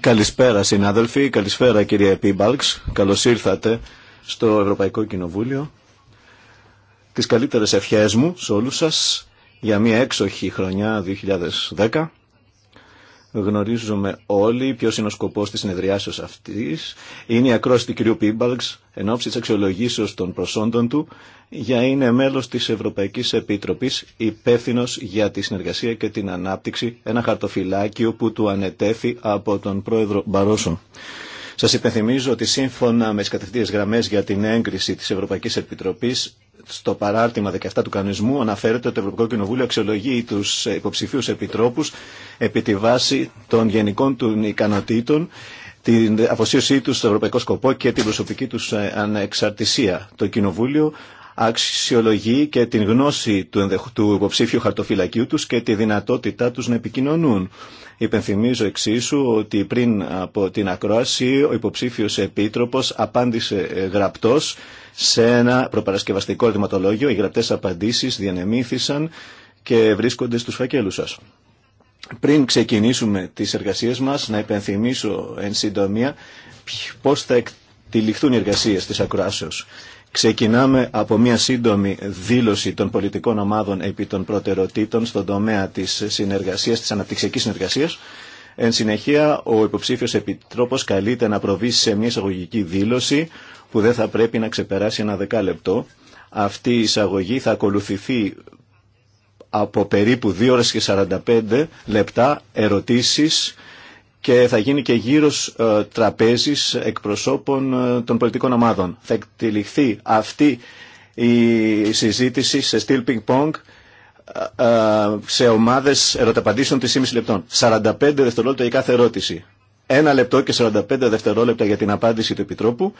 καλησπέρα συνάδελφοι, καλησπέρα κύριε Πίμπαλξ. Καλώς ήρθατε στο Ευρωπαϊκό Κοινοβούλιο. Τις καλύτερες ευχές μου σε όλους σας για μια έξοχη χρονιά 2010. Γνωρίζουμε όλοι ποιο είναι ο σκοπό τη συνεδριάσεω αυτή. Είναι η ακρόαση του κ. Πίμπαλξ εν ώψη τη αξιολογήσεω των προσόντων του για είναι μέλο τη Ευρωπαϊκή Επίτροπη υπεύθυνο για τη συνεργασία και την ανάπτυξη. Ένα χαρτοφυλάκιο που του ανετέθη από τον πρόεδρο Μπαρόσο. Σα υπενθυμίζω ότι σύμφωνα με τι κατευθείαν γραμμέ για την έγκριση τη Ευρωπαϊκή Επιτροπή, στο παράρτημα 17 του κανονισμού αναφέρεται ότι το Ευρωπαϊκό Κοινοβούλιο αξιολογεί του υποψηφίου επιτρόπους επί τη βάση των γενικών του ικανοτήτων την αφοσίωσή τους στο ευρωπαϊκό σκοπό και την προσωπική τους ανεξαρτησία. Το Κοινοβούλιο αξιολογεί και την γνώση του υποψήφιου χαρτοφυλακίου τους και τη δυνατότητά τους να επικοινωνούν. Υπενθυμίζω εξίσου ότι πριν από την ακρόαση ο υποψήφιος επίτροπος απάντησε ε, γραπτός σε ένα προπαρασκευαστικό ερωτηματολόγιο. Οι γραπτές απαντήσεις διανεμήθησαν και βρίσκονται στους φακέλους σας. Πριν ξεκινήσουμε τις εργασίες μας, να υπενθυμίσω εν συντομία πώς θα εκτυλιχθούν οι εργασίες της ακροάσεως. Ξεκινάμε από μια σύντομη δήλωση των πολιτικών ομάδων επί των προτεραιοτήτων στον τομέα της συνεργασίας, της αναπτυξιακής συνεργασίας. Εν συνεχεία, ο υποψήφιος επιτρόπος καλείται να προβεί σε μια εισαγωγική δήλωση που δεν θα πρέπει να ξεπεράσει ένα δεκάλεπτο. Αυτή η εισαγωγή θα ακολουθηθεί από περίπου 2 ώρες και 45 λεπτά ερωτήσεις και θα γίνει και γύρος ε, τραπέζης εκπροσώπων ε, των πολιτικών ομάδων. Θα εκτεληχθεί αυτή η συζήτηση σε στυλ πινκ-πονγκ ε, σε ομάδες ερωταπαντήσεων 3,5 λεπτών. 45 δευτερόλεπτα για κάθε ερώτηση. Ένα λεπτό και 45 δευτερόλεπτα για την απάντηση του Επιτρόπου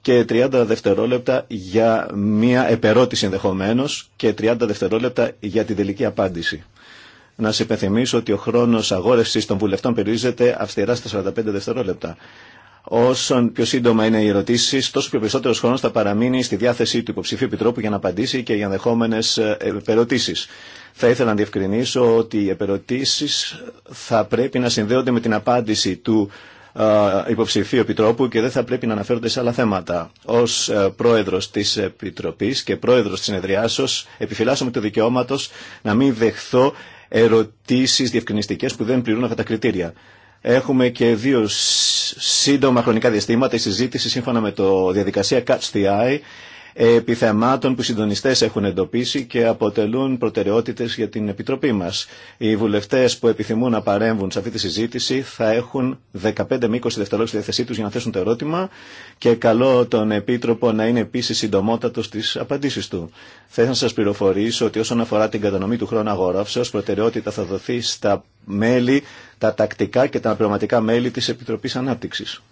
και 30 δευτερόλεπτα για μία επερώτηση ενδεχομένως και 30 δευτερόλεπτα για την τελική απάντηση. Να σα υπενθυμίσω ότι ο χρόνο αγόρευση των βουλευτών περιορίζεται αυστηρά στα 45 δευτερόλεπτα. Όσο πιο σύντομα είναι οι ερωτήσει, τόσο πιο περισσότερο χρόνο θα παραμείνει στη διάθεση του υποψηφίου επιτρόπου για να απαντήσει και για ενδεχόμενε επερωτήσει. Θα ήθελα να διευκρινίσω ότι οι επερωτήσει θα πρέπει να συνδέονται με την απάντηση του ε, υποψηφίου επιτρόπου και δεν θα πρέπει να αναφέρονται σε άλλα θέματα. Ω ε, πρόεδρο τη Επιτροπή και πρόεδρο τη Συνεδριάσεω, επιφυλάσσομαι το δικαιώματο να μην δεχθώ ερωτήσεις διευκρινιστικές που δεν πληρούν αυτά τα κριτήρια. Έχουμε και δύο σύντομα χρονικά διαστήματα η συζήτηση σύμφωνα με το διαδικασία Catch the Eye επιθεμάτων που οι συντονιστές έχουν εντοπίσει και αποτελούν προτεραιότητες για την Επιτροπή μας. Οι βουλευτές που επιθυμούν να παρέμβουν σε αυτή τη συζήτηση θα έχουν 15 με 20 δευτερόλεπτα στη διαθεσή για να θέσουν το ερώτημα και καλό τον Επίτροπο να είναι επίσης συντομότατος στις απαντήσεις του. Θα να σας πληροφορήσω ότι όσον αφορά την κατανομή του χρόνου αγορεύσεως, προτεραιότητα θα δοθεί στα μέλη, τα τακτικά και τα πραγματικά μέλη της Επιτροπής Ανάπτυξης.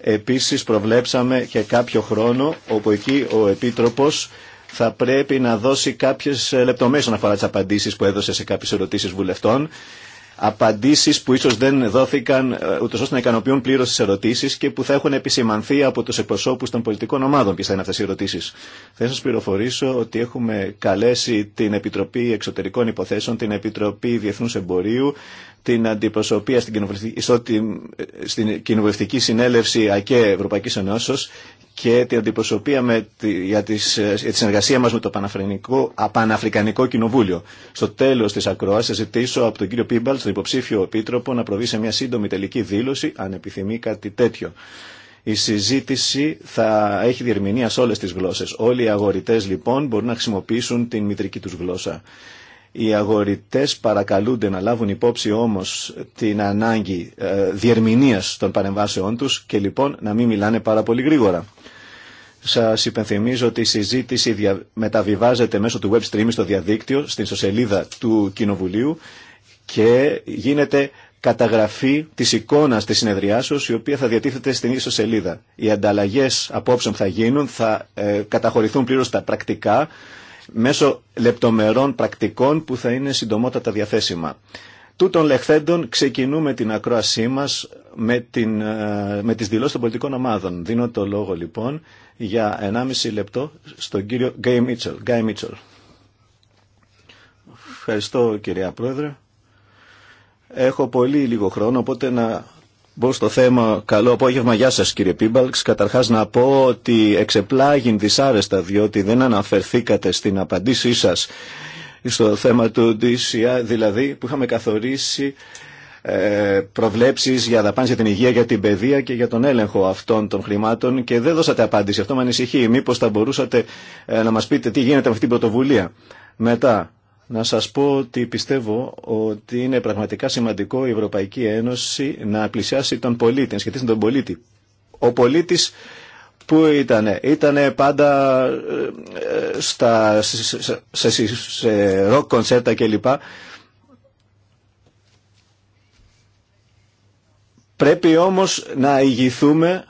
Επίσης προβλέψαμε και κάποιο χρόνο όπου εκεί ο Επίτροπος θα πρέπει να δώσει κάποιες λεπτομέρειες αναφορά αφορά τις απαντήσεις που έδωσε σε κάποιες ερωτήσεις βουλευτών απαντήσεις που ίσως δεν δόθηκαν ε, ούτως ώστε να ικανοποιούν πλήρως τις ερωτήσεις και που θα έχουν επισημανθεί από τους εκπροσώπους των πολιτικών ομάδων ποιες θα είναι αυτές οι ερωτήσεις. Θα σας πληροφορήσω ότι έχουμε καλέσει την Επιτροπή Εξωτερικών Υποθέσεων, την Επιτροπή Διεθνούς Εμπορίου, την αντιπροσωπεία στην κοινοβουλευτική, συνέλευση ΑΚΕ Ευρωπαϊκής Ενώσεω και την αντιπροσωπεία με, για, τις, για τη συνεργασία μας με το Παναφρικανικό, Κοινοβούλιο. Στο τέλος της ακρόασης θα ζητήσω από τον κύριο Πίμπαλ, στον υποψήφιο επίτροπο, να προβεί σε μια σύντομη τελική δήλωση, αν επιθυμεί κάτι τέτοιο. Η συζήτηση θα έχει διερμηνία σε όλες τις γλώσσες. Όλοι οι αγορητές λοιπόν μπορούν να χρησιμοποιήσουν την μητρική τους γλώσσα. Οι αγορητές παρακαλούνται να λάβουν υπόψη όμως την ανάγκη ε, διερμηνίας των παρεμβάσεών τους και λοιπόν να μην μιλάνε πάρα πολύ γρήγορα σα υπενθυμίζω ότι η συζήτηση μεταβιβάζεται μέσω του web stream στο διαδίκτυο, στην σελίδα του Κοινοβουλίου και γίνεται καταγραφή της εικόνας της συνεδριάσεως η οποία θα διατίθεται στην ίδια σελίδα. Οι ανταλλαγές απόψεων που θα γίνουν θα ε, καταχωρηθούν πλήρω τα πρακτικά μέσω λεπτομερών πρακτικών που θα είναι συντομότατα διαθέσιμα. Τούτων λεχθέντων ξεκινούμε την ακρόασή μας με, την, ε, με τις δηλώσεις των πολιτικών ομάδων. Δίνω το λόγο λοιπόν για 1,5 λεπτό στον κύριο Γκάι Μίτσελ. Γκάι Μίτσελ. Ευχαριστώ κυρία Πρόεδρε. Έχω πολύ λίγο χρόνο, οπότε να μπω στο θέμα. Καλό απόγευμα, γεια σας κύριε Πίμπαλξ. Καταρχάς να πω ότι εξεπλάγει δυσάρεστα, διότι δεν αναφερθήκατε στην απαντήσή σας στο θέμα του DCI, δηλαδή που είχαμε καθορίσει ε, προβλέψεις για δαπάνες για την υγεία, για την παιδεία και για τον έλεγχο αυτών των χρημάτων και δεν δώσατε απάντηση. Αυτό με ανησυχεί. Μήπως θα μπορούσατε ε, να μας πείτε τι γίνεται με αυτή την πρωτοβουλία. Μετά, να σας πω ότι πιστεύω ότι είναι πραγματικά σημαντικό η Ευρωπαϊκή Ένωση να πλησιάσει τον πολίτη, να σχετίσει τον πολίτη. Ο πολίτης Πού ήτανε. Ήτανε πάντα ε, στα, σε, σε, ροκ κονσέρτα κλπ. Πρέπει όμως να ηγηθούμε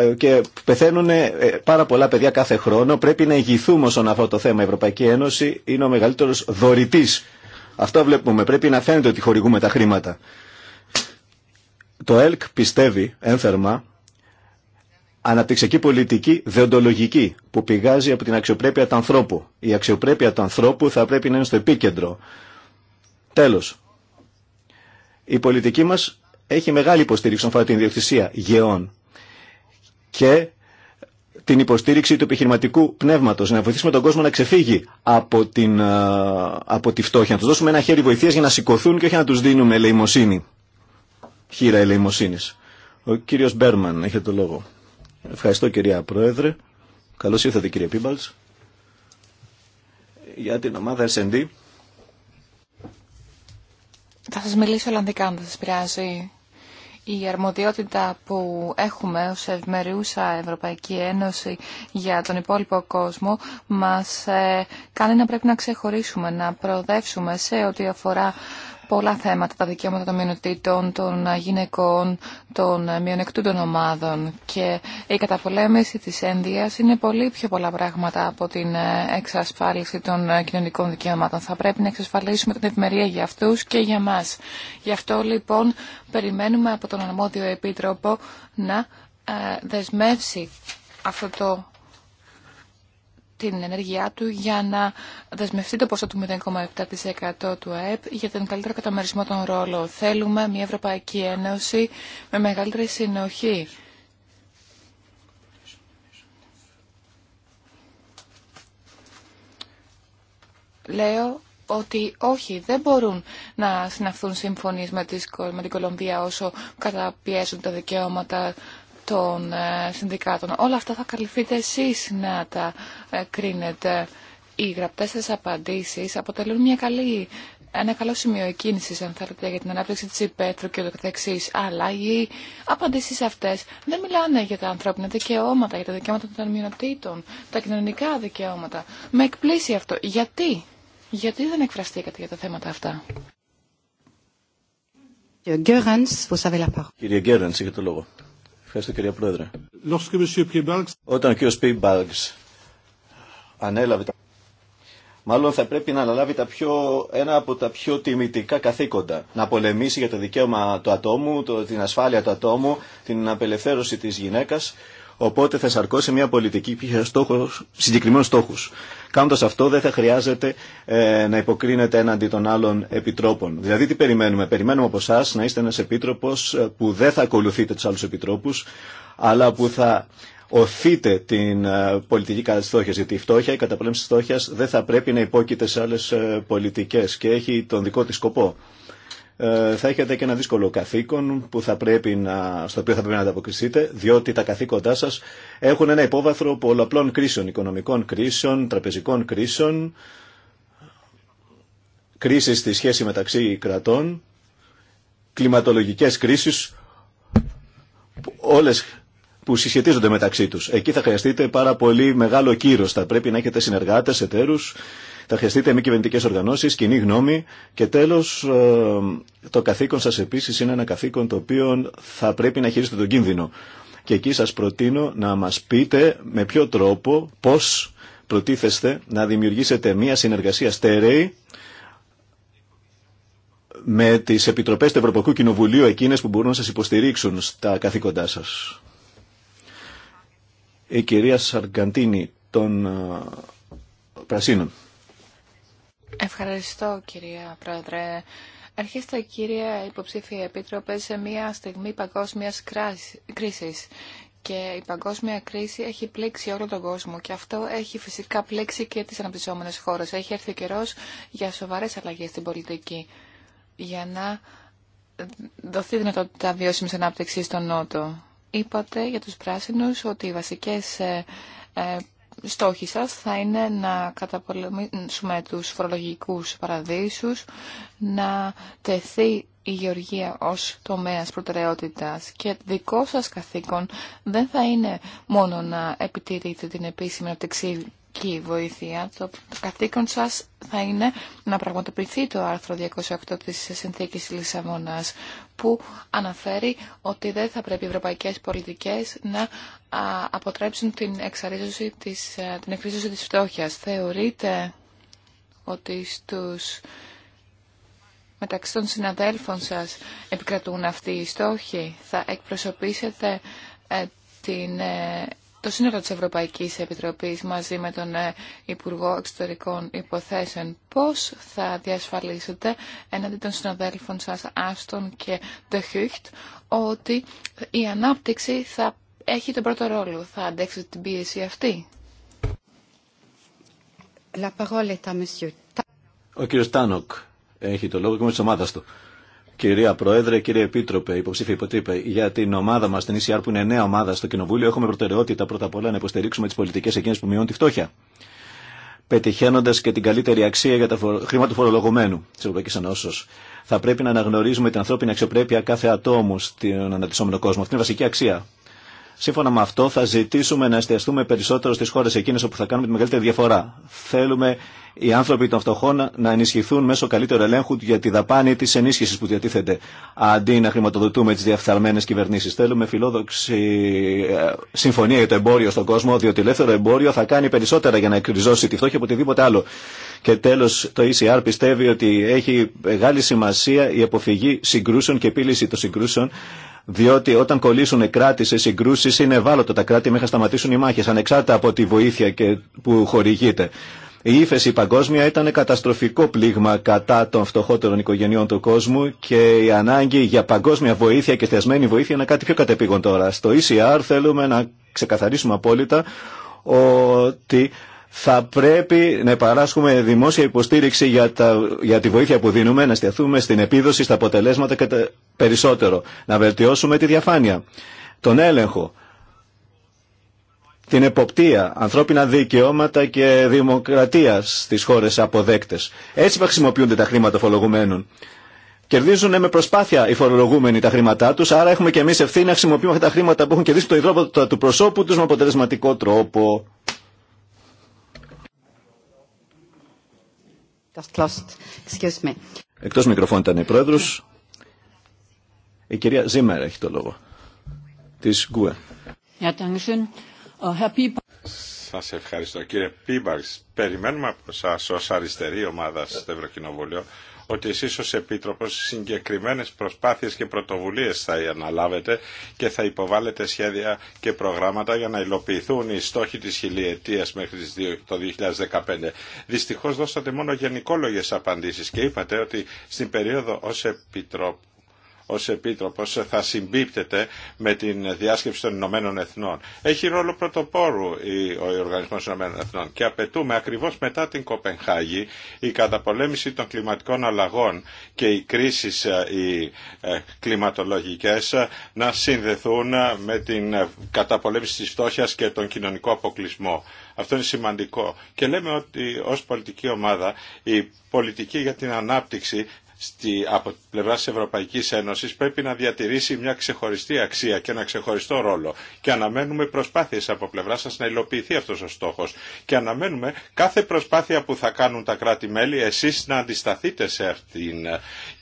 ε, και πεθαίνουν ε, πάρα πολλά παιδιά κάθε χρόνο. Πρέπει να ηγηθούμε όσον αυτό το θέμα. Η Ευρωπαϊκή Ένωση είναι ο μεγαλύτερος δωρητής. Αυτό βλέπουμε. Πρέπει να φαίνεται ότι χορηγούμε τα χρήματα. Το ΕΛΚ πιστεύει ένθερμα αναπτυξιακή πολιτική δεοντολογική που πηγάζει από την αξιοπρέπεια του ανθρώπου. Η αξιοπρέπεια του ανθρώπου θα πρέπει να είναι στο επίκεντρο. Τέλος, η πολιτική μας έχει μεγάλη υποστήριξη όσον αφορά την ιδιοκτησία γεών και την υποστήριξη του επιχειρηματικού πνεύματος, να βοηθήσουμε τον κόσμο να ξεφύγει από, την, από τη φτώχεια, να τους δώσουμε ένα χέρι βοηθείας για να σηκωθούν και όχι να τους δίνουμε ελεημοσύνη. Χείρα ελεημοσύνης. Ο κύριος Μπέρμαν, έχει το λόγο. Ευχαριστώ κυρία Πρόεδρε. Καλώς ήρθατε κύριε Πίμπαλς. Για την ομάδα S&D. Θα σας μιλήσω Ολλανδικά, αν δεν σας πειράζει. Η αρμοδιότητα που έχουμε ως ευμεριούσα Ευρωπαϊκή Ένωση για τον υπόλοιπο κόσμο μας ε, κάνει να πρέπει να ξεχωρίσουμε, να προοδεύσουμε σε ό,τι αφορά πολλά θέματα, τα δικαιώματα των μειονοτήτων, των γυναικών, των μειονεκτούντων ομάδων και η καταπολέμηση της ένδυας είναι πολύ πιο πολλά πράγματα από την εξασφάλιση των κοινωνικών δικαιωμάτων. Θα πρέπει να εξασφαλίσουμε την ευημερία για αυτούς και για μας. Γι' αυτό λοιπόν περιμένουμε από τον αρμόδιο επίτροπο να ε, δεσμεύσει αυτό το την ενέργειά του για να δεσμευτεί το ποσό του 0,7% του ΑΕΠ για τον καλύτερο καταμερισμό των ρόλων. Θέλουμε μια Ευρωπαϊκή Ένωση με μεγαλύτερη συνοχή. Λέω ότι όχι, δεν μπορούν να συναυθούν συμφωνίες με, την Κολομβία όσο καταπιέζουν τα δικαιώματα των ε, συνδικάτων. Όλα αυτά θα καλυφθείτε εσείς να τα ε, κρίνετε. Οι γραπτές σας απαντήσεις αποτελούν μια καλή, ένα καλό σημείο εκκίνησης, αν θέλετε, για την ανάπτυξη της υπαίθρου και ούτω καθεξής. Αλλά οι απαντήσεις αυτές δεν μιλάνε για τα ανθρώπινα δικαιώματα, για τα δικαιώματα των μειονοτήτων, τα κοινωνικά δικαιώματα. Με εκπλήσει αυτό. Γιατί? Γιατί δεν εκφραστήκατε για τα θέματα αυτά. Κύριε Γκέρανς, έχετε το λόγο. Ευχαριστώ κύριε Πρόεδρε. Όταν ο κύριο Πιμπάλξ ανέλαβε τα... Μάλλον θα πρέπει να αναλάβει τα πιο, ένα από τα πιο τιμητικά καθήκοντα. Να πολεμήσει για το δικαίωμα του ατόμου, το, την ασφάλεια του ατόμου, την απελευθέρωση της γυναίκας Οπότε θα σαρκώσει μια πολιτική που είχε συγκεκριμένου στόχου. στόχους. αυτό δεν θα χρειάζεται ε, να υποκρίνεται έναντι των άλλων επιτρόπων. Δηλαδή τι περιμένουμε. Περιμένουμε από εσά να είστε ένα επίτροπο ε, που δεν θα ακολουθείτε του άλλου επιτρόπους, αλλά που θα οθείτε την ε, πολιτική κατά τη φτώχεια. γιατί η φτώχεια, η καταπολέμηση τη φτώχεια, δεν θα πρέπει να υπόκειται σε άλλες ε, πολιτικέ και έχει τον δικό τη σκοπό. Ε, θα έχετε και ένα δύσκολο καθήκον που θα πρέπει να, στο οποίο θα πρέπει να ανταποκριθείτε, διότι τα καθήκοντά σα έχουν ένα υπόβαθρο πολλαπλών κρίσεων, οικονομικών κρίσεων, τραπεζικών κρίσεων, κρίσεις στη σχέση μεταξύ κρατών, κλιματολογικές κρίσεις, όλες που συσχετίζονται μεταξύ του. Εκεί θα χρειαστείτε πάρα πολύ μεγάλο κύρος, θα πρέπει να έχετε συνεργάτε εταίρους θα χρειαστείτε μη κυβερνητικέ οργανώσει, κοινή γνώμη και τέλο ε, το καθήκον σα επίση είναι ένα καθήκον το οποίο θα πρέπει να χειρίζετε τον κίνδυνο. Και εκεί σα προτείνω να μα πείτε με ποιο τρόπο, πώ προτίθεστε να δημιουργήσετε μια συνεργασία στέρεη με τις επιτροπές του Ευρωπαϊκού Κοινοβουλίου εκείνες που μπορούν να σα υποστηρίξουν στα καθήκοντά σα. Η κυρία Σαργκαντίνη των ε, Πρασίνων. Ευχαριστώ κυρία Πρόεδρε. Αρχίστε κύριε υποψήφια επίτροπε σε μια στιγμή παγκόσμιας κρίσης και η παγκόσμια κρίση έχει πλήξει όλο τον κόσμο και αυτό έχει φυσικά πλήξει και τις αναπτυσσόμενες χώρες. Έχει έρθει ο καιρός για σοβαρές αλλαγές στην πολιτική για να δοθεί δυνατότητα βιώσιμης ανάπτυξη στον Νότο. Είπατε για τους πράσινους ότι οι βασικές ε, ε, στόχοι σας θα είναι να καταπολεμήσουμε τους φορολογικούς παραδείσους, να τεθεί η γεωργία ως τομέας προτεραιότητας και δικό σας καθήκον δεν θα είναι μόνο να επιτηρείτε την επίσημη αναπτυξιακή βοήθεια. Το καθήκον σας θα είναι να πραγματοποιηθεί το άρθρο 208 της Συνθήκης Λισαβόνας που αναφέρει ότι δεν θα πρέπει οι ευρωπαϊκές πολιτικές να αποτρέψουν την εξαρίζωση της, ε, την εκρίζωση της φτώχειας. Θεωρείτε ότι στους μεταξύ των συναδέλφων σας επικρατούν αυτοί οι στόχοι. Θα εκπροσωπήσετε ε, την, ε, το σύνολο της Ευρωπαϊκής Επιτροπής μαζί με τον Υπουργό Εξωτερικών Υποθέσεων. Πώς θα διασφαλίσετε έναντι των συναδέλφων σας Άστον και Ντεχούχτ ότι η ανάπτυξη θα έχει τον πρώτο ρόλο. Θα αντέξει την πίεση αυτή. Ο κύριο Τάνοκ έχει το λόγο και με τη ομάδα του. Κυρία Πρόεδρε, κύριε Επίτροπε, υποψήφιοι υποτύπε, για την ομάδα μα, την ECR που είναι νέα ομάδα στο Κοινοβούλιο, έχουμε προτεραιότητα πρώτα απ' όλα να υποστηρίξουμε τι πολιτικέ εκείνε που μειώνουν τη φτώχεια. Πετυχαίνοντα και την καλύτερη αξία για τα χρήματα του φορολογωμένου τη Ευρωπαϊκή Ενώσεω. Θα πρέπει να αναγνωρίζουμε την ανθρώπινη αξιοπρέπεια κάθε ατόμου στον αναπτυσσόμενο κόσμο. Αυτή είναι βασική αξία Σύμφωνα με αυτό θα ζητήσουμε να εστιαστούμε περισσότερο στις χώρες εκείνες όπου θα κάνουμε τη μεγαλύτερη διαφορά. Θέλουμε οι άνθρωποι των φτωχών να ενισχυθούν μέσω καλύτερου ελέγχου για τη δαπάνη της ενίσχυσης που διατίθεται. Αντί να χρηματοδοτούμε τις διαφθαρμένες κυβερνήσεις. Θέλουμε φιλόδοξη ε, συμφωνία για το εμπόριο στον κόσμο, διότι ελεύθερο εμπόριο θα κάνει περισσότερα για να εκκριζώσει τη φτώχεια από οτιδήποτε άλλο. Και τέλος το ECR πιστεύει ότι έχει μεγάλη σημασία η αποφυγή συγκρούσεων και επίλυση των συγκρούσεων διότι όταν κολλήσουν κράτη σε συγκρούσει, είναι ευάλωτα τα κράτη μέχρι να σταματήσουν οι μάχε, ανεξάρτητα από τη βοήθεια και που χορηγείται. Η ύφεση παγκόσμια ήταν καταστροφικό πλήγμα κατά των φτωχότερων οικογενειών του κόσμου και η ανάγκη για παγκόσμια βοήθεια και θεσμένη βοήθεια είναι κάτι πιο κατεπήγον τώρα. Στο ECR θέλουμε να ξεκαθαρίσουμε απόλυτα ότι θα πρέπει να παράσχουμε δημόσια υποστήριξη για, τα, για τη βοήθεια που δίνουμε, να στιαθούμε στην επίδοση, στα αποτελέσματα και περισσότερο. Να βελτιώσουμε τη διαφάνεια, τον έλεγχο, την εποπτεία, ανθρώπινα δικαιώματα και δημοκρατία στις χώρες αποδέκτες. Έτσι θα χρησιμοποιούνται τα χρήματα φορολογουμένων. Κερδίζουν ναι, με προσπάθεια οι φορολογούμενοι τα χρήματά του, άρα έχουμε και εμεί ευθύνη να χρησιμοποιούμε αυτά τα χρήματα που έχουν κερδίσει το του προσώπου του με αποτελεσματικό τρόπο. Εκτός μικροφώνου ήταν η πρόεδρος. Η κυρία Ζήμερα έχει το λόγο. Της Γκουέ. Äh, σας ευχαριστώ κύριε Πίμπαρς. Περιμένουμε από εσά ως αριστερή ομάδα στο Ευρωκοινοβούλιο ότι εσείς ως Επίτροπος συγκεκριμένες προσπάθειες και πρωτοβουλίες θα αναλάβετε και θα υποβάλλετε σχέδια και προγράμματα για να υλοποιηθούν οι στόχοι της χιλιετίας μέχρι το 2015. Δυστυχώς δώσατε μόνο γενικόλογες απαντήσεις και είπατε ότι στην περίοδο ως Επιτροπή ως Επίτροπος θα συμπίπτεται με την διάσκεψη των Ηνωμένων Εθνών. Έχει ρόλο πρωτοπόρου ο Οργανισμός των Ηνωμένων Εθνών και απαιτούμε ακριβώς μετά την Κοπενχάγη η καταπολέμηση των κλιματικών αλλαγών και οι κρίσεις ε, οι ε, κλιματολογικές ε, να συνδεθούν με την καταπολέμηση της φτώχειας και τον κοινωνικό αποκλεισμό. Αυτό είναι σημαντικό. Και λέμε ότι ως πολιτική ομάδα η πολιτική για την ανάπτυξη στη, από την πλευρά της Ευρωπαϊκής Ένωσης πρέπει να διατηρήσει μια ξεχωριστή αξία και ένα ξεχωριστό ρόλο και αναμένουμε προσπάθειες από πλευρά σα να υλοποιηθεί αυτός ο στόχος και αναμένουμε κάθε προσπάθεια που θα κάνουν τα κράτη-μέλη εσείς να αντισταθείτε σε αυτήν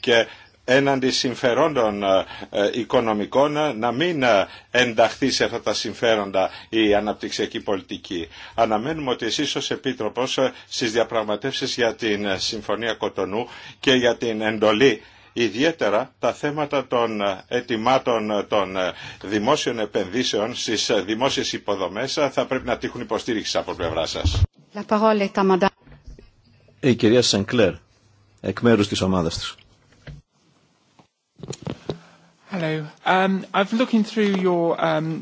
και έναντι συμφερόντων ε, ε, οικονομικών ε, να μην ενταχθεί σε αυτά τα συμφέροντα η αναπτυξιακή πολιτική. Αναμένουμε ότι εσείς ως Επίτροπος στις διαπραγματεύσεις για την Συμφωνία Κοτονού και για την εντολή ιδιαίτερα τα θέματα των ετοιμάτων των δημόσιων επενδύσεων στις δημόσιες υποδομές θα πρέπει να τύχουν υποστήριξη από πλευρά σας. Η κυρία Σενκλέρ, εκ μέρους της ομάδας της. Hello. Um, um,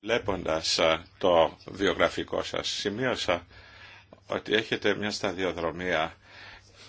Βλέποντας το βιογραφικό σας, σημείωσα ότι έχετε μια σταδιοδρομία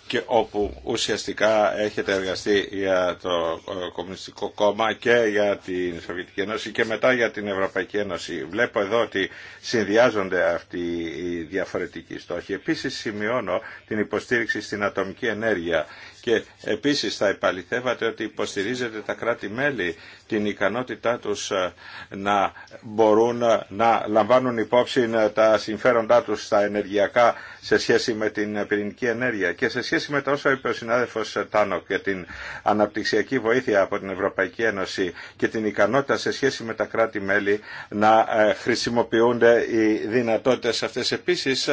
και όπου ουσιαστικά έχετε εργαστεί για το ε, Κομμουνιστικό Κόμμα και για την Σοβιετική Ένωση και μετά για την Ευρωπαϊκή Ένωση. Βλέπω εδώ ότι συνδυάζονται αυτοί οι διαφορετικοί στόχοι. Επίσης σημειώνω την υποστήριξη στην ατομική ενέργεια και επίσης θα επαληθεύατε ότι υποστηρίζετε τα κράτη-μέλη την ικανότητά τους ε, να μπορούν ε, να λαμβάνουν υπόψη ε, τα συμφέροντά τους στα ενεργειακά σε σχέση με την πυρηνική ενέργεια και σε σχέση με τα όσα είπε ο συνάδελφος Τάνοκ για την αναπτυξιακή βοήθεια από την Ευρωπαϊκή Ένωση και την ικανότητα σε σχέση με τα κράτη-μέλη να χρησιμοποιούνται οι δυνατότητες αυτές. Επίσης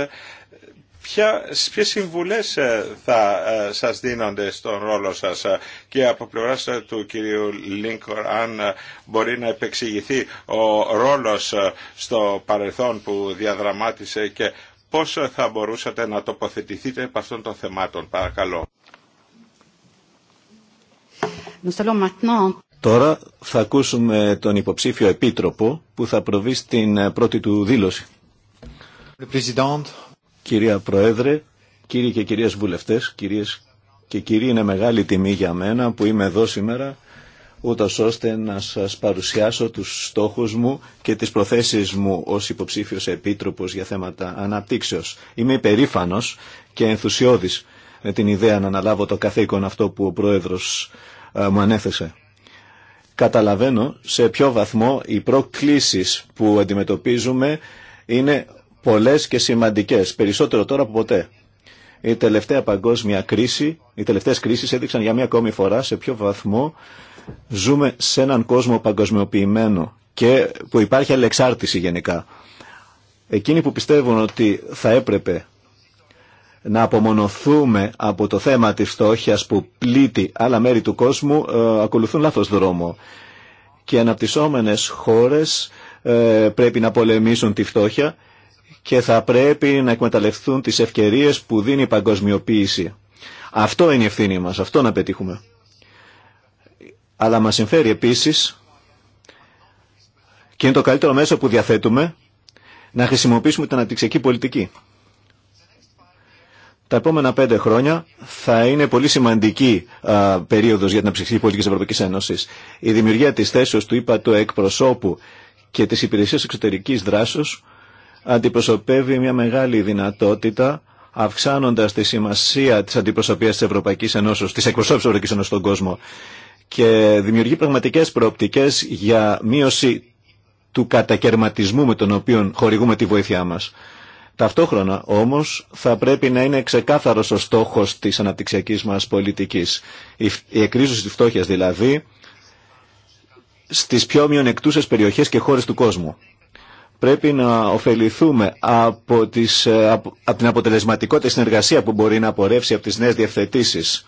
ποια, ποιες συμβουλές ε, θα ε, σας δίνονται στον ρόλο σας ε, και από πλευρά του κυρίου Λίνκορ αν μπορεί να επεξηγηθεί ο ρόλος στο παρελθόν που διαδραμάτισε και πώς θα μπορούσατε να τοποθετηθείτε από αυτών των θεμάτων. Παρακαλώ. Τώρα θα ακούσουμε τον υποψήφιο επίτροπο που θα προβεί στην πρώτη του δήλωση. Κυρία Προέδρε, κύριοι και κυρίες βουλευτές, κυρίες και κύριοι, είναι μεγάλη τιμή για μένα που είμαι εδώ σήμερα, ούτω ώστε να σας παρουσιάσω τους στόχους μου και τις προθέσεις μου ως υποψήφιος επίτροπος για θέματα αναπτύξεως. Είμαι υπερήφανος και ενθουσιώδης με την ιδέα να αναλάβω το καθήκον αυτό που ο Πρόεδρος μου ανέθεσε. Καταλαβαίνω σε ποιο βαθμό οι προκλήσεις που αντιμετωπίζουμε είναι πολλές και σημαντικές, περισσότερο τώρα από ποτέ. Η τελευταία παγκόσμια κρίση, οι τελευταίες κρίσεις έδειξαν για μία ακόμη φορά σε ποιο βαθμό ζούμε σε έναν κόσμο παγκοσμιοποιημένο και που υπάρχει αλεξάρτηση γενικά. Εκείνοι που πιστεύουν ότι θα έπρεπε να απομονωθούμε από το θέμα της φτώχειας που πλήττει άλλα μέρη του κόσμου ε, ακολουθούν λάθος δρόμο. Και οι αναπτυσσόμενες χώρες ε, πρέπει να πολεμήσουν τη φτώχεια και θα πρέπει να εκμεταλλευτούν τις ευκαιρίες που δίνει η παγκοσμιοποίηση. Αυτό είναι η ευθύνη μας, αυτό να πετύχουμε. Αλλά μας συμφέρει επίσης και είναι το καλύτερο μέσο που διαθέτουμε να χρησιμοποιήσουμε την αναπτυξιακή πολιτική. Τα επόμενα πέντε χρόνια θα είναι πολύ σημαντική α, περίοδος για την αναπτυξιακή πολιτική της Ευρωπαϊκής Ένωσης. Η δημιουργία της θέσεως του είπα του εκπροσώπου και της υπηρεσίας εξωτερικής δράσεως αντιπροσωπεύει μια μεγάλη δυνατότητα αυξάνοντας τη σημασία της αντιπροσωπείας της Ευρωπαϊκής Ένωσης της εκπροσώπησης Ευρωπαϊκής Ένωσης στον κόσμο και δημιουργεί πραγματικές προοπτικές για μείωση του κατακαιρματισμού με τον οποίο χορηγούμε τη βοήθειά μας. Ταυτόχρονα όμως θα πρέπει να είναι ξεκάθαρος ο στόχος της αναπτυξιακής μας πολιτικής. Η εκρίζωση της φτώχειας δηλαδή στις πιο μειονεκτούσες περιοχές και χώρες του κόσμου πρέπει να ωφεληθούμε από, τις, ε, από, από την αποτελεσματικότητα συνεργασία που μπορεί να απορρεύσει από τις νέες διευθετήσεις.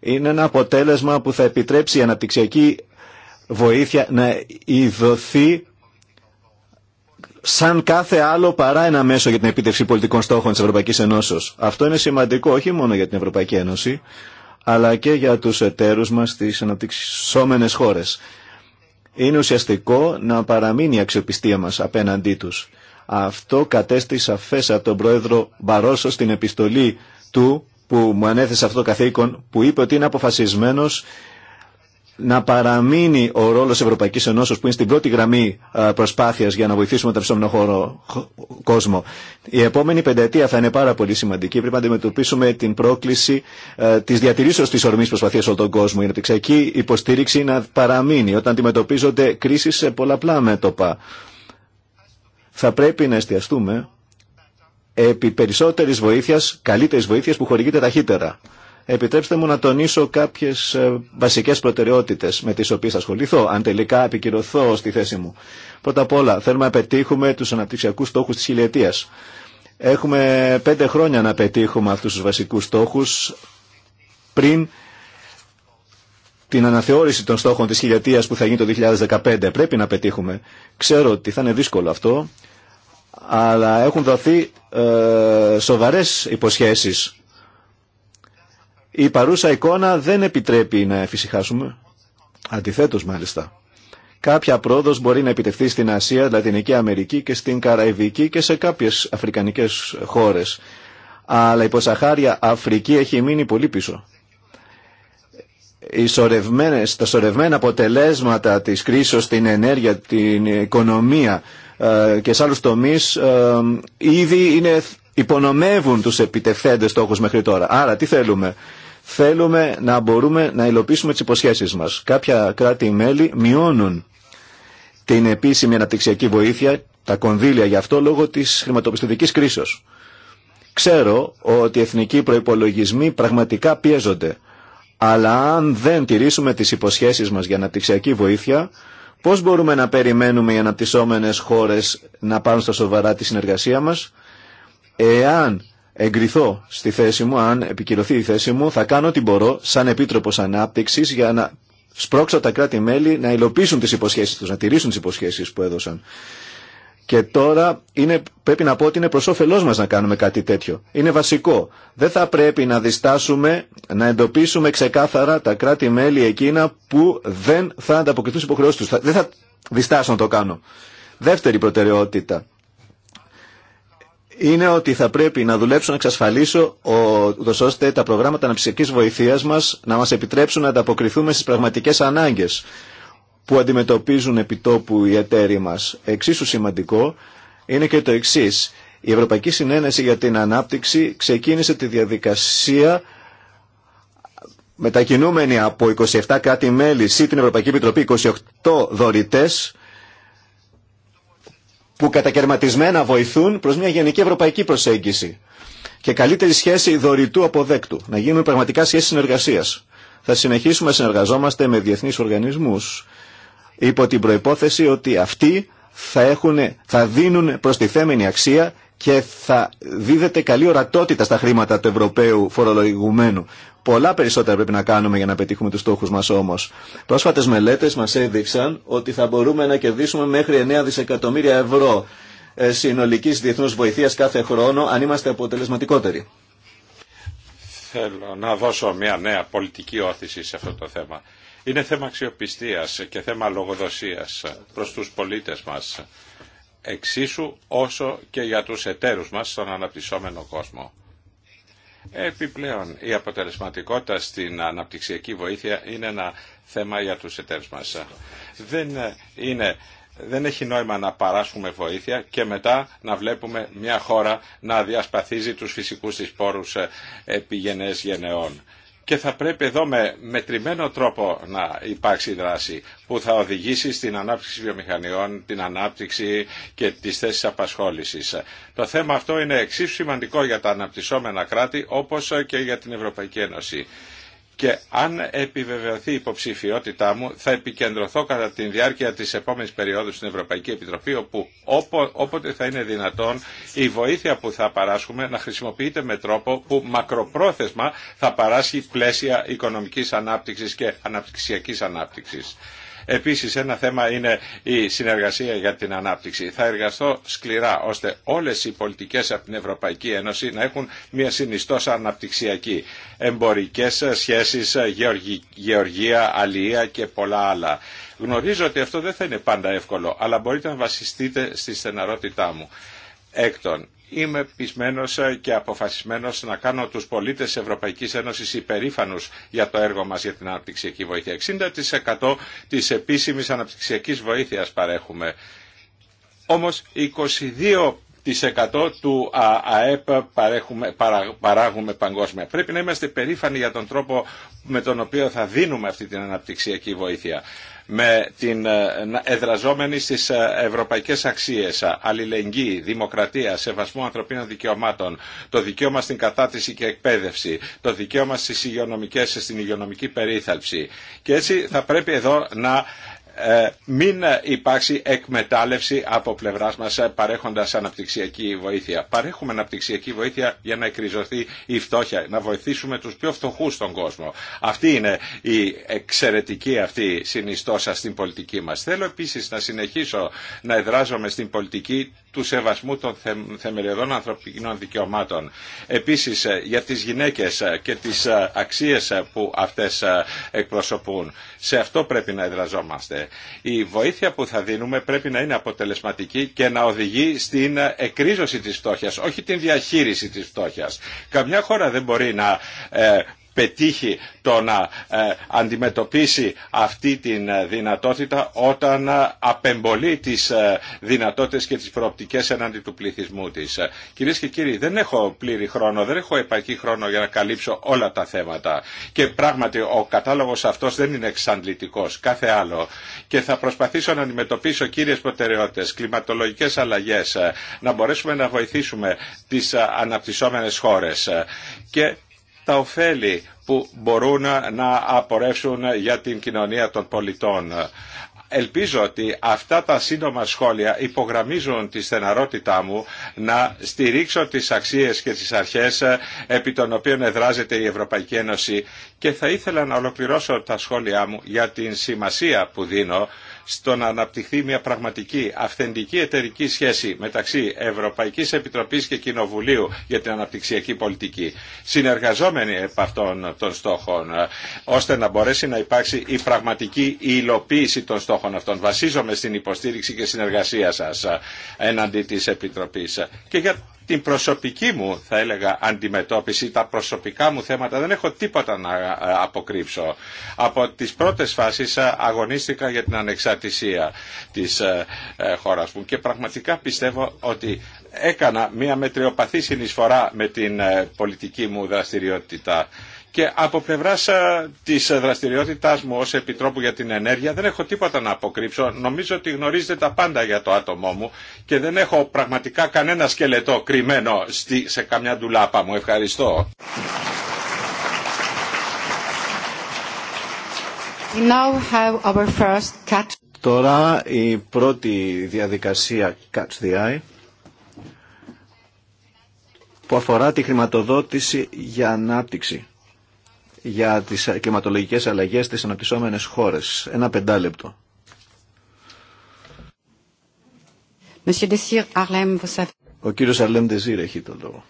Είναι ένα αποτέλεσμα που θα επιτρέψει η αναπτυξιακή βοήθεια να ειδωθεί σαν κάθε άλλο παρά ένα μέσο για την επίτευξη πολιτικών στόχων της Ευρωπαϊκής Ενώσεως. Αυτό είναι σημαντικό όχι μόνο για την Ευρωπαϊκή Ένωση, αλλά και για τους εταίρους μας στις αναπτυξισόμενες χώρες είναι ουσιαστικό να παραμείνει η αξιοπιστία μας απέναντί τους. Αυτό κατέστη σαφές τον πρόεδρο Μπαρόσο στην επιστολή του που μου ανέθεσε αυτό το καθήκον που είπε ότι είναι αποφασισμένος να παραμείνει ο ρόλος Ευρωπαϊκής Ενώσεως που είναι στην πρώτη γραμμή προσπάθειας για να βοηθήσουμε τον ψωμινό χώρο κόσμο. Η επόμενη πενταετία θα είναι πάρα πολύ σημαντική. Πρέπει να αντιμετωπίσουμε την πρόκληση της διατηρήσεως της ορμής προσπαθίας όλων τον κόσμο. Η αναπτυξιακή υποστήριξη να παραμείνει όταν αντιμετωπίζονται κρίσεις σε πολλαπλά μέτωπα. Θα πρέπει να εστιαστούμε επί περισσότερης βοήθειας, καλύτερης βοήθειας που χορηγείται ταχύτερα. Επιτρέψτε μου να τονίσω κάποιε βασικέ προτεραιότητε με τις οποίες ασχοληθώ, αν τελικά επικυρωθώ στη θέση μου. Πρώτα απ' όλα, θέλουμε να πετύχουμε του αναπτυξιακού στόχου τη χιλιετία. Έχουμε πέντε χρόνια να πετύχουμε αυτού του βασικού στόχου πριν την αναθεώρηση των στόχων τη χιλιετία που θα γίνει το 2015. Πρέπει να πετύχουμε. Ξέρω ότι θα είναι δύσκολο αυτό, αλλά έχουν δοθεί ε, σοβαρές η παρούσα εικόνα δεν επιτρέπει να εφησυχάσουμε. Αντιθέτως μάλιστα. Κάποια πρόοδο μπορεί να επιτευχθεί στην Ασία, Λατινική Αμερική και στην Καραϊβική και σε κάποιε αφρικανικέ χώρε. Αλλά η Ποσαχάρια Αφρική έχει μείνει πολύ πίσω. τα σορευμένα αποτελέσματα της κρίσης στην ενέργεια, την οικονομία ε, και σε άλλους τομείς ε, ήδη είναι, υπονομεύουν τους επιτευθέντες στόχους μέχρι τώρα. Άρα τι θέλουμε. Θέλουμε να μπορούμε να υλοποιήσουμε τις υποσχέσεις μας. Κάποια κράτη-μέλη μειώνουν την επίσημη αναπτυξιακή βοήθεια, τα κονδύλια γι' αυτό λόγω της χρηματοπιστωτικής κρίσεως. Ξέρω ότι οι εθνικοί προϋπολογισμοί πραγματικά πιέζονται. Αλλά αν δεν τηρήσουμε τις υποσχέσεις μας για αναπτυξιακή βοήθεια, πώς μπορούμε να περιμένουμε οι αναπτυσσόμενες χώρες να πάρουν στα σοβαρά τη συνεργασία μας, εάν εγκριθώ στη θέση μου, αν επικυρωθεί η θέση μου, θα κάνω ό,τι μπορώ σαν Επίτροπος Ανάπτυξης για να σπρώξω τα κράτη-μέλη να υλοποιήσουν τις υποσχέσεις τους, να τηρήσουν τις υποσχέσεις που έδωσαν. Και τώρα είναι, πρέπει να πω ότι είναι προ όφελό μα να κάνουμε κάτι τέτοιο. Είναι βασικό. Δεν θα πρέπει να διστάσουμε να εντοπίσουμε ξεκάθαρα τα κράτη-μέλη εκείνα που δεν θα ανταποκριθούν στι υποχρεώσει του. Δεν θα διστάσω να το κάνω. Δεύτερη προτεραιότητα είναι ότι θα πρέπει να δουλέψω να εξασφαλίσω ο, ώστε τα προγράμματα αναψυχικής βοηθείας μας να μας επιτρέψουν να ανταποκριθούμε στις πραγματικές ανάγκες που αντιμετωπίζουν επιτόπου οι εταίροι μας. Εξίσου σημαντικό είναι και το εξή. Η Ευρωπαϊκή Συνένεση για την Ανάπτυξη ξεκίνησε τη διαδικασία μετακινούμενη από 27 κάτι μελη ή την Ευρωπαϊκή Επιτροπή 28 δωρητές, που κατακαιρματισμένα βοηθούν προς μια γενική ευρωπαϊκή προσέγγιση και καλύτερη σχέση δωρητού αποδέκτου, να γίνουν πραγματικά σχέσεις συνεργασίας. Θα συνεχίσουμε να συνεργαζόμαστε με διεθνείς οργανισμούς υπό την προϋπόθεση ότι αυτοί θα, έχουν, θα δίνουν προστιθέμενη αξία και θα δίδεται καλή ορατότητα στα χρήματα του Ευρωπαίου φορολογουμένου. Πολλά περισσότερα πρέπει να κάνουμε για να πετύχουμε τους στόχους μας όμως. Πρόσφατες μελέτες μας έδειξαν ότι θα μπορούμε να κερδίσουμε μέχρι 9 δισεκατομμύρια ευρώ ε, συνολικής διεθνούς βοηθείας κάθε χρόνο αν είμαστε αποτελεσματικότεροι. Θέλω να δώσω μια νέα πολιτική όθηση σε αυτό το θέμα. Είναι θέμα αξιοπιστία και θέμα λογοδοσίας προς τους πολίτες μας. Εξίσου όσο και για τους εταίρου μας στον αναπτυσσόμενο κόσμο. Επιπλέον, η αποτελεσματικότητα στην αναπτυξιακή βοήθεια είναι ένα θέμα για τους εταίρους μας. Δεν, είναι, δεν έχει νόημα να παράσχουμε βοήθεια και μετά να βλέπουμε μια χώρα να διασπαθίζει τους φυσικούς της πόρους ε, επί γενεών και θα πρέπει εδώ με μετρημένο τρόπο να υπάρξει δράση που θα οδηγήσει στην ανάπτυξη βιομηχανιών, την ανάπτυξη και τις θέσεις απασχόλησης. Το θέμα αυτό είναι εξίσου σημαντικό για τα αναπτυσσόμενα κράτη όπως και για την Ευρωπαϊκή Ένωση και αν επιβεβαιωθεί η υποψηφιότητά μου θα επικεντρωθώ κατά τη διάρκεια της επόμενης περίοδου στην Ευρωπαϊκή Επιτροπή όπου όποτε θα είναι δυνατόν η βοήθεια που θα παράσχουμε να χρησιμοποιείται με τρόπο που μακροπρόθεσμα θα παράσχει πλαίσια οικονομικής ανάπτυξης και αναπτυξιακής ανάπτυξης. Επίσης ένα θέμα είναι η συνεργασία για την ανάπτυξη. Θα εργαστώ σκληρά ώστε όλες οι πολιτικές από την Ευρωπαϊκή Ένωση να έχουν μια συνιστόσα αναπτυξιακή. Εμπορικές σχέσεις, γεωργία, αλληλεία και πολλά άλλα. Γνωρίζω ότι αυτό δεν θα είναι πάντα εύκολο, αλλά μπορείτε να βασιστείτε στη στεναρότητά μου. Έκτον, Είμαι πεισμένος και αποφασισμένος να κάνω τους πολίτες της Ευρωπαϊκής Ένωσης υπερήφανους για το έργο μας για την αναπτυξιακή βοήθεια. 60% της επίσημης αναπτυξιακής βοήθειας παρέχουμε. Όμως 22 του ΑΕΠ παρέχουμε, παράγουμε παγκόσμια. Πρέπει να είμαστε περήφανοι για τον τρόπο με τον οποίο θα δίνουμε αυτή την αναπτυξιακή βοήθεια με την ε, εδραζόμενη στις ε, ευρωπαϊκές αξίες, αλληλεγγύη, δημοκρατία, σεβασμό ανθρωπίνων δικαιωμάτων, το δικαίωμα στην κατάτηση και εκπαίδευση, το δικαίωμα στις υγειονομικές, στην υγειονομική περίθαλψη. Και έτσι θα πρέπει εδώ να ε, μην ε, υπάρξει εκμετάλλευση από πλευρά μα ε, παρέχοντα αναπτυξιακή βοήθεια. Παρέχουμε αναπτυξιακή βοήθεια για να εκριζωθεί η φτώχεια, να βοηθήσουμε του πιο φτωχού στον κόσμο. Αυτή είναι η εξαιρετική αυτή συνιστόσα στην πολιτική μα. Θέλω επίση να συνεχίσω να εδράζομαι στην πολιτική του σεβασμού των θεμελιωδών ανθρωπινών δικαιωμάτων. Επίσης ε, για τις γυναίκες ε, και τις ε, αξίες που αυτές εκπροσωπούν. Σε αυτό πρέπει να εδραζόμαστε. Η βοήθεια που θα δίνουμε πρέπει να είναι αποτελεσματική και να οδηγεί στην εκρίζωση της φτώχειας, όχι την διαχείριση της φτώχειας. Καμιά χώρα δεν μπορεί να πετύχει το να ε, αντιμετωπίσει αυτή την ε, δυνατότητα όταν ε, απεμπολεί τις δυνατότητες και τις προοπτικές εναντί του πληθυσμού της. Κυρίες και κύριοι, δεν έχω πλήρη χρόνο, δεν έχω επαρκή χρόνο για να καλύψω όλα τα θέματα. Και πράγματι ο κατάλογος αυτός δεν είναι εξαντλητικός, κάθε άλλο. Και θα προσπαθήσω να αντιμετωπίσω κύριες προτεραιότητες, κλιματολογικές αλλαγές, να μπορέσουμε να βοηθήσουμε τις αναπτυσσόμενες χώρες. Και τα ωφέλη που μπορούν να απορρεύσουν για την κοινωνία των πολιτών. Ελπίζω ότι αυτά τα σύντομα σχόλια υπογραμμίζουν τη στεναρότητά μου να στηρίξω τις αξίες και τις αρχές ε, επί των οποίων εδράζεται η Ευρωπαϊκή Ένωση και θα ήθελα να ολοκληρώσω τα σχόλιά μου για την σημασία που δίνω στο να αναπτυχθεί μια πραγματική, αυθεντική εταιρική σχέση μεταξύ Ευρωπαϊκής Επιτροπής και Κοινοβουλίου για την αναπτυξιακή πολιτική, συνεργαζόμενοι επ' αυτών των στόχων, ε, ώστε να μπορέσει να υπάρξει η πραγματική υλοποίηση των στόχων αυτών. Βασίζομαι στην υποστήριξη και συνεργασία σας ε, εναντί της Επιτροπής. Και για την προσωπική μου θα έλεγα αντιμετώπιση, τα προσωπικά μου θέματα, δεν έχω τίποτα να ε, αποκρύψω. Από τις πρώτες φάσεις ε, αγωνίστηκα για την ανεξαρτησία της ε, χώρας μου και πραγματικά πιστεύω ότι έκανα μια μετριοπαθή συνεισφορά με την ε, πολιτική μου δραστηριότητα. Και από πλευρά ε, τη δραστηριότητά μου ω Επιτρόπου για την Ενέργεια δεν έχω τίποτα να αποκρύψω. Νομίζω ότι γνωρίζετε τα πάντα για το άτομό μου και δεν έχω πραγματικά κανένα σκελετό κρυμμένο στη, σε καμιά ντουλάπα μου. Ευχαριστώ. Τώρα η πρώτη διαδικασία Catch the Eye που αφορά τη χρηματοδότηση για ανάπτυξη για τις κλιματολογικές αλλαγές στις αναπτυσσόμενες χώρες. Ένα πεντάλεπτο. Ο κύριος Αρλέμ Ντεζίρ έχει το λόγο.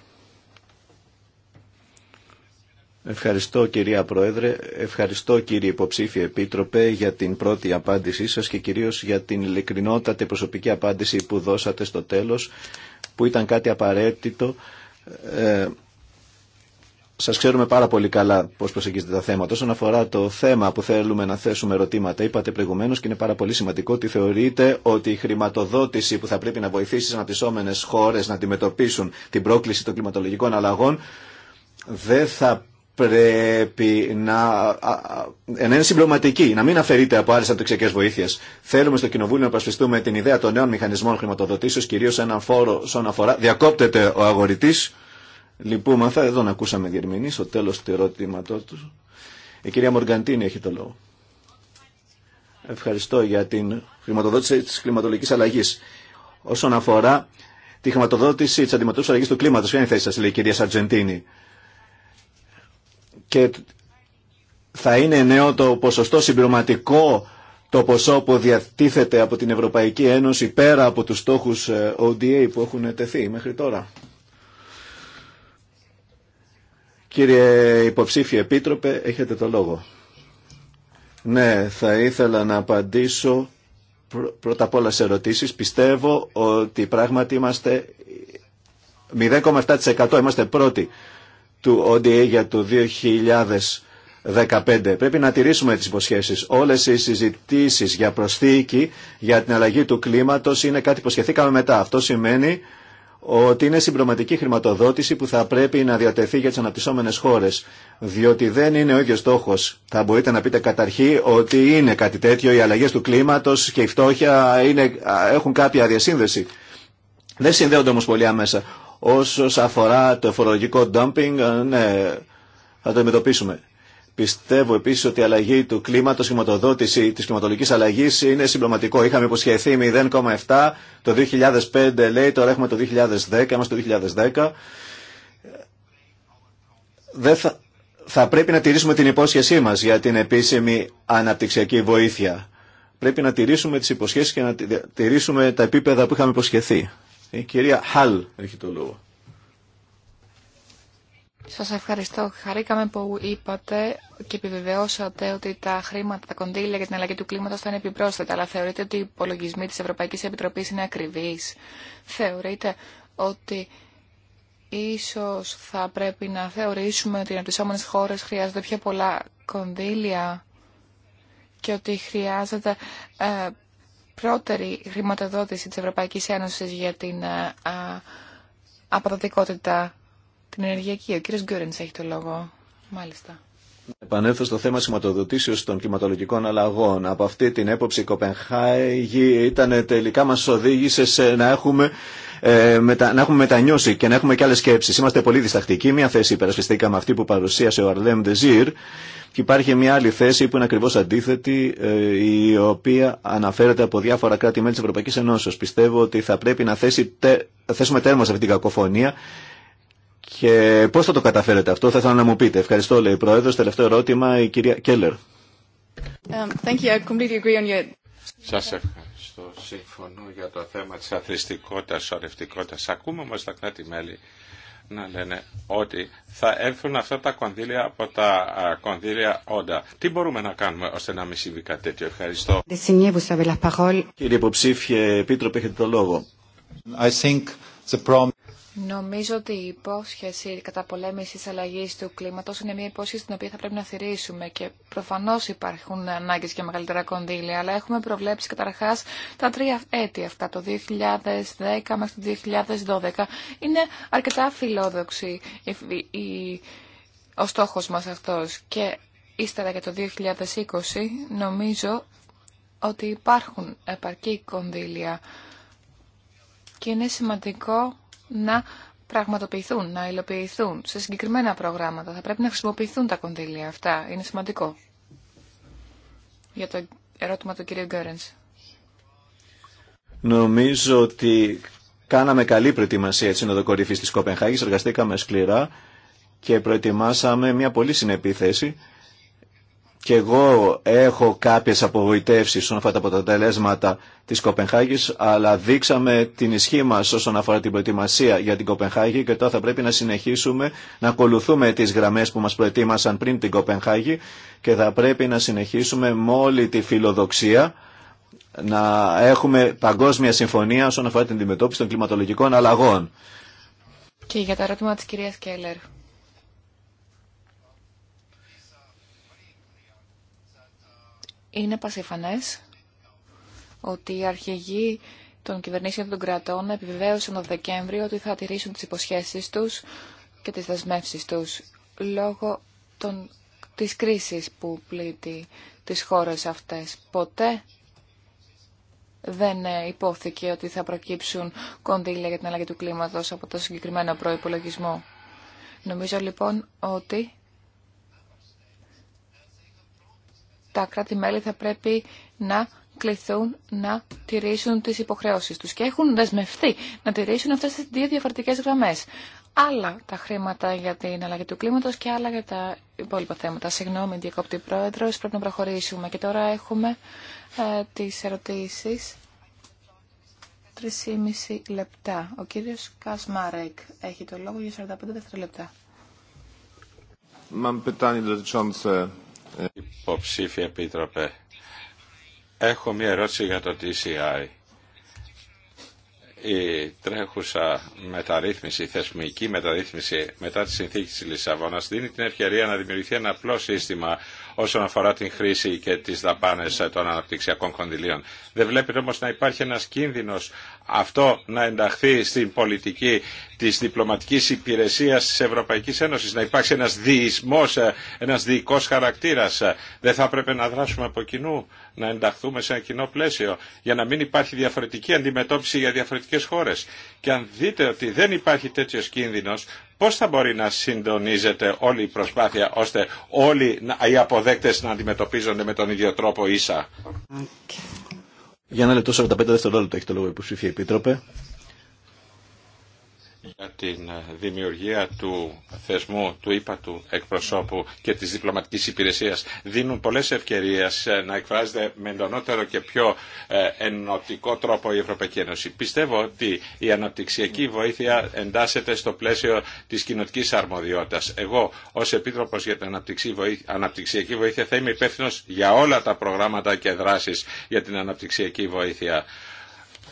Ευχαριστώ κυρία Πρόεδρε, ευχαριστώ κύριε Υποψήφιε Επίτροπε για την πρώτη απάντησή σας και κυρίως για την ειλικρινότατη προσωπική απάντηση που δώσατε στο τέλος που ήταν κάτι απαραίτητο ε, σας ξέρουμε πάρα πολύ καλά πώς προσεγγίζετε τα θέματα. Όσον αφορά το θέμα που θέλουμε να θέσουμε ερωτήματα, είπατε προηγουμένως και είναι πάρα πολύ σημαντικό ότι θεωρείτε ότι η χρηματοδότηση που θα πρέπει να βοηθήσει στις αναπτυσσόμενες χώρες να αντιμετωπίσουν την πρόκληση των κλιματολογικών αλλαγών δεν θα πρέπει να, ε, να είναι συμπληρωματική, να μην αφαιρείται από άλλε αντοξιακέ βοήθειε. Θέλουμε στο Κοινοβούλιο να προσπιστούμε την ιδέα των νέων μηχανισμών χρηματοδοτήσεω, κυρίω έναν φόρο όσον αφορά. Διακόπτεται ο αγορητή. Λυπούμαθα, εδώ να ακούσαμε διερμηνή στο τέλο του ερώτηματό του. Η κυρία Μοργαντίνη έχει το λόγο. Ευχαριστώ για την χρηματοδότηση τη κλιματολογική αλλαγή. Όσον αφορά τη χρηματοδότηση τη αντιμετώπιση αλλαγή του κλίματο, ποια είναι η θέση και θα είναι νέο το ποσοστό συμπληρωματικό το ποσό που διατίθεται από την Ευρωπαϊκή Ένωση πέρα από τους στόχους ε, ODA που έχουν τεθεί μέχρι τώρα. Κύριε Υποψήφιε Επίτροπε, έχετε το λόγο. Ναι, θα ήθελα να απαντήσω πρώτα απ' όλα σε ερωτήσεις. Πιστεύω ότι πράγματι είμαστε 0,7% είμαστε πρώτοι του ODA για το 2015. Πρέπει να τηρήσουμε τις υποσχέσεις. Όλες οι συζητήσεις για προσθήκη, για την αλλαγή του κλίματος είναι κάτι που σχεθήκαμε μετά. Αυτό σημαίνει ότι είναι συμπροματική χρηματοδότηση που θα πρέπει να διατεθεί για τις αναπτυσσόμενες χώρες, διότι δεν είναι ο ίδιος στόχος. Θα μπορείτε να πείτε καταρχή ότι είναι κάτι τέτοιο, οι αλλαγέ του κλίματος και η φτώχεια είναι, έχουν κάποια διασύνδεση. Δεν συνδέονται όμως πολύ άμεσα όσο αφορά το φορολογικό dumping, ε, ναι, θα το αντιμετωπίσουμε. Πιστεύω επίση ότι η αλλαγή του κλίματο, η χρηματοδότηση τη κλιματολογική αλλαγή είναι συμπληρωματικό. Είχαμε υποσχεθεί 0,7 το 2005, λέει, τώρα έχουμε το 2010, είμαστε το 2010. θα, θα πρέπει να τηρήσουμε την υπόσχεσή μα για την επίσημη αναπτυξιακή βοήθεια. Πρέπει να τηρήσουμε τι υποσχέσει και να τηρήσουμε τα επίπεδα που είχαμε υποσχεθεί. Η κυρία Χαλ έχει το λόγο. Σας ευχαριστώ. Χαρήκαμε που είπατε και επιβεβαιώσατε ότι τα χρήματα, τα κονδύλια για την αλλαγή του κλίματος θα είναι επιπρόσθετα, αλλά θεωρείτε ότι οι υπολογισμοί της Ευρωπαϊκής Επιτροπής είναι ακριβείς. Θεωρείτε ότι ίσως θα πρέπει να θεωρήσουμε ότι οι αναπτυσσόμενες χώρες χρειάζονται πιο πολλά κονδύλια και ότι χρειάζεται ε, πρώτερη χρηματοδότηση της Ευρωπαϊκής Ένωσης για την ε, αποδοτικότητα την ενεργειακή. Ο κύριος Γκούρενς έχει το λόγο. Μάλιστα. Επανέλθω στο θέμα σηματοδοτήσεως των κλιματολογικών αλλαγών. Από αυτή την έποψη η Κοπενχάγη ήταν τελικά μας οδήγησε σε να έχουμε ε, μετα, να έχουμε μετανιώσει και να έχουμε και άλλες σκέψεις. Είμαστε πολύ διστακτικοί. Μια θέση υπερασπιστήκαμε αυτή που παρουσίασε ο Αρλέμ Δεζίρ υπάρχει μια άλλη θέση που είναι ακριβώ αντίθετη, ε, η οποία αναφέρεται από διάφορα κράτη-μέλη τη Ευρωπαϊκή Ενώσεω. Πιστεύω ότι θα πρέπει να θέσει, θέσουμε τέρμα σε αυτή την κακοφωνία. Και πώ θα το καταφέρετε αυτό, θα ήθελα να μου πείτε. Ευχαριστώ, λέει η Πρόεδρο. Τελευταίο ερώτημα, η κυρία Κέλλερ. Um, Σα ευχαριστώ. Συμφωνώ για το θέμα τη αθρηστικότητα, ορευτικότητα. Ακούμε όμω τα κράτη-μέλη να λένε ότι θα έρθουν αυτά τα κονδύλια από τα κονδύλια όντα. Τι μπορούμε να κάνουμε ώστε να μην συμβεί κάτι τέτοιο. Ευχαριστώ. Κύριε υποψήφιε επίτροπε, έχετε το λόγο. I think the problem... Νομίζω ότι η υπόσχεση κατά καταπολέμησης αλλαγής του κλίματος είναι μια υπόσχεση την οποία θα πρέπει να θυρίσουμε και προφανώς υπάρχουν ανάγκες για μεγαλύτερα κονδύλια, αλλά έχουμε προβλέψει καταρχάς τα τρία έτη αυτά, το 2010 μέχρι το 2012. Είναι αρκετά φιλόδοξη ο στόχος μας αυτός και ύστερα για το 2020 νομίζω ότι υπάρχουν επαρκή κονδύλια και είναι σημαντικό να πραγματοποιηθούν, να υλοποιηθούν σε συγκεκριμένα προγράμματα. Θα πρέπει να χρησιμοποιηθούν τα κονδύλια αυτά. Είναι σημαντικό. Για το ερώτημα του κυρίου Γκέρενς. Νομίζω ότι κάναμε καλή προετοιμασία της Σύνοδο Κορυφής της Κοπενχάγης. Εργαστήκαμε σκληρά και προετοιμάσαμε μια πολύ συνεπή θέση και εγώ έχω κάποιες απογοητεύσεις όσον αφορά τα αποτελέσματα της Κοπενχάγης, αλλά δείξαμε την ισχύ μας όσον αφορά την προετοιμασία για την Κοπενχάγη και τώρα θα πρέπει να συνεχίσουμε να ακολουθούμε τις γραμμές που μας προετοίμασαν πριν την Κοπενχάγη και θα πρέπει να συνεχίσουμε με όλη τη φιλοδοξία να έχουμε παγκόσμια συμφωνία όσον αφορά την αντιμετώπιση των κλιματολογικών αλλαγών. Και για τα ερώτημα της κυρίας Κέλλερ. Είναι πασιφανές ότι οι αρχηγοί των κυβερνήσεων των κρατών επιβεβαίωσαν το Δεκέμβριο ότι θα τηρήσουν τις υποσχέσεις τους και τις δεσμεύσεις τους λόγω των, της κρίσης που πλήττει τις χώρες αυτές. Ποτέ δεν ε, υπόθηκε ότι θα προκύψουν κονδύλια για την αλλαγή του κλίματος από το συγκεκριμένο προϋπολογισμό. Νομίζω λοιπόν ότι τα κράτη-μέλη θα πρέπει να κληθούν να τηρήσουν τις υποχρεώσεις τους και έχουν δεσμευτεί να τηρήσουν αυτές τις δύο διαφορετικές γραμμές. Άλλα τα χρήματα για την αλλαγή του κλίματος και άλλα για τα υπόλοιπα θέματα. Συγγνώμη, διακόπτη πρόεδρος, πρέπει να προχωρήσουμε. Και τώρα έχουμε ε, τις ερωτήσεις. μισή λεπτά. Ο κύριος Κασμάρεκ έχει το λόγο για 45 δευτερόλεπτα. Mam pytanie Υποψήφια Επίτροπε, έχω μία ερώτηση για το TCI. Η τρέχουσα μεταρρύθμιση, θεσμική μεταρρύθμιση μετά τη συνθήκη της Λισαβόνας δίνει την ευκαιρία να δημιουργηθεί ένα απλό σύστημα όσον αφορά την χρήση και τις δαπάνες των αναπτυξιακών κονδυλίων. Δεν βλέπετε όμως να υπάρχει ένας κίνδυνος αυτό να ενταχθεί στην πολιτική της διπλωματικής υπηρεσίας της Ευρωπαϊκής Ένωσης, να υπάρξει ένας διεισμός, ε, ένας διοικός χαρακτήρας. Δεν θα έπρεπε να δράσουμε από κοινού, να ενταχθούμε σε ένα κοινό πλαίσιο, για να μην υπάρχει διαφορετική αντιμετώπιση για διαφορετικές χώρες. Και αν δείτε ότι δεν υπάρχει τέτοιος κίνδυνος, πώς θα μπορεί να συντονίζεται όλη η προσπάθεια, ώστε όλοι οι αποδέκτες να αντιμετωπίζονται με τον ίδιο τρόπο ίσα. Για ένα λεπτό 45 δευτερόλεπτα έχει το λόγο υποψήφια επίτροπε για την ε, δημιουργία του θεσμού, του ύπα του εκπροσώπου και της διπλωματικής υπηρεσίας δίνουν πολλές ευκαιρίες ε, να εκφράζεται με εντονότερο και πιο ε, ενωτικό τρόπο η Ευρωπαϊκή Ένωση. Πιστεύω ότι η αναπτυξιακή βοήθεια εντάσσεται στο πλαίσιο της κοινωτική αρμοδιότητας. Εγώ ως Επίτροπος για την Αναπτυξιακή Βοήθεια θα είμαι υπεύθυνο για όλα τα προγράμματα και δράσεις για την αναπτυξιακή βοήθεια.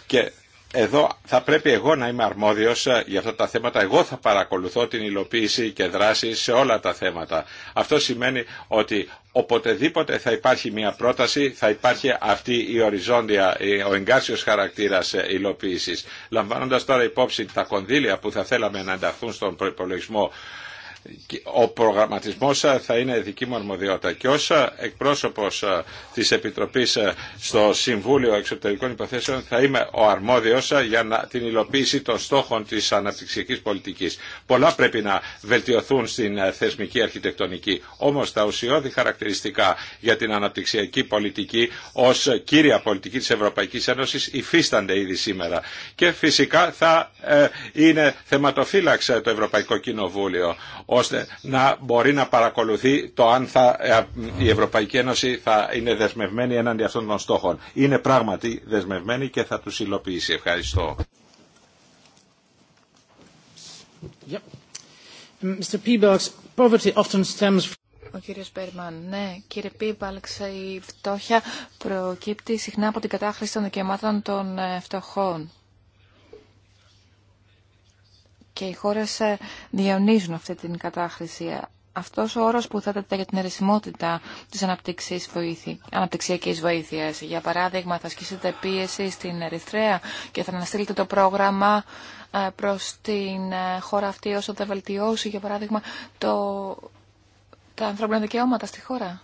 Και εδώ θα πρέπει εγώ να είμαι αρμόδιος ε, για αυτά τα θέματα. Εγώ θα παρακολουθώ την υλοποίηση και δράση σε όλα τα θέματα. Αυτό σημαίνει ότι οποτεδήποτε θα υπάρχει μια πρόταση θα υπάρχει αυτή η οριζόντια, ο εγκάρσιος χαρακτήρας ε, υλοποίησης. Λαμβάνοντας τώρα υπόψη τα κονδύλια που θα θέλαμε να ενταχθούν στον προπολογισμό ο προγραμματισμός ε, θα είναι δική μου αρμοδιότητα και ως ε, εκπρόσωπος ε, της Επιτροπής στο Συμβούλιο Εξωτερικών Υποθέσεων θα είμαι ο αρμόδιος για την υλοποίηση των στόχων της αναπτυξιακής πολιτικής. Πολλά πρέπει να βελτιωθούν στην θεσμική αρχιτεκτονική. Όμως τα ουσιώδη χαρακτηριστικά για την αναπτυξιακή πολιτική ως κύρια πολιτική της Ευρωπαϊκής Ένωσης υφίστανται ήδη σήμερα. Και φυσικά θα είναι θεματοφύλαξε το Ευρωπαϊκό Κοινοβούλιο ώστε να μπορεί να παρακολουθεί το αν θα, ε, η Ευρωπαϊκή Ένωση θα είναι δεσμευμένη έναντι αυτών των στόχων. Είναι πράγματι δεσμευμένη και θα τους υλοποιήσει. Ευχαριστώ. Ο κύριος ναι, κύριε Πίμπαλξ, η φτώχεια προκύπτει συχνά από την κατάχρηση των δικαιωμάτων των ε, φτωχών και οι χώρες ε, διαιωνίζουν αυτή την κατάχρηση. Αυτός ο όρος που θέτεται για την ερισμότητα της βοήθη, αναπτυξιακής βοήθειας. Για παράδειγμα, θα ασκήσετε πίεση στην Ερυθρέα και θα αναστείλετε το πρόγραμμα ε, προς την ε, χώρα αυτή όσο θα βελτιώσει, για παράδειγμα, το... τα ανθρώπινα δικαιώματα στη χώρα.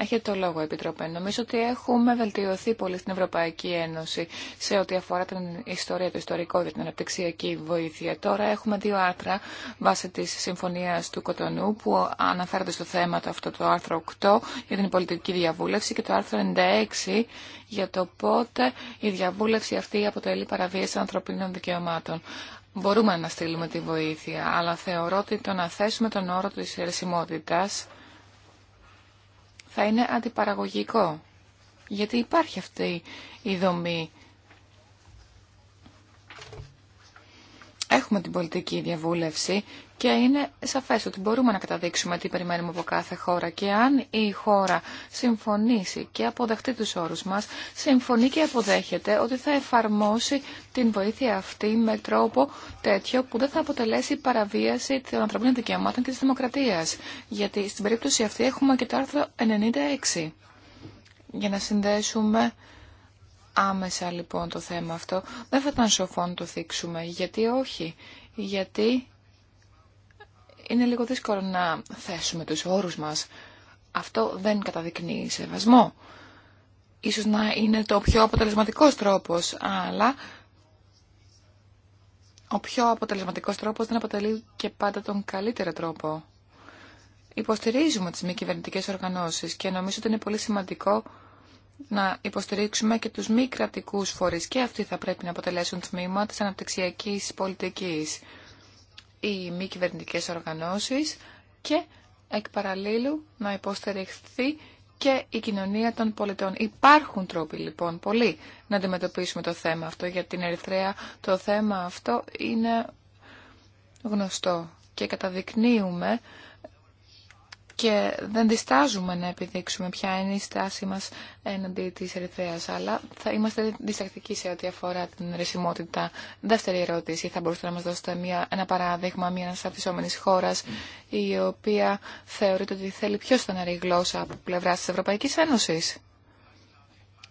Έχετε το λόγο, Επιτροπέ. Νομίζω ότι έχουμε βελτιωθεί πολύ στην Ευρωπαϊκή Ένωση σε ό,τι αφορά την ιστορία, το ιστορικό για την αναπτυξιακή βοήθεια. Τώρα έχουμε δύο άρθρα βάσει τη Συμφωνία του Κοτονού που αναφέρονται στο θέμα το αυτό το άρθρο 8 για την πολιτική διαβούλευση και το άρθρο 96 για το πότε η διαβούλευση αυτή αποτελεί παραβίαση ανθρωπίνων δικαιωμάτων. Μπορούμε να στείλουμε τη βοήθεια, αλλά θεωρώ ότι το να θέσουμε τον όρο της χρησιμότητα θα είναι αντιπαραγωγικό. Γιατί υπάρχει αυτή η δομή. Έχουμε την πολιτική διαβούλευση και είναι σαφές ότι μπορούμε να καταδείξουμε τι περιμένουμε από κάθε χώρα και αν η χώρα συμφωνήσει και αποδεχτεί τους όρους μας, συμφωνεί και αποδέχεται ότι θα εφαρμόσει την βοήθεια αυτή με τρόπο τέτοιο που δεν θα αποτελέσει παραβίαση των ανθρωπίνων δικαιωμάτων και της δημοκρατίας. Γιατί στην περίπτωση αυτή έχουμε και το άρθρο 96 για να συνδέσουμε άμεσα λοιπόν το θέμα αυτό. Δεν θα ήταν σοφό να το θίξουμε. Γιατί όχι. Γιατί είναι λίγο δύσκολο να θέσουμε τους όρους μας. Αυτό δεν καταδεικνύει σεβασμό. Ίσως να είναι το πιο αποτελεσματικός τρόπος, αλλά ο πιο αποτελεσματικός τρόπος δεν αποτελεί και πάντα τον καλύτερο τρόπο. Υποστηρίζουμε τις μη κυβερνητικές οργανώσεις και νομίζω ότι είναι πολύ σημαντικό να υποστηρίξουμε και τους μη κρατικού φορείς και αυτοί θα πρέπει να αποτελέσουν τμήμα της αναπτυξιακής πολιτικής οι μη κυβερνητικές οργανώσεις και εκ παραλλήλου να υποστηριχθεί και η κοινωνία των πολιτών. Υπάρχουν τρόποι λοιπόν πολλοί να αντιμετωπίσουμε το θέμα αυτό. Για την Ερυθρέα το θέμα αυτό είναι γνωστό και καταδεικνύουμε και δεν διστάζουμε να επιδείξουμε ποια είναι η στάση μας έναντι της Ερυθρέας, αλλά θα είμαστε διστακτικοί σε ό,τι αφορά την ρεσιμότητα. Δεύτερη ερώτηση, θα μπορούσατε να μας δώσετε μια, ένα παράδειγμα μια αναπτυσσόμενης χώρας η οποία θεωρείται ότι θέλει πιο στεναρή γλώσσα από πλευρά της Ευρωπαϊκής Ένωσης.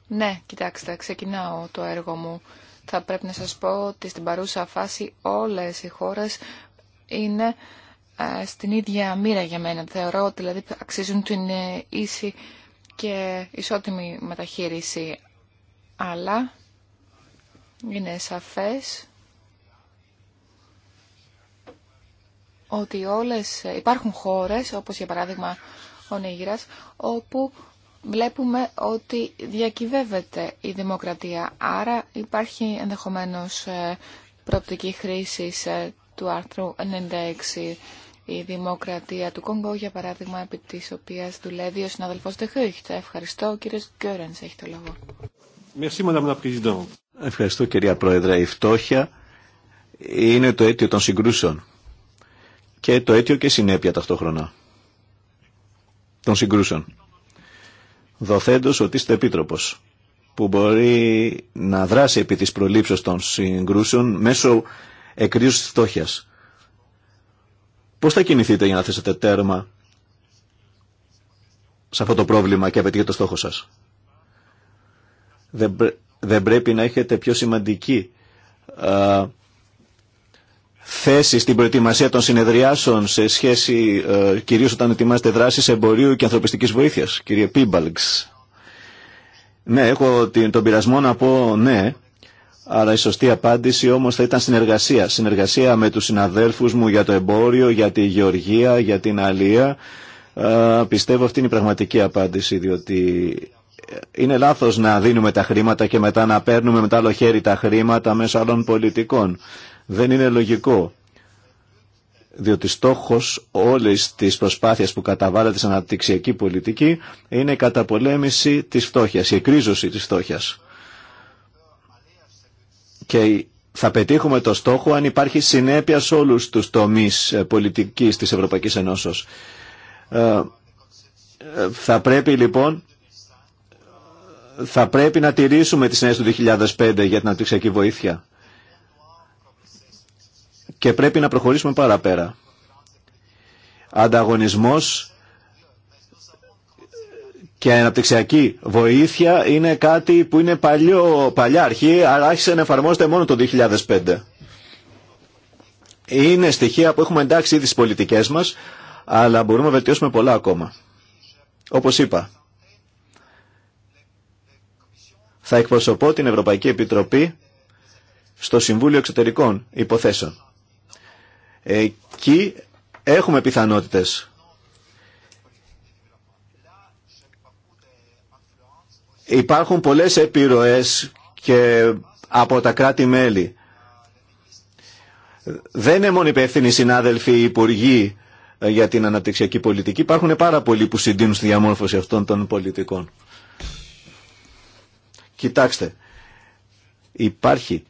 Ναι, κοιτάξτε, ξεκινάω το έργο μου. Θα πρέπει να σας πω ότι στην παρούσα φάση όλες οι χώρες είναι ε, στην ίδια μοίρα για μένα. Θεωρώ δηλαδή ότι δηλαδή αξίζουν την ε, ίση και ισότιμη μεταχείριση. Αλλά είναι σαφές ότι όλες ε, υπάρχουν χώρες, όπως για παράδειγμα ο Νίγηρας, όπου βλέπουμε ότι διακυβεύεται η δημοκρατία. Άρα υπάρχει ενδεχομένως προοπτική χρήση του άρθρου 96 η δημοκρατία του Κονγκό, για παράδειγμα, επί τη οποίας δουλεύει ο συναδέλφο Τεχούιχτ. Ευχαριστώ. Ο κύριο Γκέραν, έχει το λόγο. Ευχαριστώ κυρία Πρόεδρε. Η φτώχεια είναι το αίτιο των συγκρούσεων και το αίτιο και συνέπεια ταυτόχρονα των συγκρούσεων. Δοθέντω ότι είστε επίτροπο που μπορεί να δράσει επί της προλήψεως των συγκρούσεων μέσω εκρίζωσης φτώχειας. Πώς θα κινηθείτε για να θέσετε τέρμα σε αυτό το πρόβλημα και απαιτείτε το στόχο σας. Δεν, δεν πρέπει να έχετε πιο σημαντική α, θέση στην προετοιμασία των συνεδριάσεων σε σχέση α, κυρίως όταν ετοιμάζετε δράσεις εμπορίου και ανθρωπιστικής βοήθειας, κύριε Πίμπαλξ. Ναι, έχω τον πειρασμό να πω ναι, αλλά η σωστή απάντηση όμως θα ήταν συνεργασία. Συνεργασία με τους συναδέλφους μου για το εμπόριο, για τη γεωργία, για την αλία. πιστεύω αυτή είναι η πραγματική απάντηση, διότι είναι λάθος να δίνουμε τα χρήματα και μετά να παίρνουμε με τα άλλο χέρι τα χρήματα μέσω άλλων πολιτικών. Δεν είναι λογικό. Διότι στόχος όλης της προσπάθειας που καταβάλλεται στην αναπτυξιακή πολιτική είναι η καταπολέμηση της φτώχειας, η εκρίζωση της φτώχειας και θα πετύχουμε το στόχο αν υπάρχει συνέπεια σε όλους τους τομείς ε, πολιτικής της Ευρωπαϊκής Ενώσεως. Ε, ε, θα πρέπει λοιπόν θα πρέπει να τηρήσουμε τις νέες του 2005 για την αναπτυξιακή βοήθεια και πρέπει να προχωρήσουμε παραπέρα. Ανταγωνισμός και αναπτυξιακή βοήθεια είναι κάτι που είναι παλιό, παλιά αρχή, αλλά άρχισε να εφαρμόζεται μόνο το 2005. Είναι στοιχεία που έχουμε εντάξει ήδη στις πολιτικές μας, αλλά μπορούμε να βελτιώσουμε πολλά ακόμα. Όπως είπα, θα εκπροσωπώ την Ευρωπαϊκή Επιτροπή στο Συμβούλιο Εξωτερικών Υποθέσεων. Εκεί έχουμε πιθανότητες Υπάρχουν πολλές επιρροές και από τα κράτη-μέλη. Δεν είναι μόνο υπεύθυνοι συνάδελφοι οι υπουργοί ε, για την αναπτυξιακή πολιτική. Υπάρχουν πάρα πολλοί που συντείνουν στη διαμόρφωση αυτών των πολιτικών. Κοιτάξτε, υπάρχει,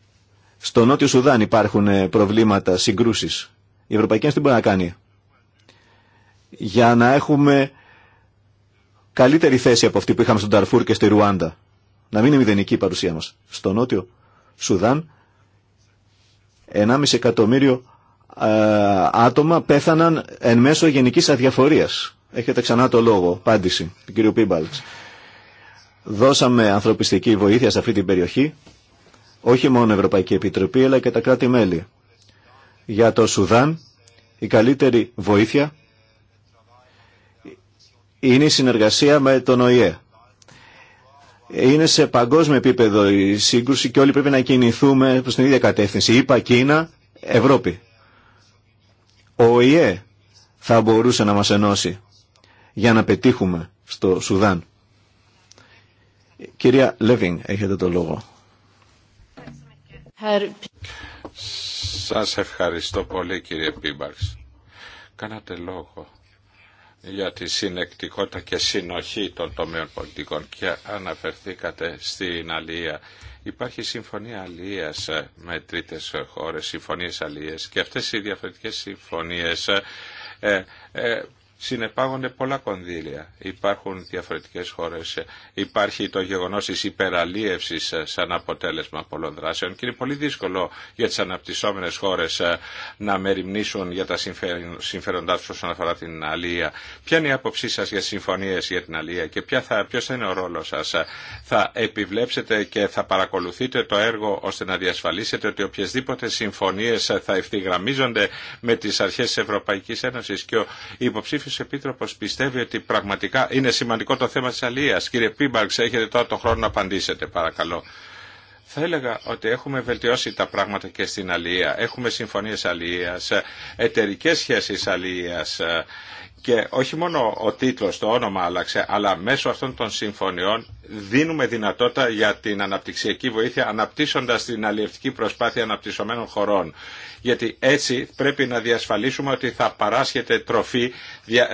στο Νότιο Σουδάν υπάρχουν ε, προβλήματα, συγκρούσεις. Η Ευρωπαϊκή Ένωση τι μπορεί να κάνει για να έχουμε καλύτερη θέση από αυτή που είχαμε στον Ταρφούρ και στη Ρουάντα. Να μην είναι μηδενική η παρουσία μας. Στο νότιο Σουδάν 1,5 εκατομμύριο ε, άτομα πέθαναν εν μέσω γενικής αδιαφορίας. Έχετε ξανά το λόγο, απάντηση του κύριου Πίμπαλτς. Δώσαμε ανθρωπιστική βοήθεια σε αυτή την περιοχή, όχι μόνο η Ευρωπαϊκή Επιτροπή, αλλά και τα κράτη-μέλη. Για το Σουδάν, η καλύτερη βοήθεια είναι η συνεργασία με τον ΟΗΕ. Είναι σε παγκόσμιο επίπεδο η σύγκρουση και όλοι πρέπει να κινηθούμε προς την ίδια κατεύθυνση. Είπα Κίνα, Ευρώπη. Ο ΟΗΕ θα μπορούσε να μας ενώσει για να πετύχουμε στο Σουδάν. Κυρία Λεβινγκ, έχετε το λόγο. Σας ευχαριστώ πολύ κύριε Πίμπαρξ. Κάνατε λόγο για τη συνεκτικότητα και συνοχή των τομέων πολιτικών και αναφερθήκατε στην Αλία. Υπάρχει συμφωνία αλίας με τρίτες χώρες, συμφωνίες αλίας και αυτές οι διαφορετικές συμφωνίες ε, ε, συνεπάγονται πολλά κονδύλια. Υπάρχουν διαφορετικές χώρες. Υπάρχει το γεγονός της υπεραλίευσης ε, σαν αποτέλεσμα πολλών δράσεων και είναι πολύ δύσκολο για τις αναπτυσσόμενες χώρες ε, να μεριμνήσουν για τα συμφέροντά τους όσον αφορά την αλία. Ποια είναι η άποψή σας για συμφωνίες για την αλία και ποια θα, ποιος θα είναι ο ρόλος σας. Ε, θα επιβλέψετε και θα παρακολουθείτε το έργο ώστε να διασφαλίσετε ότι οποιασδήποτε συμφωνίες θα ευθυγραμμίζονται με τις αρχές της Ευρωπαϊκής Ένωσης και ο υποψήφιος σε επίτροπος πιστεύει ότι πραγματικά είναι σημαντικό το θέμα της αλληλεία. Κύριε Πίμπαρξ, έχετε τώρα τον χρόνο να απαντήσετε, παρακαλώ. Θα έλεγα ότι έχουμε βελτιώσει τα πράγματα και στην αλληλεία. Έχουμε συμφωνίες αλληλεία, εταιρικέ σχέσεις αλληλεία. και όχι μόνο ο τίτλος, το όνομα άλλαξε, αλλά μέσω αυτών των συμφωνιών δίνουμε δυνατότητα για την αναπτυξιακή βοήθεια αναπτύσσοντας την αλλιευτική προσπάθεια αναπτυσσομένων χωρών. Γιατί έτσι πρέπει να διασφαλίσουμε ότι θα παράσχεται τροφή ε,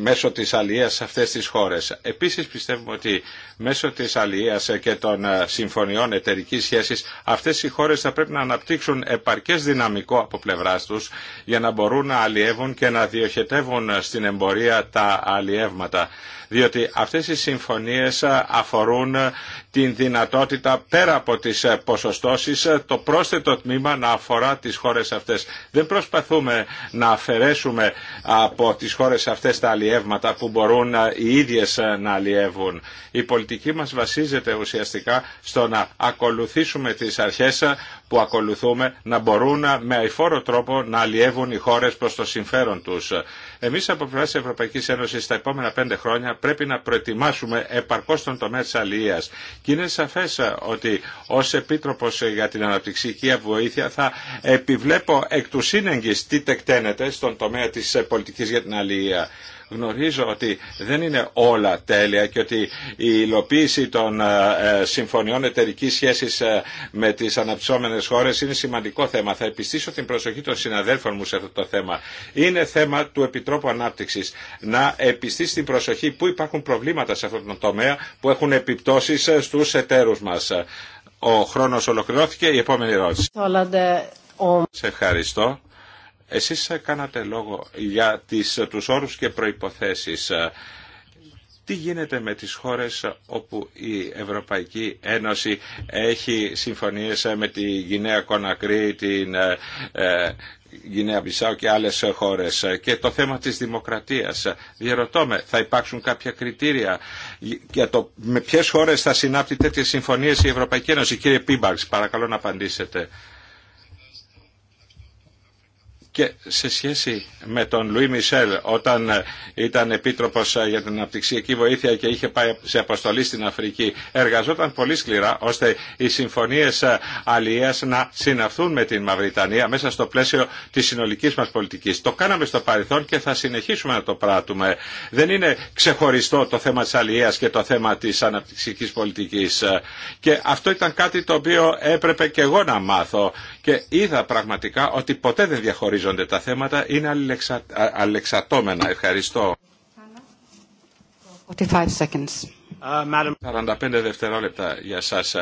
μέσω της αλληλείας σε αυτές τις χώρες. Επίσης πιστεύουμε ότι μέσω της αλληλείας και των ε, συμφωνιών εταιρικής σχέσης αυτές οι χώρες θα πρέπει να αναπτύξουν επαρκές δυναμικό από πλευρά τους για να μπορούν να αλλιεύουν και να διοχετεύουν στην εμπορία τα αλλιεύματα διότι αυτές οι συμφωνίες ε, αφορούν ε, την δυνατότητα πέρα από τις ε, ποσοστώσεις το πρόσθετο τμήμα να αφορά τις χώρες αυτές. Δεν προσπαθούμε να αφαιρέσουμε από τις χώρες αυτές τα αλλιεύματα που μπορούν οι ίδιες να αλλιεύουν. Η πολιτική μας βασίζεται ουσιαστικά στο να ακολουθήσουμε τις αρχές που ακολουθούμε να μπορούν με αηφόρο τρόπο να αλλιεύουν οι χώρες προς το συμφέρον τους. Εμείς από πλευράς της Ευρωπαϊκής Ένωσης στα επόμενα πέντε χρόνια πρέπει να προετοιμάσουμε επαρκώς τον τομέα της αλληλείας. Και είναι σαφές ότι ως Επίτροπος για την Αναπτυξιακή Βοήθεια θα επιβλέπω εκ του σύνεγγυς τι τεκταίνεται στον τομέα της πολιτικής για την αλληλεία. Γνωρίζω ότι δεν είναι όλα τέλεια και ότι η υλοποίηση των ε, ε, συμφωνιών εταιρική σχέσης ε, με τις αναπτυσσόμενες χώρες είναι σημαντικό θέμα. Θα επιστήσω την προσοχή των συναδέλφων μου σε αυτό το θέμα. Είναι θέμα του Επιτρόπου Ανάπτυξης να επιστήσει την προσοχή που υπάρχουν προβλήματα σε αυτό τον τομέα που έχουν επιπτώσεις στους εταίρους μας. Ο χρόνος ολοκληρώθηκε. Η επόμενη ερώτηση. Σε ευχαριστώ. Εσείς κάνατε λόγο για τις, τους όρους και προϋποθέσεις. Τι γίνεται με τις χώρες όπου η Ευρωπαϊκή Ένωση έχει συμφωνίες με τη Γινέα Κονακρή, την ε, ε, Γινέα Μπισάου και άλλες χώρες και το θέμα της δημοκρατίας. Διερωτώ με, θα υπάρξουν κάποια κριτήρια για το με ποιες χώρες θα συνάπτει τέτοιες συμφωνίες η Ευρωπαϊκή Ένωση. Κύριε Πίμπαρξ, παρακαλώ να απαντήσετε. Και σε σχέση με τον Λουί Μισελ, όταν ήταν επίτροπο για την αναπτυξιακή βοήθεια και είχε πάει σε αποστολή στην Αφρική, εργαζόταν πολύ σκληρά ώστε οι συμφωνίε αλληλεία να συναυθούν με την Μαυριτανία μέσα στο πλαίσιο τη συνολική μα πολιτική. Το κάναμε στο παρελθόν και θα συνεχίσουμε να το πράττουμε. Δεν είναι ξεχωριστό το θέμα τη αλληλεία και το θέμα τη αναπτυξιακή πολιτική. Και αυτό ήταν κάτι το οποίο έπρεπε και εγώ να μάθω και είδα πραγματικά ότι ποτέ δεν διαχωρίζονται τα θέματα, είναι αλληλεξα... Ευχαριστώ. 45 seconds. 45 uh, δευτερόλεπτα για σας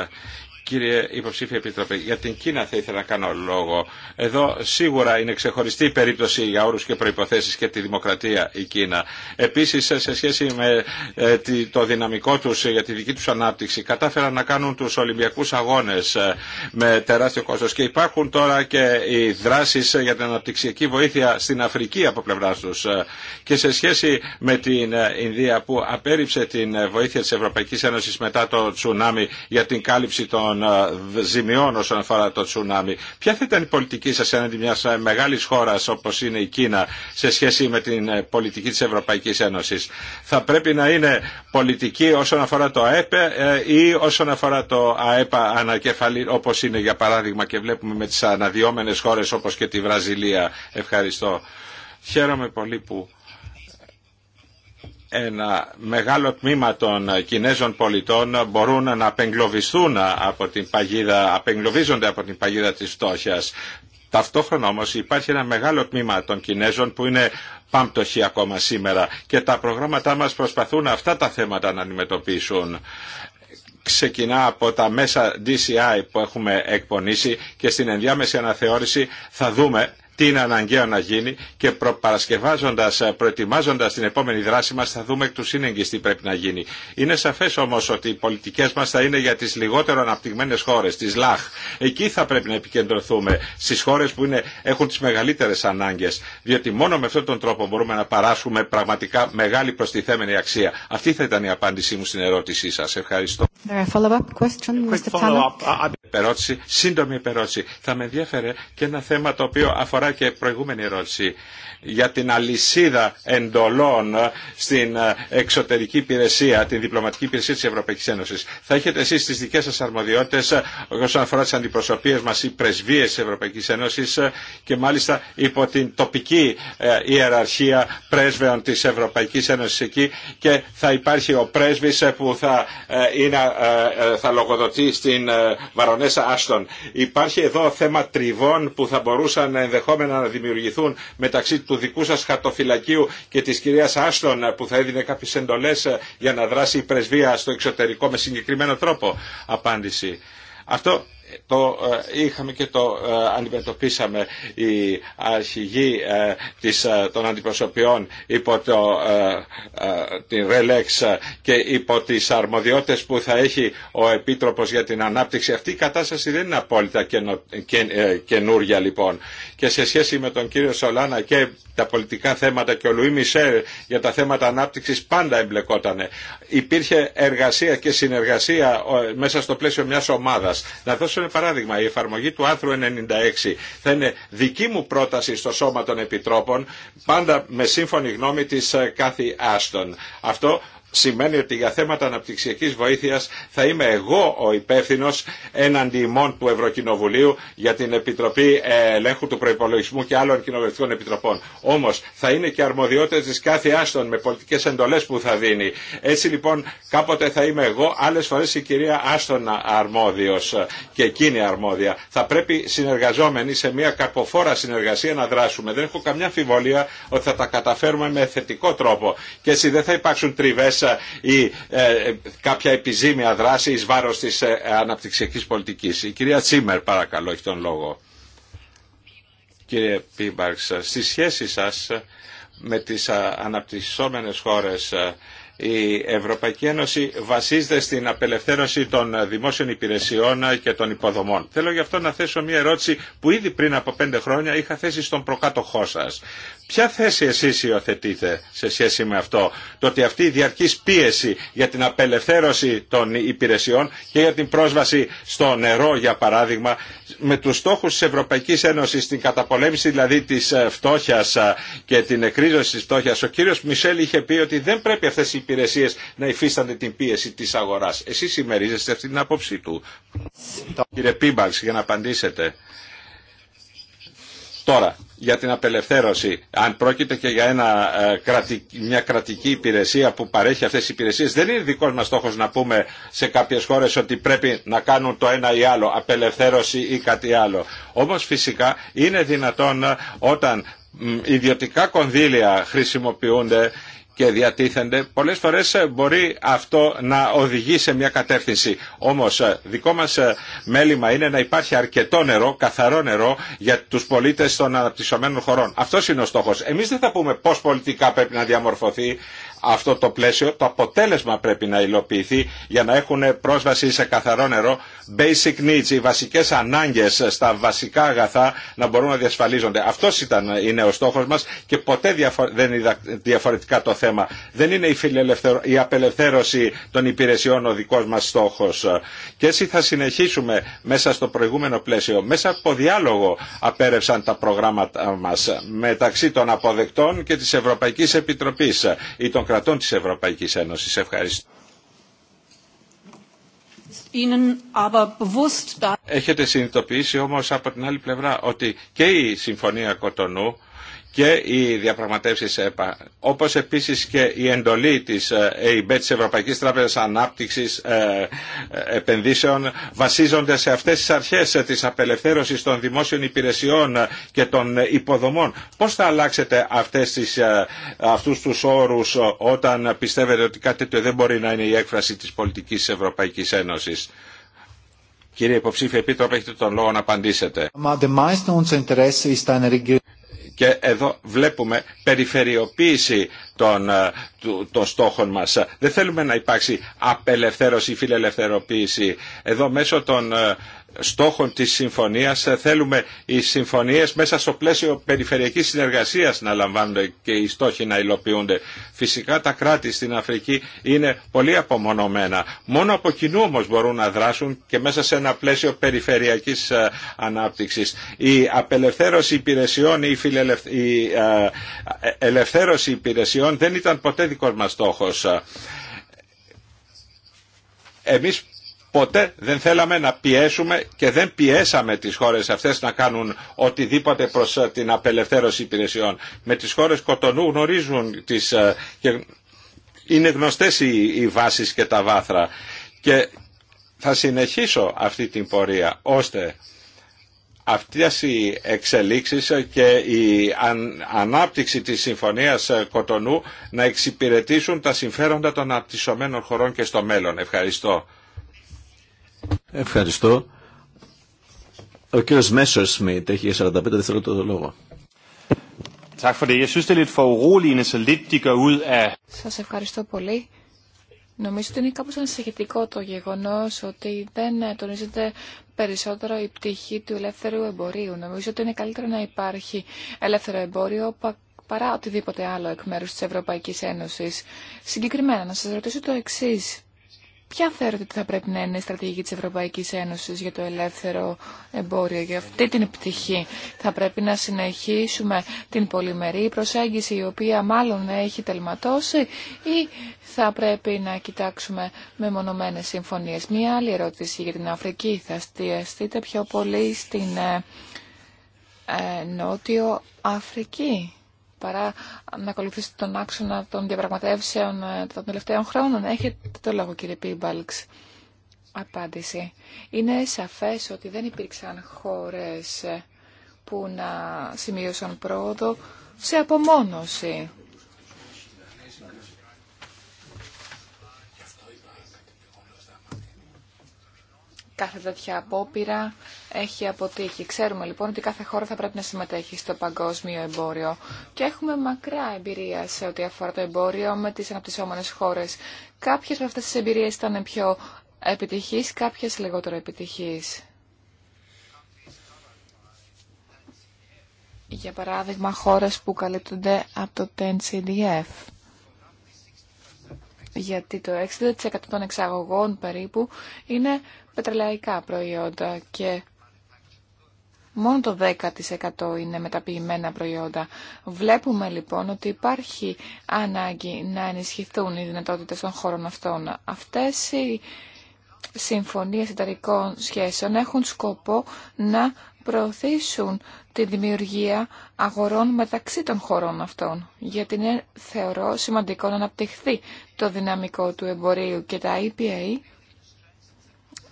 Κύριε Υποψήφια Επίτροπε, για την Κίνα θα ήθελα να κάνω λόγο. Εδώ σίγουρα είναι ξεχωριστή η περίπτωση για όρους και προϋποθέσεις και τη δημοκρατία η Κίνα. Επίσης σε σχέση με ε, το δυναμικό τους για τη δική τους ανάπτυξη κατάφεραν να κάνουν τους Ολυμπιακούς Αγώνες ε, με τεράστιο κόστος και υπάρχουν τώρα και οι δράσεις για την αναπτυξιακή βοήθεια στην Αφρική από πλευρά τους ε. και σε σχέση με την Ινδία που απέρριψε την βοήθεια της Ευρωπαϊκής Ένωσης μετά το τσουνάμι για την κάλυψη των των ε, ζημιών όσον αφορά το τσουνάμι. Ποια θα ήταν η πολιτική σας έναντι μιας ε, μεγάλης χώρας όπως είναι η Κίνα σε σχέση με την ε, πολιτική της Ευρωπαϊκής Ένωσης. Θα πρέπει να είναι πολιτική όσον αφορά το ΑΕΠ ή όσον αφορά το ΑΕΠ ανακεφαλή όπως είναι για παράδειγμα και βλέπουμε με τις αναδυόμενες χώρες όπως και τη Βραζιλία. Ευχαριστώ. Χαίρομαι πολύ που ένα μεγάλο τμήμα των Κινέζων πολιτών μπορούν να απεγκλωβιστούν από την παγίδα, απεγκλωβίζονται από την παγίδα της φτώχειας. Ταυτόχρονα όμως υπάρχει ένα μεγάλο τμήμα των Κινέζων που είναι πάμπτωχοι ακόμα σήμερα και τα προγράμματά μας προσπαθούν αυτά τα θέματα να αντιμετωπίσουν ξεκινά από τα μέσα DCI που έχουμε εκπονήσει και στην ενδιάμεση αναθεώρηση θα δούμε την είναι αναγκαίο να γίνει και προπαρασκευάζοντας, ε, προετοιμάζοντας την επόμενη δράση μας θα δούμε εκ του σύνεγγυς τι πρέπει να γίνει. Είναι σαφές όμως ότι οι πολιτικές μας θα είναι για τις λιγότερο αναπτυγμένες χώρες, τις ΛΑΧ. Εκεί θα πρέπει να επικεντρωθούμε, στις χώρες που είναι, έχουν τις μεγαλύτερες ανάγκες, διότι μόνο με αυτόν τον τρόπο μπορούμε να παράσχουμε πραγματικά μεγάλη προστιθέμενη αξία. Αυτή θα ήταν η απάντησή μου στην ερώτησή σας. Ευχαριστώ. σύντομη επερώτηση. Θα με ενδιαφέρε και ένα θέμα το οποίο αφορά και προηγούμενη ερώτηση για την αλυσίδα εντολών στην ε, εξωτερική υπηρεσία, την διπλωματική υπηρεσία της Ευρωπαϊκής Ένωσης. Θα έχετε εσείς τις δικές σας αρμοδιότητες ε, όσον αφορά τις αντιπροσωπείες μας ή πρεσβείες της Ευρωπαϊκής Ένωσης ε, και μάλιστα υπό την τοπική ιεραρχία πρέσβεων της Ευρωπαϊκής Ένωσης εκεί και θα υπάρχει ο πρέσβης που θα, είναι, θα λογοδοτεί στην Βαρονέσα Άστον. Υπάρχει εδώ θέμα τριβών που θα μπορούσαν ενδεχόμενα ενδεχόμενα να δημιουργηθούν μεταξύ του δικού σα χαρτοφυλακίου και της κυρίας Άστον που θα έδινε κάποιε εντολές ε, για να δράσει η πρεσβεία στο εξωτερικό με συγκεκριμένο τρόπο. Απάντηση. Αυτό το ε, είχαμε και το ε, αντιμετωπίσαμε οι αρχηγοί ε, της, των αντιπροσωπιών υπό το, την Ρελέξ και υπό τις αρμοδιότητες που θα έχει ο Επίτροπος για την Ανάπτυξη. Αυτή η κατάσταση δεν είναι απόλυτα καινο, και, καινούρια λοιπόν. Και σε σχέση με τον κύριο Σολάνα και τα πολιτικά θέματα και ο Λουί Μισελ για τα θέματα ανάπτυξης πάντα εμπλεκότανε. Υπήρχε εργασία και συνεργασία ε, μέσα στο πλαίσιο μιας ομάδας. Να δώσω ένα παράδειγμα, η εφαρμογή του άρθρου 96 θα είναι δική μου πρόταση στο Σώμα των Επιτρόπων, πάντα με σύμφωνη γνώμη της ε, κάθε Άστον. Αυτό σημαίνει ότι για θέματα αναπτυξιακής βοήθειας θα είμαι εγώ ο υπεύθυνο έναντι ημών του Ευρωκοινοβουλίου για την Επιτροπή Ελέγχου του προπολογισμού και άλλων κοινοβουλευτικών επιτροπών. Όμω, θα είναι και αρμοδιότητες τη κάθε άστον με πολιτικέ εντολές που θα δίνει. Έτσι λοιπόν κάποτε θα είμαι εγώ, άλλε φορέ η κυρία Άστον αρμόδιο και εκείνη αρμόδια. Θα πρέπει συνεργαζόμενοι σε μια κακοφόρα συνεργασία να δράσουμε. Δεν έχω καμιά αμφιβολία ότι θα τα καταφέρουμε με θετικό τρόπο. Και έτσι δεν θα υπάρξουν τριβές ε, ή ε, κάποια επιζήμια δράση εις βάρος της ε, αναπτυξιακής πολιτικής. Η κυρία Τσίμερ παρακαλώ έχει τον λόγο. Κύριε Πίμπαρξ, στη σχέση σας με τις αναπτυσσόμενες χώρες η Ευρωπαϊκή Ένωση βασίζεται στην απελευθέρωση των δημόσιων υπηρεσιών και των υποδομών. Θέλω γι' αυτό να θέσω μια ερώτηση που ήδη πριν από πέντε χρόνια είχα θέσει στον προκάτοχό σας. Ποια θέση εσείς υιοθετείτε σε σχέση με αυτό, το ότι αυτή η διαρκής πίεση για την απελευθέρωση των υπηρεσιών και για την πρόσβαση στο νερό για παράδειγμα, με τους στόχους της Ευρωπαϊκής Ένωσης, στην καταπολέμηση δηλαδή της ε, φτώχειας ε, και την εκρίζωση της φτώχειας, ο κύριος Μισελ είχε πει ότι δεν πρέπει αυτές οι υπηρεσίες να υφίστανται την πίεση της αγοράς. Εσείς ημερίζεστε αυτή την άποψή του. Κύριε Πίμπαξ για να απαντήσετε. Τώρα, για την απελευθέρωση. Αν πρόκειται και για ένα, ε, μια κρατική υπηρεσία που παρέχει αυτές τις υπηρεσίες, δεν είναι δικό μας στόχος να πούμε σε κάποιες χώρες ότι πρέπει να κάνουν το ένα ή άλλο, απελευθέρωση ή κάτι άλλο. Όμως φυσικά είναι δυνατόν ε, όταν ιδιωτικά κονδύλια χρησιμοποιούνται και διατίθενται, πολλές φορές ε, μπορεί αυτό να οδηγεί σε μια κατεύθυνση. Όμως ε, δικό μας ε, μέλημα είναι να υπάρχει αρκετό νερό, καθαρό νερό για τους πολίτες των αναπτυσσομένων χωρών. Αυτό είναι ο στόχος. Εμείς δεν θα πούμε πώς πολιτικά πρέπει να διαμορφωθεί αυτό το πλαίσιο, το αποτέλεσμα πρέπει να υλοποιηθεί για να έχουν πρόσβαση σε καθαρό νερό, basic needs, οι βασικές ανάγκες στα βασικά αγαθά να μπορούν να διασφαλίζονται. Αυτό ήταν, είναι ο στόχος μας και ποτέ δεν είδα διαφορετικά το θέμα. Δεν είναι η, η απελευθέρωση των υπηρεσιών ο δικός μας στόχος. Και έτσι θα συνεχίσουμε μέσα στο προηγούμενο πλαίσιο. Μέσα από διάλογο απέρευσαν τα προγράμματα μας μεταξύ των αποδεκτών και της Ευρωπαϊκής Επιτροπή. ή των κρατών της Ευρωπαϊκής Ένωσης. Ευχαριστώ. Έχετε συνειδητοποιήσει όμως από την άλλη πλευρά ότι και η Συμφωνία Κοτονού και οι διαπραγματεύσεις ΕΠΑ. όπω επίση και η εντολή τη ε, ΕΙΜΠΕ της Ευρωπαϊκής Ανάπτυξης ε, ε, Επενδύσεων βασίζονται σε αυτέ τι αρχέ, τη απελευθέρωση των δημόσιων υπηρεσιών και των υποδομών. Πώ θα αλλάξετε αυτού του όρου, όταν πιστεύετε ότι κάτι τέτοιο δεν μπορεί να είναι η έκφραση τη πολιτική της Ευρωπαϊκής Ένωσης. Κύριε Υποψήφιε Επίτροπε, έχετε τον λόγο να απαντήσετε. Και εδώ βλέπουμε περιφερειοποίηση των, ε, των στόχων μας. Δεν θέλουμε να υπάρξει απελευθέρωση ή φιλελευθεροποίηση. Εδώ μέσω των ε, στόχων της συμφωνίας ε, θέλουμε οι συμφωνίες μέσα στο πλαίσιο περιφερειακής συνεργασίας να λαμβάνονται και οι στόχοι να υλοποιούνται. Φυσικά τα κράτη στην Αφρική είναι πολύ απομονωμένα. Μόνο από κοινού όμως μπορούν να δράσουν και μέσα σε ένα πλαίσιο περιφερειακής ε, ανάπτυξης. Η απελευθέρωση υπηρεσιών ή η ε, ελευθέρωση υπηρεσιών δεν ήταν ποτέ δικός μας στόχος. Εμείς Ποτέ δεν θέλαμε να πιέσουμε και δεν πιέσαμε τις χώρες αυτές να κάνουν οτιδήποτε προς ε, την απελευθέρωση υπηρεσιών. Με τις χώρες Κοτονού γνωρίζουν τις, ε, και είναι γνωστές οι, βάσεις και τα βάθρα. Και θα συνεχίσω αυτή την πορεία ώστε αυτές οι εξελίξεις και η ανάπτυξη της Συμφωνίας ε, Κοτονού να εξυπηρετήσουν τα συμφέροντα των απτυσσομένων χωρών και στο μέλλον. Ευχαριστώ. Ευχαριστώ. Ο κύριο Μέσορ Σμιτ έχει 45 δευτερόλεπτα το λόγο. Er σας ευχαριστώ πολύ. Νομίζω ότι είναι κάπω ανησυχητικό το γεγονός ότι δεν τονίζεται περισσότερο η πτυχή του ελεύθερου εμπορίου. Νομίζω ότι είναι καλύτερο να υπάρχει ελεύθερο εμπόριο παρά οτιδήποτε άλλο εκ μέρους της Ευρωπαϊκής Ένωσης. Συγκεκριμένα, να σα ρωτήσω το εξή. Ποια θεωρείτε ότι θα πρέπει να είναι η στρατηγική της Ευρωπαϊκής Ένωσης για το ελεύθερο εμπόριο, για αυτή την πτυχή. Θα πρέπει να συνεχίσουμε την πολυμερή προσέγγιση η οποία μάλλον έχει τελματώσει ή θα πρέπει να κοιτάξουμε με μονομένες συμφωνίες. Μία άλλη ερώτηση για την Αφρική. Θα στιαστείτε πιο πολύ στην ε, ε, Νότιο Αφρική παρά να ακολουθήσετε τον άξονα των διαπραγματεύσεων ε, των τελευταίων χρόνων. Έχετε το λόγο κύριε Πίμπαλξ. Απάντηση. Είναι σαφές ότι δεν υπήρξαν χώρες ε, που να σημείωσαν πρόοδο σε απομόνωση. Κάθε τέτοια απόπειρα έχει αποτύχει. Ξέρουμε λοιπόν ότι κάθε χώρα θα πρέπει να συμμετέχει στο παγκόσμιο εμπόριο και έχουμε μακρά εμπειρία σε ό,τι αφορά το εμπόριο με τις αναπτυσσόμενες χώρες. Κάποιες από αυτές τις εμπειρίες ήταν πιο επιτυχείς, κάποιες λιγότερο επιτυχείς. Για παράδειγμα, χώρες που καλύπτονται από το 10CDF. Γιατί το 60% των εξαγωγών περίπου είναι πετρελαϊκά προϊόντα και Μόνο το 10% είναι μεταποιημένα προϊόντα. Βλέπουμε λοιπόν ότι υπάρχει ανάγκη να ενισχυθούν οι δυνατότητες των χώρων αυτών. Αυτές οι συμφωνίες εταιρικών σχέσεων έχουν σκοπό να προωθήσουν τη δημιουργία αγορών μεταξύ των χωρών αυτών, γιατί είναι, θεωρώ, σημαντικό να αναπτυχθεί το δυναμικό του εμπορίου και τα IPA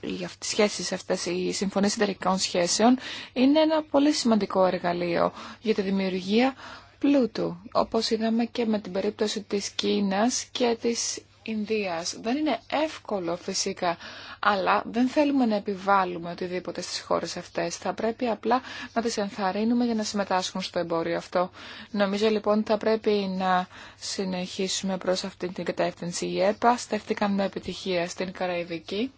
οι σχέσεις αυτές, οι συμφωνίες εταιρικών σχέσεων είναι ένα πολύ σημαντικό εργαλείο για τη δημιουργία πλούτου, όπως είδαμε και με την περίπτωση της Κίνας και της Ινδίας. Δεν είναι εύκολο φυσικά, αλλά δεν θέλουμε να επιβάλλουμε οτιδήποτε στις χώρες αυτές. Θα πρέπει απλά να τις ενθαρρύνουμε για να συμμετάσχουν στο εμπόριο αυτό. Νομίζω λοιπόν θα πρέπει να συνεχίσουμε προς αυτή την κατεύθυνση. Η ΕΠΑ στεφτήκαν με επιτυχία στην Καραϊβική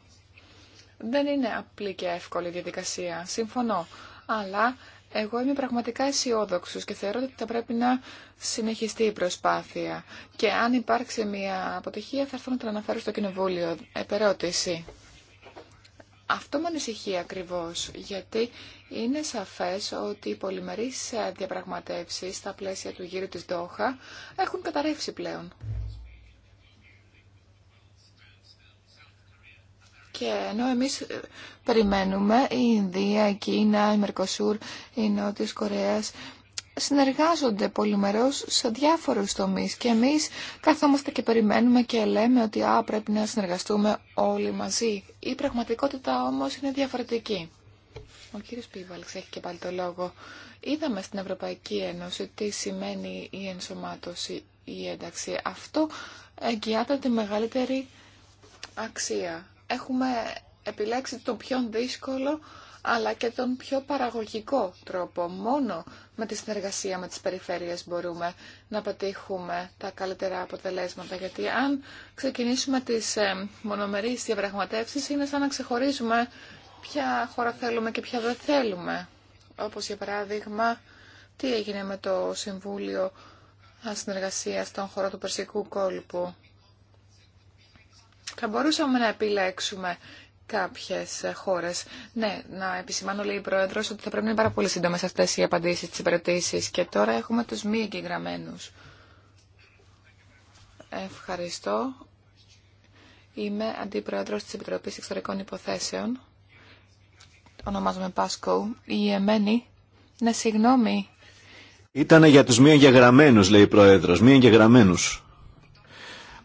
δεν είναι απλή και εύκολη διαδικασία, συμφωνώ. Αλλά εγώ είμαι πραγματικά αισιόδοξο και θεωρώ ότι θα πρέπει να συνεχιστεί η προσπάθεια. Και αν υπάρξει μια αποτυχία θα έρθω να την αναφέρω στο Κοινοβούλιο. Επερώτηση. Αυτό με ανησυχεί ακριβώς, γιατί είναι σαφές ότι οι πολυμερεί διαπραγματεύσεις στα πλαίσια του γύρου της Δόχα έχουν καταρρεύσει πλέον. Και ενώ εμείς ε, περιμένουμε η Ινδία, η Κίνα, η Μερκοσούρ, η Νότιος Κορέας συνεργάζονται πολυμερώς σε διάφορους τομείς και εμείς καθόμαστε και περιμένουμε και λέμε ότι α, πρέπει να συνεργαστούμε όλοι μαζί. Η πραγματικότητα όμως είναι διαφορετική. Ο κύριος Πίβαλξ έχει και πάλι το λόγο. Είδαμε στην Ευρωπαϊκή Ένωση τι σημαίνει η ενσωμάτωση, η ένταξη. Αυτό εγγυάται τη μεγαλύτερη αξία έχουμε επιλέξει τον πιο δύσκολο αλλά και τον πιο παραγωγικό τρόπο. Μόνο με τη συνεργασία με τις περιφέρειες μπορούμε να πετύχουμε τα καλύτερα αποτελέσματα. Γιατί αν ξεκινήσουμε τις ε, μονομερείς διαπραγματεύσεις είναι σαν να ξεχωρίζουμε ποια χώρα θέλουμε και ποια δεν θέλουμε. Όπως για παράδειγμα τι έγινε με το Συμβούλιο Συνεργασίας των χώρο του Περσικού Κόλπου. Θα μπορούσαμε να επιλέξουμε κάποιες χώρες. Ναι, να επισημάνω λέει η Πρόεδρος ότι θα πρέπει να είναι πάρα πολύ σύντομε αυτέ οι απαντήσει τι ερωτήσει. Και τώρα έχουμε τους μη εγγεγραμμένου. Ευχαριστώ. Είμαι Αντιπρόεδρος της Επιτροπής Εξωτερικών Υποθέσεων. Ονομάζομαι Πάσκο. Η Εμένη. Ναι, συγγνώμη. Ήτανε για τους μη εγγεγραμμένους, λέει η Πρόεδρος. Μη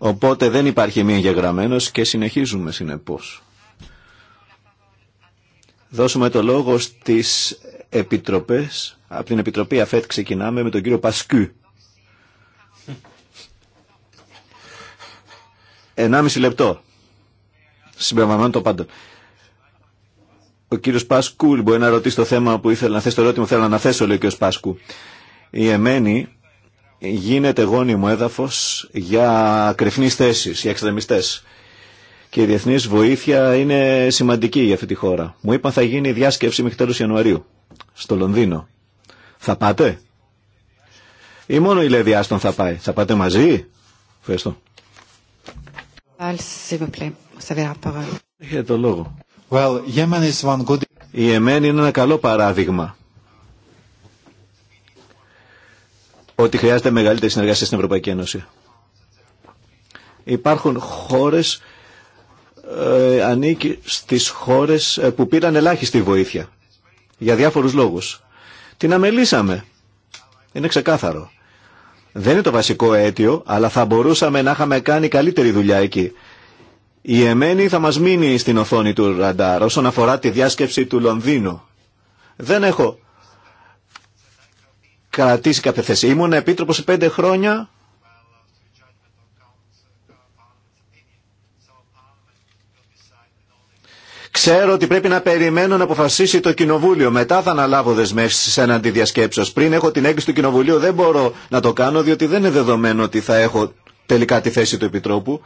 Οπότε δεν υπάρχει μία εγγεγραμμένος και συνεχίζουμε συνεπώς. Δώσουμε το λόγο στις επιτροπές. Από την Επιτροπή ΑΦΕΤ ξεκινάμε με τον κύριο Πασκού. Ενάμιση λεπτό. Συμπεριλαμβανομένων το πάντων. Ο κύριος Πάσκου λοιπόν, μπορεί να ρωτήσει το θέμα που ήθελα να θέσει, το ερώτημα που θέλω να αναθέσω, λέει ο κύριος Πάσκου. Η Εμένη γίνεται γόνιμο έδαφος για κρυφνείς θέσεις, για εξτρεμιστές. Και η διεθνής βοήθεια είναι σημαντική για αυτή τη χώρα. Μου είπαν θα γίνει διάσκεψη μέχρι τέλος Ιανουαρίου, στο Λονδίνο. Θα πάτε? Ή μόνο η Λέδη Άστον θα πάει. Θα πάτε μαζί? Ευχαριστώ. Έχετε το Η Εμένη είναι ένα καλό παράδειγμα ότι χρειάζεται μεγαλύτερη συνεργασία στην Ευρωπαϊκή Ένωση. Υπάρχουν χώρες, ε, ανήκει στις χώρες ε, που πήραν ελάχιστη βοήθεια, για διάφορους λόγους. Την αμελήσαμε. Είναι ξεκάθαρο. Δεν είναι το βασικό αίτιο, αλλά θα μπορούσαμε να είχαμε κάνει καλύτερη δουλειά εκεί. Η εμένη θα μας μείνει στην οθόνη του ραντάρ όσον αφορά τη διάσκεψη του Λονδίνου. Δεν έχω κρατήσει κάποια θέση. Ήμουν επίτροπος σε πέντε χρόνια Ξέρω ότι πρέπει να περιμένω να αποφασίσει το Κοινοβούλιο. Μετά θα αναλάβω δεσμεύσει έναντι διασκέψεω. Πριν έχω την έγκριση του Κοινοβουλίου δεν μπορώ να το κάνω διότι δεν είναι δεδομένο ότι θα έχω τελικά τη θέση του Επιτρόπου.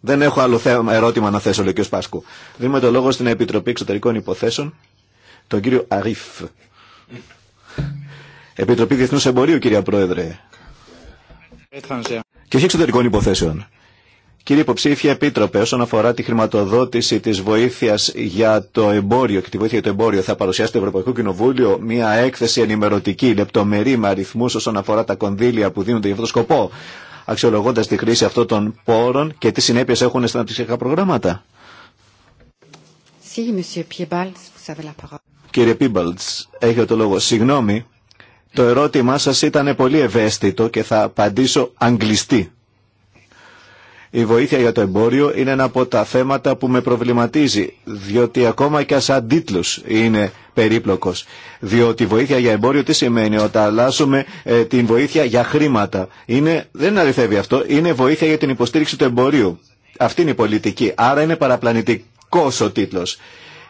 Δεν έχω άλλο θέμα, ερώτημα να θέσω, λέει ο κ. Πάσκου. Δίνουμε το λόγο στην Επιτροπή Εξωτερικών Υποθέσεων, τον κύριο Αρίφ. Επιτροπή διεθνού Εμπορίου, κύριε Πρόεδρε. Και όχι εξωτερικών υποθέσεων. Κύριε Υποψήφια Επίτροπε, όσον αφορά τη χρηματοδότηση τη βοήθεια για το εμπόριο και τη βοήθεια για το εμπόριο, θα παρουσιάσει το Ευρωπαϊκό Κοινοβούλιο μία έκθεση ενημερωτική, λεπτομερή, με αριθμού όσον αφορά τα κονδύλια που δίνονται για αυτόν τον σκοπό, αξιολογώντα τη χρήση αυτών των πόρων και τι συνέπειε έχουν στα αναπτυξιακά προγράμματα. Κύριε Πίμπαλτ, έχετε το λόγο. Συγγνώμη, το ερώτημά σας ήταν πολύ ευαίσθητο και θα απαντήσω αγγλιστή. Η βοήθεια για το εμπόριο είναι ένα από τα θέματα που με προβληματίζει, διότι ακόμα και σαν τίτλος είναι περίπλοκος. Διότι βοήθεια για εμπόριο τι σημαίνει, όταν αλλάζουμε ε, την βοήθεια για χρήματα. Είναι, δεν αληθεύει αυτό, είναι βοήθεια για την υποστήριξη του εμπορίου. Αυτή είναι η πολιτική, άρα είναι παραπλανητικός ο τίτλος.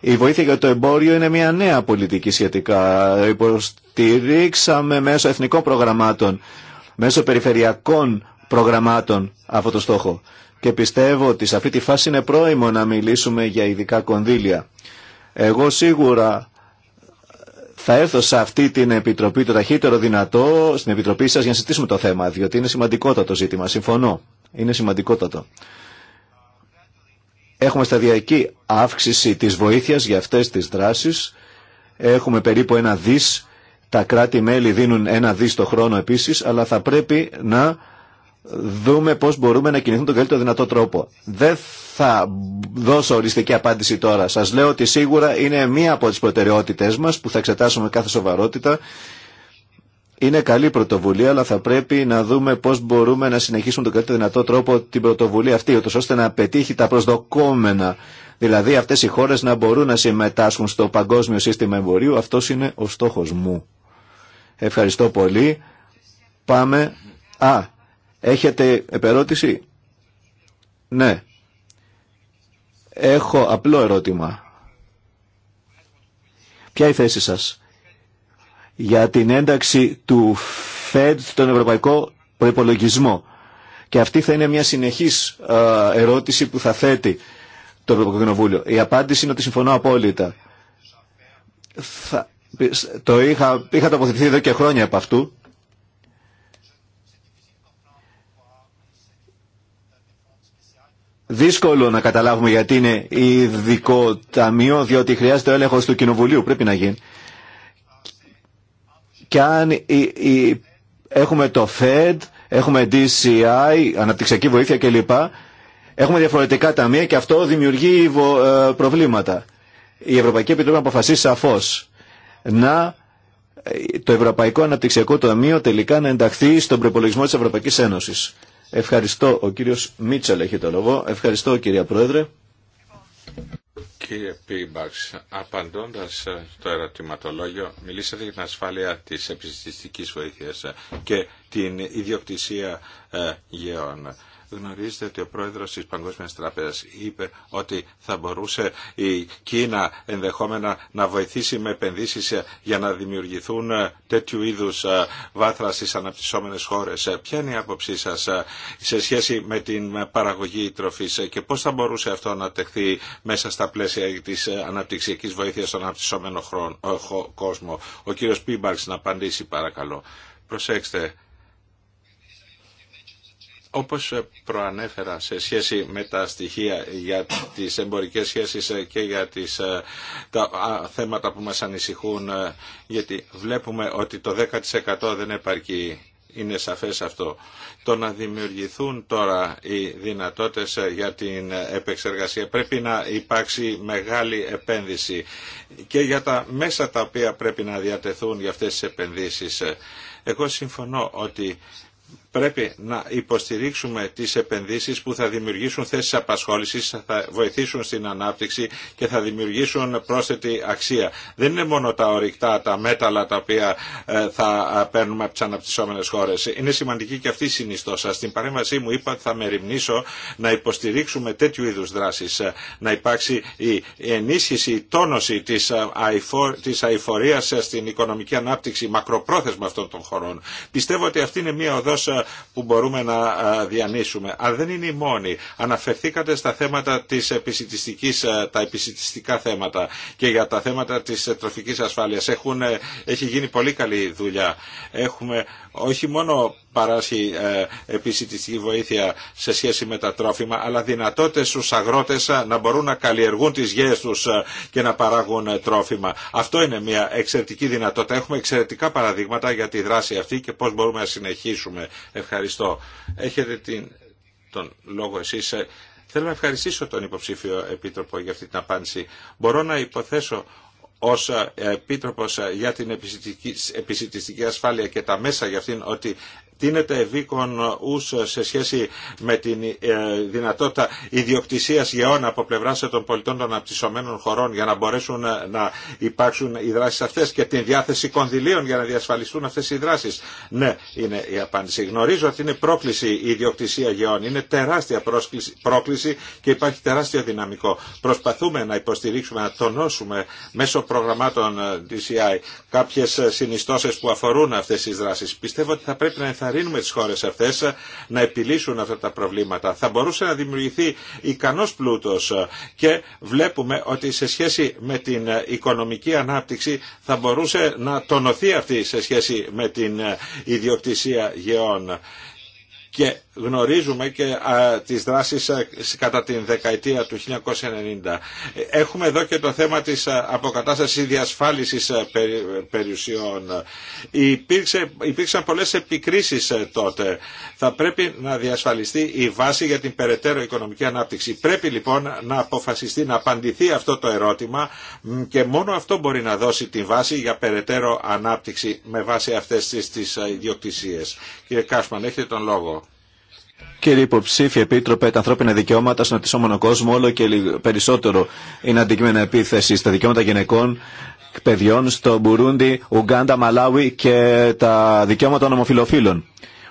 Η βοήθεια για το εμπόριο είναι μια νέα πολιτική σχετικά. Υποστηρίξαμε μέσω εθνικών προγραμμάτων, μέσω περιφερειακών προγραμμάτων αυτό το στόχο. Και πιστεύω ότι σε αυτή τη φάση είναι πρόημο να μιλήσουμε για ειδικά κονδύλια. Εγώ σίγουρα θα έρθω σε αυτή την επιτροπή το ταχύτερο δυνατό, στην επιτροπή σας για να συζητήσουμε το θέμα, διότι είναι σημαντικότατο ζήτημα. Συμφωνώ. Είναι σημαντικότατο. Έχουμε σταδιακή αύξηση της βοήθειας για αυτές τις δράσεις. Έχουμε περίπου ένα δις. Τα κράτη-μέλη δίνουν ένα δις το χρόνο επίσης, αλλά θα πρέπει να δούμε πώς μπορούμε να κινηθούμε τον καλύτερο δυνατό τρόπο. Δεν θα δώσω οριστική απάντηση τώρα. Σας λέω ότι σίγουρα είναι μία από τις προτεραιότητες μας που θα εξετάσουμε κάθε σοβαρότητα είναι καλή πρωτοβουλία, αλλά θα πρέπει να δούμε πώ μπορούμε να συνεχίσουμε τον καλύτερο δυνατό τρόπο την πρωτοβουλία αυτή, ώστε να πετύχει τα προσδοκόμενα. Δηλαδή αυτέ οι χώρε να μπορούν να συμμετάσχουν στο παγκόσμιο σύστημα εμπορίου. Αυτό είναι ο στόχο μου. Ευχαριστώ πολύ. Πάμε. Α, έχετε επερώτηση. Ναι. Έχω απλό ερώτημα. Ποια η θέση σας για την ένταξη του ΦΕΔ στον ευρωπαϊκό προϋπολογισμό. Και αυτή θα είναι μια συνεχής ερώτηση που θα θέτει το Ευρωπαϊκό Κοινοβούλιο. Η απάντηση είναι ότι συμφωνώ απόλυτα. Θα, το είχα, είχα τοποθετηθεί εδώ και χρόνια από αυτού. Δύσκολο να καταλάβουμε γιατί είναι ειδικό ταμείο, διότι χρειάζεται ο έλεγχος του Κοινοβουλίου. Πρέπει να γίνει και αν έχουμε το Fed, έχουμε DCI, αναπτυξιακή βοήθεια κλπ. Έχουμε διαφορετικά ταμεία και αυτό δημιουργεί ε, προβλήματα. Η Ευρωπαϊκή Επιτροπή αποφασίσει σαφώ να ε, το Ευρωπαϊκό Αναπτυξιακό Ταμείο τελικά να ενταχθεί στον προπολογισμό της Ευρωπαϊκής Ένωσης. Ευχαριστώ. Ο κύριος Μίτσαλ, έχει το λόγο. Ευχαριστώ κυρία Πρόεδρε. Κύριε Πίμπαξ, απαντώντας το ερωτηματολόγιο, μιλήσατε για την ασφάλεια της επιστημιστικής βοήθειας και την ιδιοκτησία ε, γεών. Γνωρίζετε ότι ο πρόεδρος της Παγκόσμιας Τράπεζας είπε ότι θα μπορούσε η Κίνα ενδεχόμενα να βοηθήσει με επενδύσεις για να δημιουργηθούν τέτοιου είδους ε, βάθρα στις αναπτυσσόμενες χώρες. Ποια είναι η άποψή σας ε, σε σχέση με την παραγωγή τροφής ε, και πώς θα μπορούσε αυτό να τεχθεί μέσα στα πλαίσια της αναπτυξιακής βοήθειας στον αναπτυσσόμενο κόσμο. Ο κύριος Πίμπαρξ να απαντήσει παρακαλώ. Προσέξτε, όπως προανέφερα σε σχέση με τα στοιχεία για τις εμπορικές σχέσεις και για τις, ε, τα θέματα που μας ανησυχούν, ε, γιατί βλέπουμε ότι το 10% δεν επαρκεί είναι σαφές αυτό. Το να δημιουργηθούν τώρα οι δυνατότητες για την επεξεργασία πρέπει να υπάρξει μεγάλη επένδυση και για τα μέσα τα οποία πρέπει να διατεθούν για αυτές τις επενδύσεις. Εγώ συμφωνώ ότι Πρέπει να υποστηρίξουμε τις επενδύσεις που θα δημιουργήσουν θέσεις απασχόλησης, θα βοηθήσουν στην ανάπτυξη και θα δημιουργήσουν πρόσθετη αξία. Δεν είναι μόνο τα ορυκτά, τα μέταλλα τα οποία ε, θα ε, παίρνουμε από τις αναπτυσσόμενες χώρες. Είναι σημαντική και αυτή η συνιστόσα. Στην παρέμβασή μου είπα ότι θα με να υποστηρίξουμε τέτοιου είδους δράσεις. Ε, να υπάρξει η ενίσχυση, η τόνωση της, αηφορ, της στην οικονομική ανάπτυξη μακροπρόθεσμα αυτών των χωρών. Πιστεύω ότι αυτή είναι μια οδός που μπορούμε να διανύσουμε. Αλλά δεν είναι η μόνοι. Αναφερθήκατε στα θέματα της επισητιστικής, τα επισητιστικά θέματα και για τα θέματα της τροφικής ασφάλειας. Έχουν, έχει γίνει πολύ καλή δουλειά. Έχουμε όχι μόνο παράσχει ε, επιστημιστική βοήθεια σε σχέση με τα τρόφιμα, αλλά δυνατότητες στους αγρότες ε, να μπορούν να καλλιεργούν τις γέες τους ε, και να παράγουν τρόφιμα. Αυτό είναι μια εξαιρετική δυνατότητα. Έχουμε εξαιρετικά παραδείγματα για τη δράση αυτή και πώς μπορούμε να συνεχίσουμε. Ευχαριστώ. Έχετε την... τον λόγο εσείς. Θέλω να ευχαριστήσω τον υποψήφιο επίτροπο για αυτή την απάντηση. Μπορώ να υποθέσω ως Επίτροπος για την επιστημιστική Ασφάλεια και τα μέσα για αυτήν ότι τίνεται ευήκον ους σε σχέση με τη ε, δυνατότητα ιδιοκτησίας γεών από πλευρά των πολιτών των αναπτυσσομένων χωρών για να μπορέσουν ε, να υπάρξουν οι δράσεις αυτές και την διάθεση κονδυλίων για να διασφαλιστούν αυτές οι δράσεις. Ναι, είναι η απάντηση. Γνωρίζω ότι είναι πρόκληση η ιδιοκτησία γεών. Είναι τεράστια πρόκληση και υπάρχει τεράστιο δυναμικό. Προσπαθούμε να υποστηρίξουμε, να τονώσουμε μέσω προγραμμάτων DCI ε, κάποιες συνιστώσεις που αφορούν αυτές τις δράσεις. Πιστεύω ότι θα πρέπει να ενθαρρύνουμε τις χώρες αυτές να επιλύσουν αυτά τα προβλήματα. Θα μπορούσε να δημιουργηθεί ικανός πλούτος και βλέπουμε ότι σε σχέση με την οικονομική ανάπτυξη θα μπορούσε να τονωθεί αυτή σε σχέση με την ιδιοκτησία γεών γνωρίζουμε και τις δράσεις κατά την δεκαετία του 1990. Έχουμε εδώ και το θέμα της αποκατάστασης διασφάλισης περιουσιών. Υπήρξε, υπήρξαν πολλές επικρίσεις τότε. Θα πρέπει να διασφαλιστεί η βάση για την περαιτέρω οικονομική ανάπτυξη. Πρέπει λοιπόν να αποφασιστεί, να απαντηθεί αυτό το ερώτημα και μόνο αυτό μπορεί να δώσει τη βάση για περαιτέρω ανάπτυξη με βάση αυτές τις, τις ιδιοκτησίες. Κύριε Κάσμαν, έχετε τον λόγο. Κύριε Υποψήφιε Επίτροπε, τα ανθρώπινα δικαιώματα στον αντισώμενο κόσμο όλο και περισσότερο είναι αντικείμενα επίθεση στα δικαιώματα γυναικών, παιδιών στο Μπουρούντι, Ουγκάντα, Μαλάουι και τα δικαιώματα των ομοφυλοφίλων.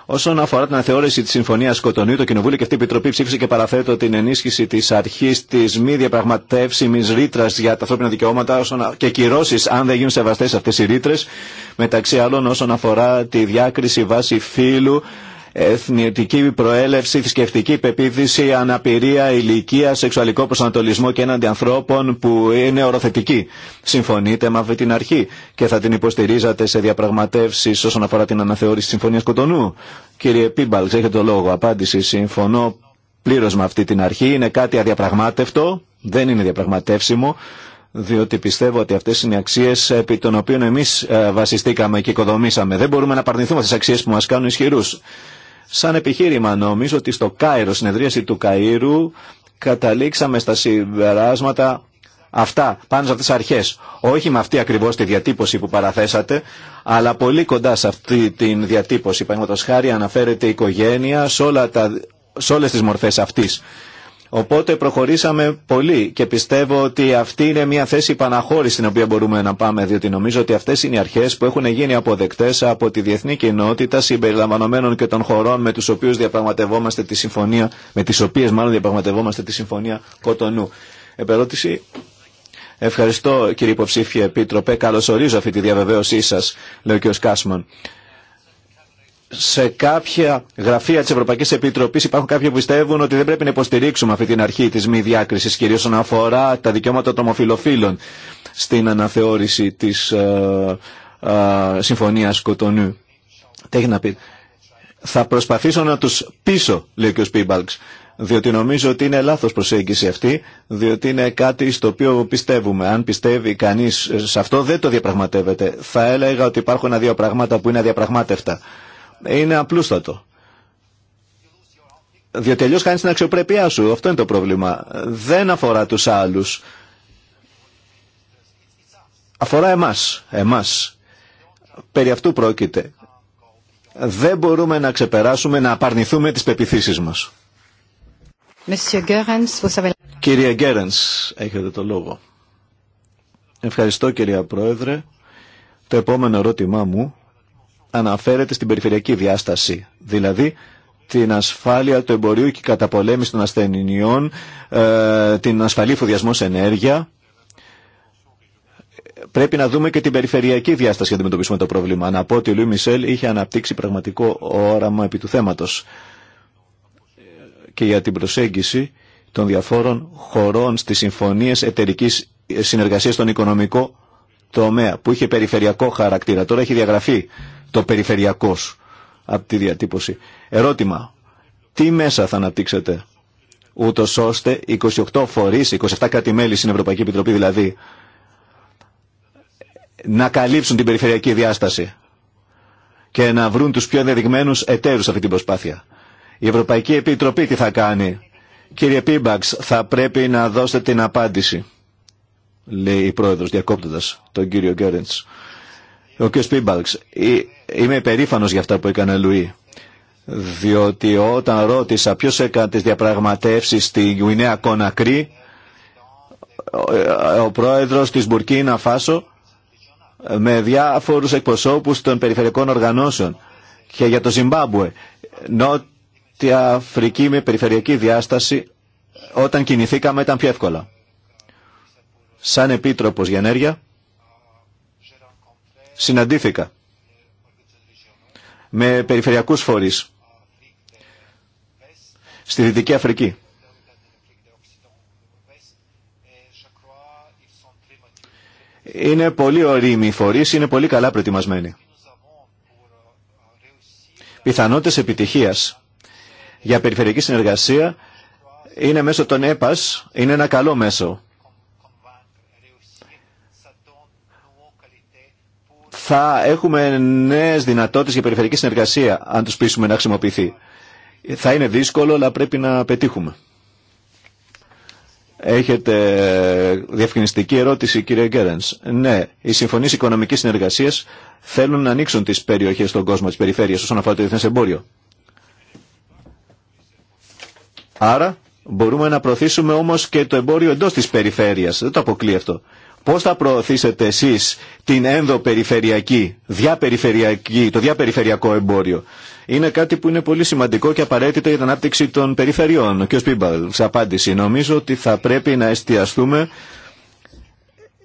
Όσον αφορά την αναθεώρηση τη Συμφωνία Κοτονίου, το Κοινοβούλιο και αυτή η Επιτροπή ψήφισε και παραθέτω την ενίσχυση τη αρχή τη μη διαπραγματεύσιμη ρήτρα για τα ανθρώπινα δικαιώματα και κυρώσει αν δεν γίνουν σεβαστέ αυτέ οι ρήτρε, μεταξύ άλλων όσον αφορά τη διάκριση βάση φύλου εθνιωτική προέλευση, θρησκευτική πεποίθηση, αναπηρία, ηλικία, σεξουαλικό προσανατολισμό και έναντι ανθρώπων που είναι οροθετική Συμφωνείτε με αυτή την αρχή και θα την υποστηρίζατε σε διαπραγματεύσει όσον αφορά την αναθεώρηση τη Συμφωνία Κοτονού. Κύριε Πίμπαλ, έχετε το λόγο. Απάντηση. Συμφωνώ πλήρω με αυτή την αρχή. Είναι κάτι αδιαπραγμάτευτο. Δεν είναι διαπραγματεύσιμο διότι πιστεύω ότι αυτές είναι οι αξίες επί των οποίων εμείς ε, βασιστήκαμε και οικοδομήσαμε. Δεν μπορούμε να παρνηθούμε τις αξίες που μας κάνουν ισχυρούς. Σαν επιχείρημα νομίζω ότι στο Κάιρο, συνεδρίαση του Καΐρου, καταλήξαμε στα συμπεράσματα αυτά, πάνω σε αυτές τις αρχές. Όχι με αυτή ακριβώς τη διατύπωση που παραθέσατε, αλλά πολύ κοντά σε αυτή τη διατύπωση. Παραδείγματος χάρη αναφέρεται η οικογένεια σε, τα, σε όλες τις μορφές αυτής. Οπότε προχωρήσαμε πολύ και πιστεύω ότι αυτή είναι μια θέση παναχώρηση στην οποία μπορούμε να πάμε, διότι νομίζω ότι αυτέ είναι οι αρχέ που έχουν γίνει αποδεκτέ από τη διεθνή κοινότητα συμπεριλαμβανομένων και των χωρών με του οποίου διαπραγματευόμαστε τη συμφωνία, με τι οποίε μάλλον διαπραγματευόμαστε τη συμφωνία Κοτονού. Επερώτηση. Ευχαριστώ κύριε υποψήφιε επίτροπε. Καλωσορίζω αυτή τη διαβεβαίωσή σα, λέει ο κ. Κάσμαν σε κάποια γραφεία της Ευρωπαϊκής Επιτροπής υπάρχουν κάποιοι που πιστεύουν ότι δεν πρέπει να υποστηρίξουμε αυτή την αρχή της μη διάκρισης, κυρίως όσον αφορά τα δικαιώματα των ομοφυλοφίλων στην αναθεώρηση τη ε, ε, Συμφωνία Κοτονού. Θα προσπαθήσω να τους πείσω, λέει και ο Σπίμπαλξ, διότι νομίζω ότι είναι λάθος προσέγγιση αυτή, διότι είναι κάτι στο οποίο πιστεύουμε. Αν πιστεύει κανείς σε αυτό, δεν το διαπραγματεύεται. Θα έλεγα ότι υπάρχουν δύο πράγματα που είναι αδιαπραγμάτευτα είναι απλούστατο. Διότι αλλιώ κάνει την αξιοπρέπειά σου. Αυτό είναι το πρόβλημα. Δεν αφορά του άλλου. Αφορά εμά. Εμάς. Περί αυτού πρόκειται. Δεν μπορούμε να ξεπεράσουμε, να απαρνηθούμε τις πεπιθήσει μας. Κύριε Γκέρενς, έχετε το λόγο. Ευχαριστώ κυρία Πρόεδρε. Το επόμενο ερώτημά μου αναφέρεται στην περιφερειακή διάσταση, δηλαδή την ασφάλεια του εμπορίου και η καταπολέμηση των ασθενειών, ε, την ασφαλή φοδιασμό σε ενέργεια. Πρέπει να δούμε και την περιφερειακή διάσταση για να αντιμετωπίσουμε το πρόβλημα. Να πω ότι ο Λουί Μισελ είχε αναπτύξει πραγματικό όραμα επί του θέματος και για την προσέγγιση των διαφόρων χωρών στις συμφωνίες εταιρικής συνεργασίας στον οικονομικό τομέα που είχε περιφερειακό χαρακτήρα. Τώρα έχει διαγραφεί το περιφερειακός από τη διατύπωση. Ερώτημα, τι μέσα θα αναπτύξετε ούτω ώστε 28 φορεί, 27 κάτι μελη στην Ευρωπαϊκή Επιτροπή δηλαδή, να καλύψουν την περιφερειακή διάσταση και να βρουν τους πιο ενδεδειγμένους εταίρους σε αυτή την προσπάθεια. Η Ευρωπαϊκή Επιτροπή τι θα κάνει. Κύριε Πίμπαξ, θα πρέπει να δώσετε την απάντηση, λέει η πρόεδρος διακόπτοντας τον κύριο Γκέρεντς. Ο κ. Σπίμπαλξ, είμαι περήφανος για αυτά που έκανε Λουί. Διότι όταν ρώτησα ποιος έκανε τις διαπραγματεύσεις στη Γουινέα Κονακρή, ο πρόεδρος της Μπουρκίνα Φάσο με διάφορους εκπροσώπους των περιφερειακών οργανώσεων και για το Ζιμπάμπουε. Νότια Αφρική με περιφερειακή διάσταση όταν κινηθήκαμε ήταν πιο εύκολα. Σαν Επίτροπος για Ενέργεια συναντήθηκα με περιφερειακούς φορείς στη Δυτική Αφρική. Είναι πολύ ωρίμοι οι φορείς, είναι πολύ καλά προετοιμασμένοι. Πιθανότητες επιτυχίας για περιφερειακή συνεργασία είναι μέσω των ΕΠΑΣ, είναι ένα καλό μέσο θα έχουμε νέες δυνατότητες για περιφερειακή συνεργασία αν τους πείσουμε να χρησιμοποιηθεί. Θα είναι δύσκολο αλλά πρέπει να πετύχουμε. Έχετε διευκρινιστική ερώτηση κύριε Γκέρενς. Ναι, οι συμφωνίες οικονομικής συνεργασίας θέλουν να ανοίξουν τις περιοχές στον κόσμο της περιφέρειας όσον αφορά το διεθνές εμπόριο. Άρα μπορούμε να προωθήσουμε όμως και το εμπόριο εντός της περιφέρειας. Δεν το αποκλεί αυτό. Πώς θα προωθήσετε εσείς την ενδοπεριφερειακή, διαπεριφερειακή, το διαπεριφερειακό εμπόριο. Είναι κάτι που είναι πολύ σημαντικό και απαραίτητο για την ανάπτυξη των περιφερειών. Ο κ. Πίμπαλ, σε απάντηση, νομίζω ότι θα πρέπει να εστιαστούμε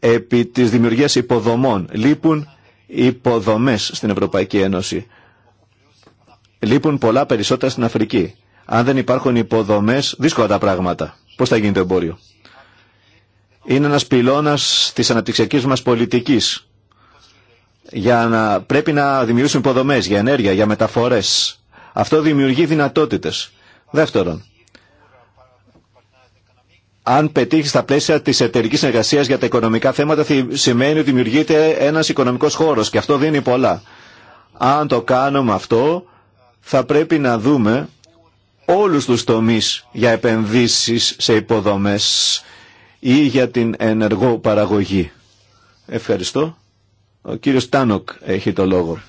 επί της δημιουργίας υποδομών. Λείπουν υποδομές στην Ευρωπαϊκή Ένωση. Λείπουν πολλά περισσότερα στην Αφρική. Αν δεν υπάρχουν υποδομές, δύσκολα τα πράγματα. Πώς θα γίνει το εμπόριο είναι ένας πυλώνας της αναπτυξιακής μας πολιτικής. Για να, πρέπει να δημιουργήσουμε υποδομές για ενέργεια, για μεταφορές. Αυτό δημιουργεί δυνατότητες. Δεύτερον, αν πετύχει στα πλαίσια της εταιρική εργασίας για τα οικονομικά θέματα, σημαίνει ότι δημιουργείται ένας οικονομικός χώρος και αυτό δίνει πολλά. Αν το κάνουμε αυτό, θα πρέπει να δούμε όλους τους τομείς για επενδύσεις σε υποδομές ή για την ενεργό παραγωγή. Ευχαριστώ. Ο κύριος Τάνοκ έχει το λόγο.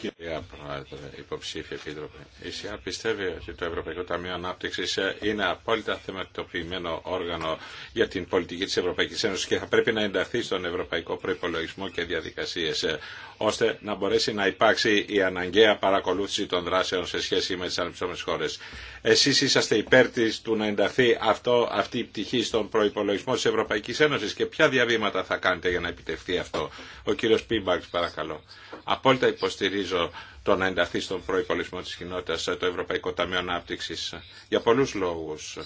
Κυρία Πρόεδρε, υποψήφια επίτροπε, η ΣΥΑ πιστεύει ότι το Ευρωπαϊκό Ταμείο Ανάπτυξη είναι απόλυτα θεματοποιημένο όργανο για την πολιτική τη Ευρωπαϊκή Ένωση και θα πρέπει να ενταχθεί στον Ευρωπαϊκό Προπολογισμό και διαδικασίε, ώστε να μπορέσει να υπάρξει η αναγκαία παρακολούθηση των δράσεων σε σχέση με τι αναπτυσσόμενε χώρε. Εσεί είσαστε υπέρ τη του να ενταχθεί αυτό, αυτή η πτυχή στον προπολογισμό τη Ευρωπαϊκή Ένωση και ποια διαβήματα θα κάνετε για να επιτευχθεί αυτό. Ο κύριο Πίμπαξ, παρακαλώ. Απόλυτα υποστηρίζω το να ενταχθεί στον προϋπολισμό της κοινότητας το Ευρωπαϊκό Ταμείο Ανάπτυξης για πολλούς λόγους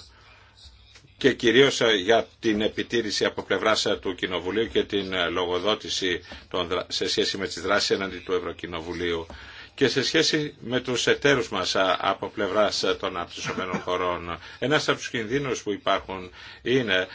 και κυρίως για την επιτήρηση από πλευρά του Κοινοβουλίου και την λογοδότηση σε σχέση με τις δράσεις εναντί του Ευρωκοινοβουλίου και σε σχέση με τους εταίρους μας από πλευράς των αναπτυσσομένων χωρών. Ένας από τους κινδύνους που υπάρχουν είναι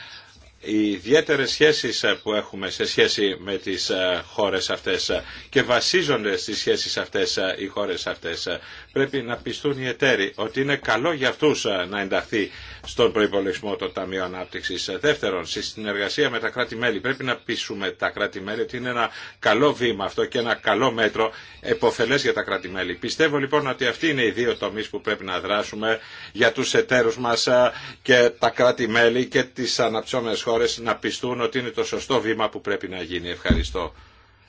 οι ιδιαίτερε σχέσει ε, που έχουμε σε σχέση με τις ε, χώρες αυτές ε, και βασίζονται στις σχέσεις αυτές οι χώρες αυτές πρέπει να πιστούν οι εταίροι ότι είναι καλό για αυτού ε, να ενταχθεί στον προπολογισμό των Ταμείων ανάπτυξη. Ε, δεύτερον, στη συνεργασία με τα κράτη-μέλη πρέπει να πείσουμε τα κράτη-μέλη ότι είναι ένα καλό βήμα αυτό και ένα καλό μέτρο εποφελές για τα κράτη-μέλη. Πιστεύω λοιπόν ότι αυτοί είναι οι δύο τομεί που πρέπει να δράσουμε για του εταίρου μα ε, και τα κράτη-μέλη και τι αναψώμενε χώρε να πιστούν ότι είναι το σωστό βήμα που πρέπει να γίνει. Ευχαριστώ.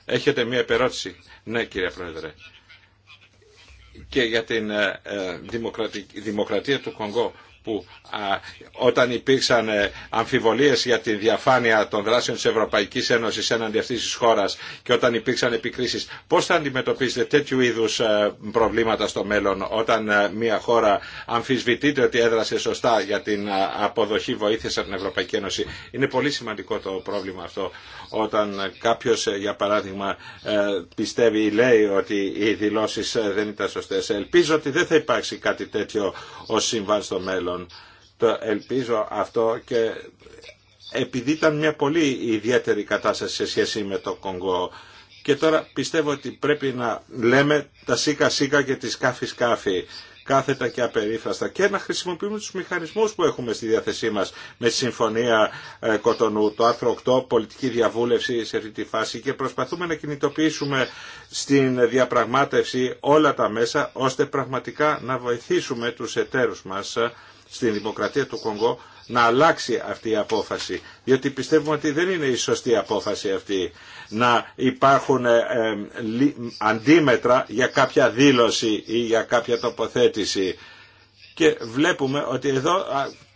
Έχετε μία επερώτηση. Ναι κύριε Πρόεδρε και για την ε, ε, δημοκρατία του Κονγκό που όταν υπήρξαν ε, αμφιβολίες για τη διαφάνεια των δράσεων της Ευρωπαϊκής Ένωσης έναντι αυτής της χώρας και όταν υπήρξαν επικρίσεις, πώς θα αντιμετωπίσετε τέτοιου είδους ε, προβλήματα στο μέλλον όταν ε, μια χώρα αμφισβητείται ότι έδρασε σωστά για την αποδοχή βοήθειας από την Ευρωπαϊκή Ένωση. Είναι πολύ σημαντικό το πρόβλημα αυτό όταν κάποιος για παράδειγμα πιστεύει ή λέει ότι οι δηλώσεις δεν ήταν σωστές. Ελπίζω ότι δεν θα υπάρξει κάτι τέτοιο ως συμβάν στο μέλλον το ελπίζω αυτό και επειδή ήταν μια πολύ ιδιαίτερη κατάσταση σε σχέση με το Κονγκό και τώρα πιστεύω ότι πρέπει να λέμε τα σίκα σίκα και τη σκάφη σκάφη κάθετα και απερίφραστα και να χρησιμοποιούμε τους μηχανισμούς που έχουμε στη διάθεσή μας με τη Συμφωνία ε, Κοτονού, το άρθρο 8, πολιτική διαβούλευση σε αυτή τη φάση και προσπαθούμε να κινητοποιήσουμε στην διαπραγμάτευση όλα τα μέσα ώστε πραγματικά να βοηθήσουμε τους εταίρους μας στην Δημοκρατία του Κονγκό να αλλάξει αυτή η απόφαση. Διότι πιστεύουμε ότι δεν είναι η σωστή απόφαση αυτή να υπάρχουν ε, ε, αντίμετρα για κάποια δήλωση ή για κάποια τοποθέτηση. Και βλέπουμε ότι εδώ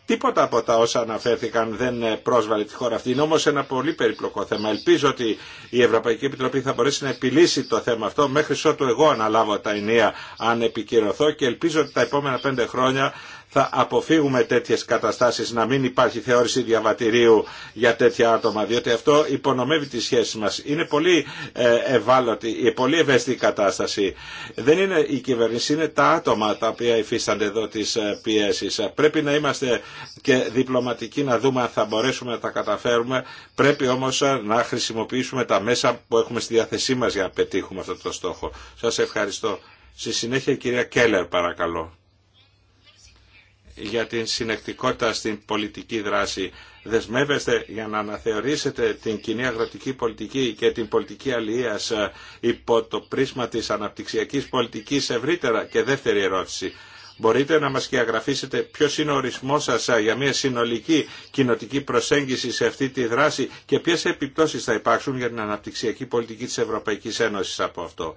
Τίποτα από τα όσα αναφέρθηκαν δεν ε, πρόσβαλε τη χώρα αυτή. Είναι όμω ένα πολύ περίπλοκο θέμα. Ελπίζω ότι η Ευρωπαϊκή Επιτροπή θα μπορέσει να επιλύσει το θέμα αυτό μέχρι ότου εγώ αναλάβω τα ενία αν επικυρωθώ και ελπίζω ότι τα επόμενα πέντε χρόνια θα αποφύγουμε τέτοιες καταστάσεις να μην υπάρχει θεώρηση διαβατηρίου για τέτοια άτομα διότι αυτό υπονομεύει τις σχέσεις μας. Είναι πολύ ε, ευάλωτη, ε, πολύ ευαίσθητη κατάσταση. Δεν είναι η κυβέρνηση, είναι τα άτομα τα οποία υφίστανται εδώ τις ε, πιέσεις. Πρέπει να είμαστε και διπλωματικοί να δούμε αν θα μπορέσουμε να τα καταφέρουμε. Πρέπει όμως να χρησιμοποιήσουμε τα μέσα που έχουμε στη διάθεσή μας για να πετύχουμε αυτό το στόχο. Σας ευχαριστώ. Στη συνέχεια η κυρία Κέλλερ παρακαλώ για την συνεκτικότητα στην πολιτική δράση. Δεσμεύεστε για να αναθεωρήσετε την κοινή αγροτική πολιτική και την πολιτική αλληλείας ε, υπό το πρίσμα της αναπτυξιακής πολιτικής ευρύτερα. Και δεύτερη ερώτηση. Μπορείτε να μας και αγραφήσετε ποιος είναι ο ορισμός σας ε, για μια συνολική κοινοτική προσέγγιση σε αυτή τη δράση και ποιες επιπτώσεις θα υπάρξουν για την αναπτυξιακή πολιτική της Ευρωπαϊκής Ένωσης από αυτό.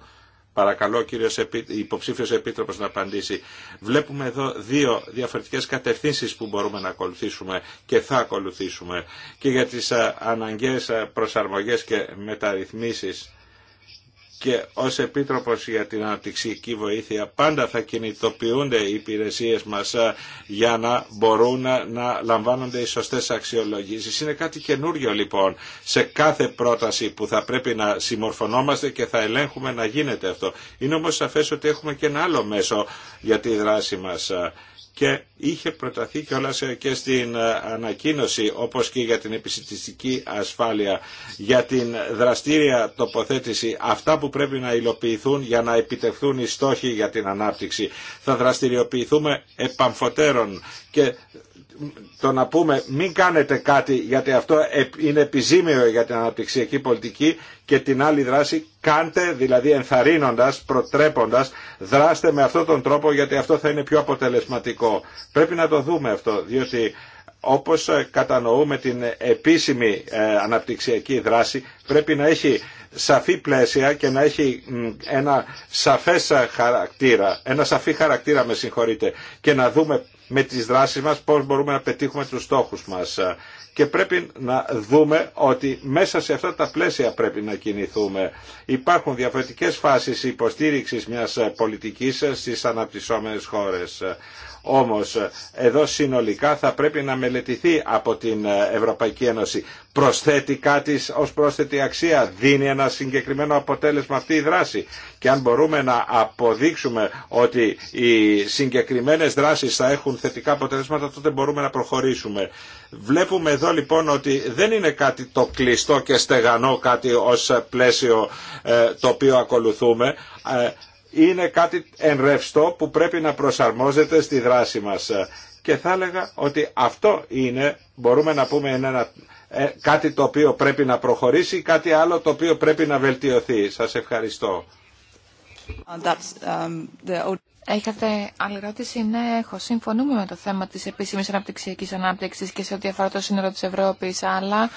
Παρακαλώ ο κύριος υποψήφιος επίτροπος να απαντήσει. Βλέπουμε εδώ δύο διαφορετικές κατευθύνσεις που μπορούμε να ακολουθήσουμε και θα ακολουθήσουμε και για τις αναγκαίες προσαρμογές και μεταρρυθμίσεις και ως Επίτροπος για την Αναπτυξιακή Βοήθεια πάντα θα κινητοποιούνται οι υπηρεσίες μας ε, για να μπορούν να, ε, να λαμβάνονται οι σωστές αξιολογήσεις. Είναι κάτι καινούριο λοιπόν σε κάθε πρόταση που θα πρέπει να συμμορφωνόμαστε και θα ελέγχουμε να γίνεται αυτό. Είναι όμως σαφές ότι έχουμε και ένα άλλο μέσο για τη δράση μας ε, και είχε προταθεί κιόλα ε, και στην ε, ανακοίνωση όπως και για την επιστημιστική ασφάλεια για την δραστήρια τοποθέτηση αυτά που πρέπει να υλοποιηθούν για να επιτευχθούν οι στόχοι για την ανάπτυξη θα δραστηριοποιηθούμε επαμφωτέρων και το να πούμε μην κάνετε κάτι γιατί αυτό είναι επιζήμιο για την αναπτυξιακή πολιτική και την άλλη δράση κάντε δηλαδή ενθαρρύνοντας, προτρέποντας, δράστε με αυτόν τον τρόπο γιατί αυτό θα είναι πιο αποτελεσματικό. Πρέπει να το δούμε αυτό διότι όπως ε, κατανοούμε την επίσημη ε, αναπτυξιακή δράση πρέπει να έχει σαφή πλαίσια και να έχει ένα σαφές χαρακτήρα, ένα σαφή χαρακτήρα με συγχωρείτε και να δούμε με τις δράσεις μας πώς μπορούμε να πετύχουμε τους στόχους μας. Και πρέπει να δούμε ότι μέσα σε αυτά τα πλαίσια πρέπει να κινηθούμε. Υπάρχουν διαφορετικές φάσεις υποστήριξης μιας πολιτικής στις αναπτυσσόμενες χώρες. Όμως εδώ συνολικά θα πρέπει να μελετηθεί από την Ευρωπαϊκή Ένωση. Προσθέτει κάτι ως πρόσθετη αξία, δίνει ένα συγκεκριμένο αποτέλεσμα αυτή η δράση. Και αν μπορούμε να αποδείξουμε ότι οι συγκεκριμένες δράσεις θα έχουν θετικά αποτελέσματα, τότε μπορούμε να προχωρήσουμε. Βλέπουμε εδώ λοιπόν ότι δεν είναι κάτι το κλειστό και στεγανό κάτι ως πλαίσιο ε, το οποίο ακολουθούμε ε, είναι κάτι ενρευστό που πρέπει να προσαρμόζεται στη δράση μας. Και θα έλεγα ότι αυτό είναι, μπορούμε να πούμε, ένα, ε, κάτι το οποίο πρέπει να προχωρήσει, κάτι άλλο το οποίο πρέπει να βελτιωθεί. Σας ευχαριστώ. Um, Έχετε άλλη ερώτηση. Ναι, έχω. Συμφωνούμε με το θέμα της επίσημης αναπτυξιακής ανάπτυξης και σε ό,τι αφορά το σύνολο της Ευρώπης, αλλά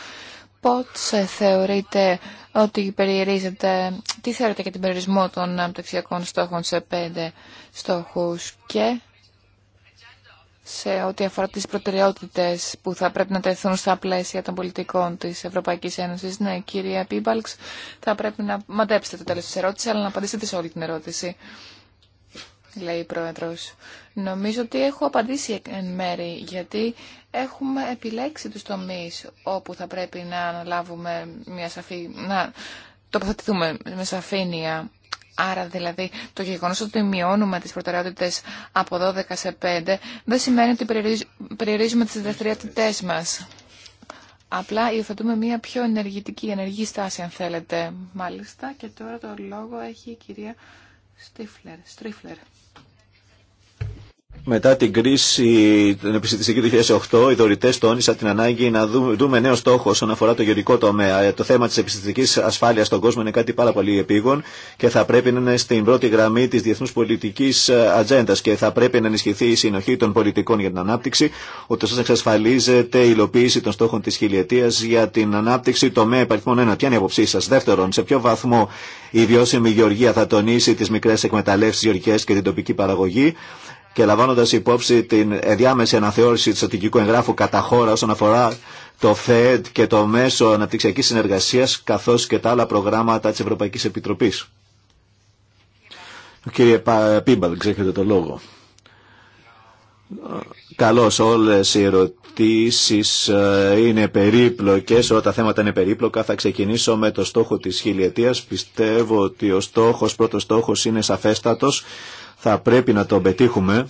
πώς ε, θεωρείτε ότι περιερίζετε, τι θεωρείτε για την περιορισμό των αναπτυξιακών στόχων σε πέντε στόχους και σε ό,τι αφορά τις προτεραιότητες που θα πρέπει να τεθούν στα πλαίσια των πολιτικών της Ευρωπαϊκής Ένωσης. Ναι, κυρία Πίμπαλξ, θα πρέπει να μαντέψετε το τέλος της ερώτησης, αλλά να απαντήσετε σε όλη την ερώτηση, λέει η Πρόεδρος. Νομίζω ότι έχω απαντήσει εν μέρη, γιατί έχουμε επιλέξει τους τομείς όπου θα πρέπει να αναλάβουμε μια σαφή, να τοποθετηθούμε με σαφήνεια. Άρα δηλαδή το γεγονός ότι μειώνουμε τις προτεραιότητες από 12 σε 5 δεν σημαίνει ότι περιορίζουμε τις δευτεριότητές μας. Απλά υιοθετούμε μια πιο ενεργητική, ενεργή στάση αν θέλετε. Μάλιστα και τώρα το λόγο έχει η κυρία Στρίφλερ. Μετά την κρίση την επιστημιστική 2008, οι δωρητέ τόνισαν την ανάγκη να δούμε, δούμε νέο στόχο όσον αφορά το γεωρικό τομέα. Ε, το θέμα τη επιστημιστική ασφάλεια στον κόσμο είναι κάτι πάρα πολύ επίγον και θα πρέπει να είναι στην πρώτη γραμμή τη διεθνού πολιτική ε, ατζέντα και θα πρέπει να ενισχυθεί η συνοχή των πολιτικών για την ανάπτυξη, ούτω ώστε να εξασφαλίζεται η υλοποίηση των στόχων τη χιλιετία για την ανάπτυξη τομέα υπαριθμών 1. Ποια είναι η αποψή σα. Δεύτερον, σε ποιο βαθμό η βιώσιμη γεωργία θα τονίσει τι μικρέ εκμεταλλεύσει γεωργικέ και την τοπική παραγωγή και λαμβάνοντα υπόψη την ενδιάμεση αναθεώρηση του στρατηγικού εγγράφου κατά χώρα όσον αφορά το ΦΕΔ και το μέσο αναπτυξιακή συνεργασία καθώ και τα άλλα προγράμματα τη Ευρωπαϊκή Επιτροπή. Κύριε Πίμπαλ, ξέχετε το λόγο. Καλώς όλες οι ερωτήσεις ε, είναι περίπλοκες, όλα τα θέματα είναι περίπλοκα. Θα ξεκινήσω με το στόχο της χιλιετίας. Πιστεύω ότι ο στόχος, πρώτος στόχος είναι σαφέστατος θα πρέπει να το πετύχουμε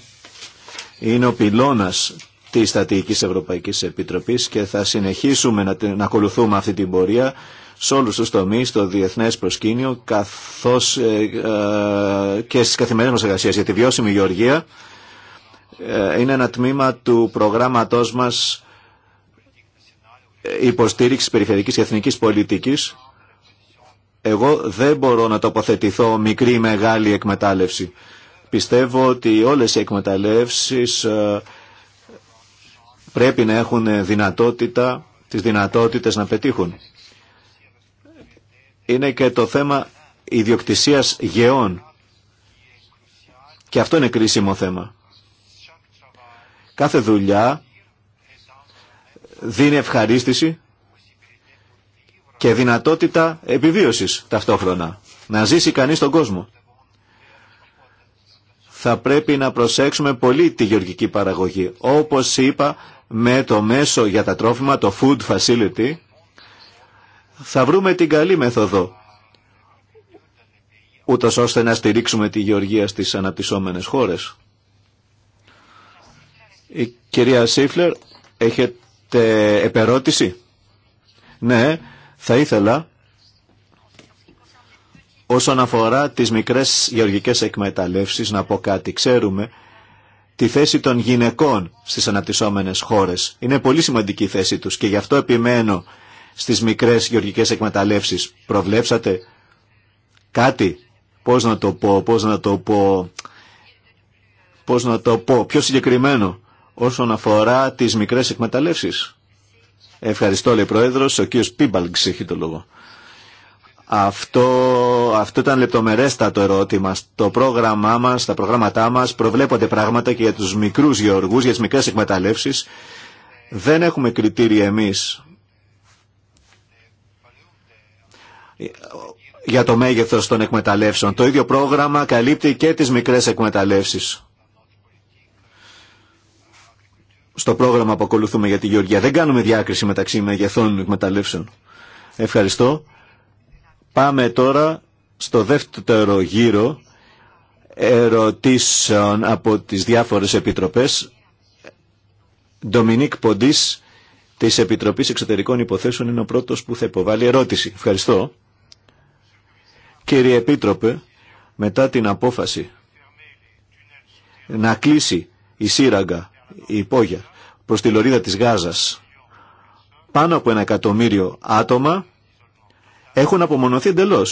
είναι ο πυλώνας της Στατικής Ευρωπαϊκής Επιτροπής και θα συνεχίσουμε να, να ακολουθούμε αυτή την πορεία σε όλους τους τομείς, στο διεθνές προσκήνιο καθώς ε, ε, και στις καθημερινές μας εργασίες για τη βιώσιμη γεωργία ε, είναι ένα τμήμα του προγράμματός μας υποστήριξης περιφερειακής και εθνικής πολιτικής εγώ δεν μπορώ να τοποθετηθώ μικρή ή μεγάλη εκμετάλλευση Πιστεύω ότι όλες οι εκμεταλλεύσεις ε, πρέπει να έχουν δυνατότητα, τις δυνατότητες να πετύχουν. Είναι και το θέμα ιδιοκτησίας γεών. Και αυτό είναι κρίσιμο θέμα. Κάθε δουλειά δίνει ευχαρίστηση και δυνατότητα επιβίωσης ταυτόχρονα. Να ζήσει κανείς τον κόσμο θα πρέπει να προσέξουμε πολύ τη γεωργική παραγωγή. Όπως είπα, με το μέσο για τα τρόφιμα, το Food Facility, θα βρούμε την καλή μέθοδο, ούτω ώστε να στηρίξουμε τη γεωργία στις αναπτυσσόμενες χώρες. Η κυρία Σίφλερ, έχετε επερώτηση. Ναι, θα ήθελα Όσον αφορά τις μικρές γεωργικές εκμεταλλεύσεις, να πω κάτι, ξέρουμε τη θέση των γυναικών στις αναπτυσσόμενες χώρες. Είναι πολύ σημαντική η θέση τους και γι' αυτό επιμένω στις μικρές γεωργικές εκμεταλλεύσεις. Προβλέψατε κάτι, πώς να το πω, πώς να το πω, πώς να το πω, πιο συγκεκριμένο όσον αφορά τις μικρές εκμεταλλεύσεις. Ευχαριστώ, λέει Πρόεδρος, ο κύριος Πίμπαλγκς έχει το λόγο. Αυτό, αυτό ήταν λεπτομερέστατο ερώτημα. το πρόγραμμά μα, στα προγράμματά μας προβλέπονται πράγματα και για τους μικρούς γεωργούς, για τι μικρές εκμεταλλεύσεις. Δεν έχουμε κριτήρια εμείς για το μέγεθος των εκμεταλλεύσεων. Το ίδιο πρόγραμμα καλύπτει και τις μικρές εκμεταλλεύσεις. Στο πρόγραμμα που ακολουθούμε για τη Γεωργία. Δεν κάνουμε διάκριση μεταξύ μεγεθών εκμεταλλεύσεων. Ευχαριστώ. Πάμε τώρα στο δεύτερο γύρο ερωτήσεων από τις διάφορες επιτροπές. Ντομινίκ Ποντής της Επιτροπής Εξωτερικών Υποθέσεων είναι ο πρώτος που θα υποβάλει ερώτηση. Ευχαριστώ. Κύριε Επίτροπε, μετά την απόφαση να κλείσει η σύραγγα, η υπόγεια, προς τη λωρίδα της Γάζας, πάνω από ένα εκατομμύριο άτομα έχουν απομονωθεί εντελώ.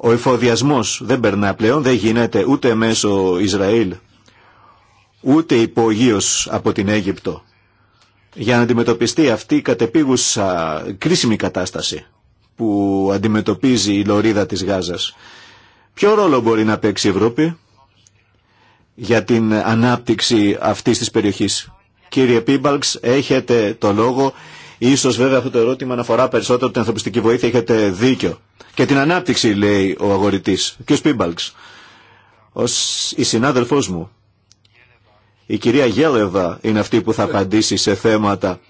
Ο εφοδιασμός δεν περνά πλέον, δεν γίνεται ούτε μέσω Ισραήλ, ούτε υπογείως από την Αίγυπτο, για να αντιμετωπιστεί αυτή η κατεπίγουσα κρίσιμη κατάσταση που αντιμετωπίζει η λωρίδα της Γάζας. Ποιο ρόλο μπορεί να παίξει η Ευρώπη για την ανάπτυξη αυτής της περιοχής. Κύριε Πίμπαλξ, έχετε το λόγο Ίσως βέβαια αυτό το ερώτημα αναφορά περισσότερο την ανθρωπιστική βοήθεια, έχετε δίκιο. Και την ανάπτυξη λέει ο αγορητής, ο κ. Πίμπαλξ. Ως η συνάδελφός μου, η κυρία Γέλεβα είναι αυτή που θα απαντήσει σε θέματα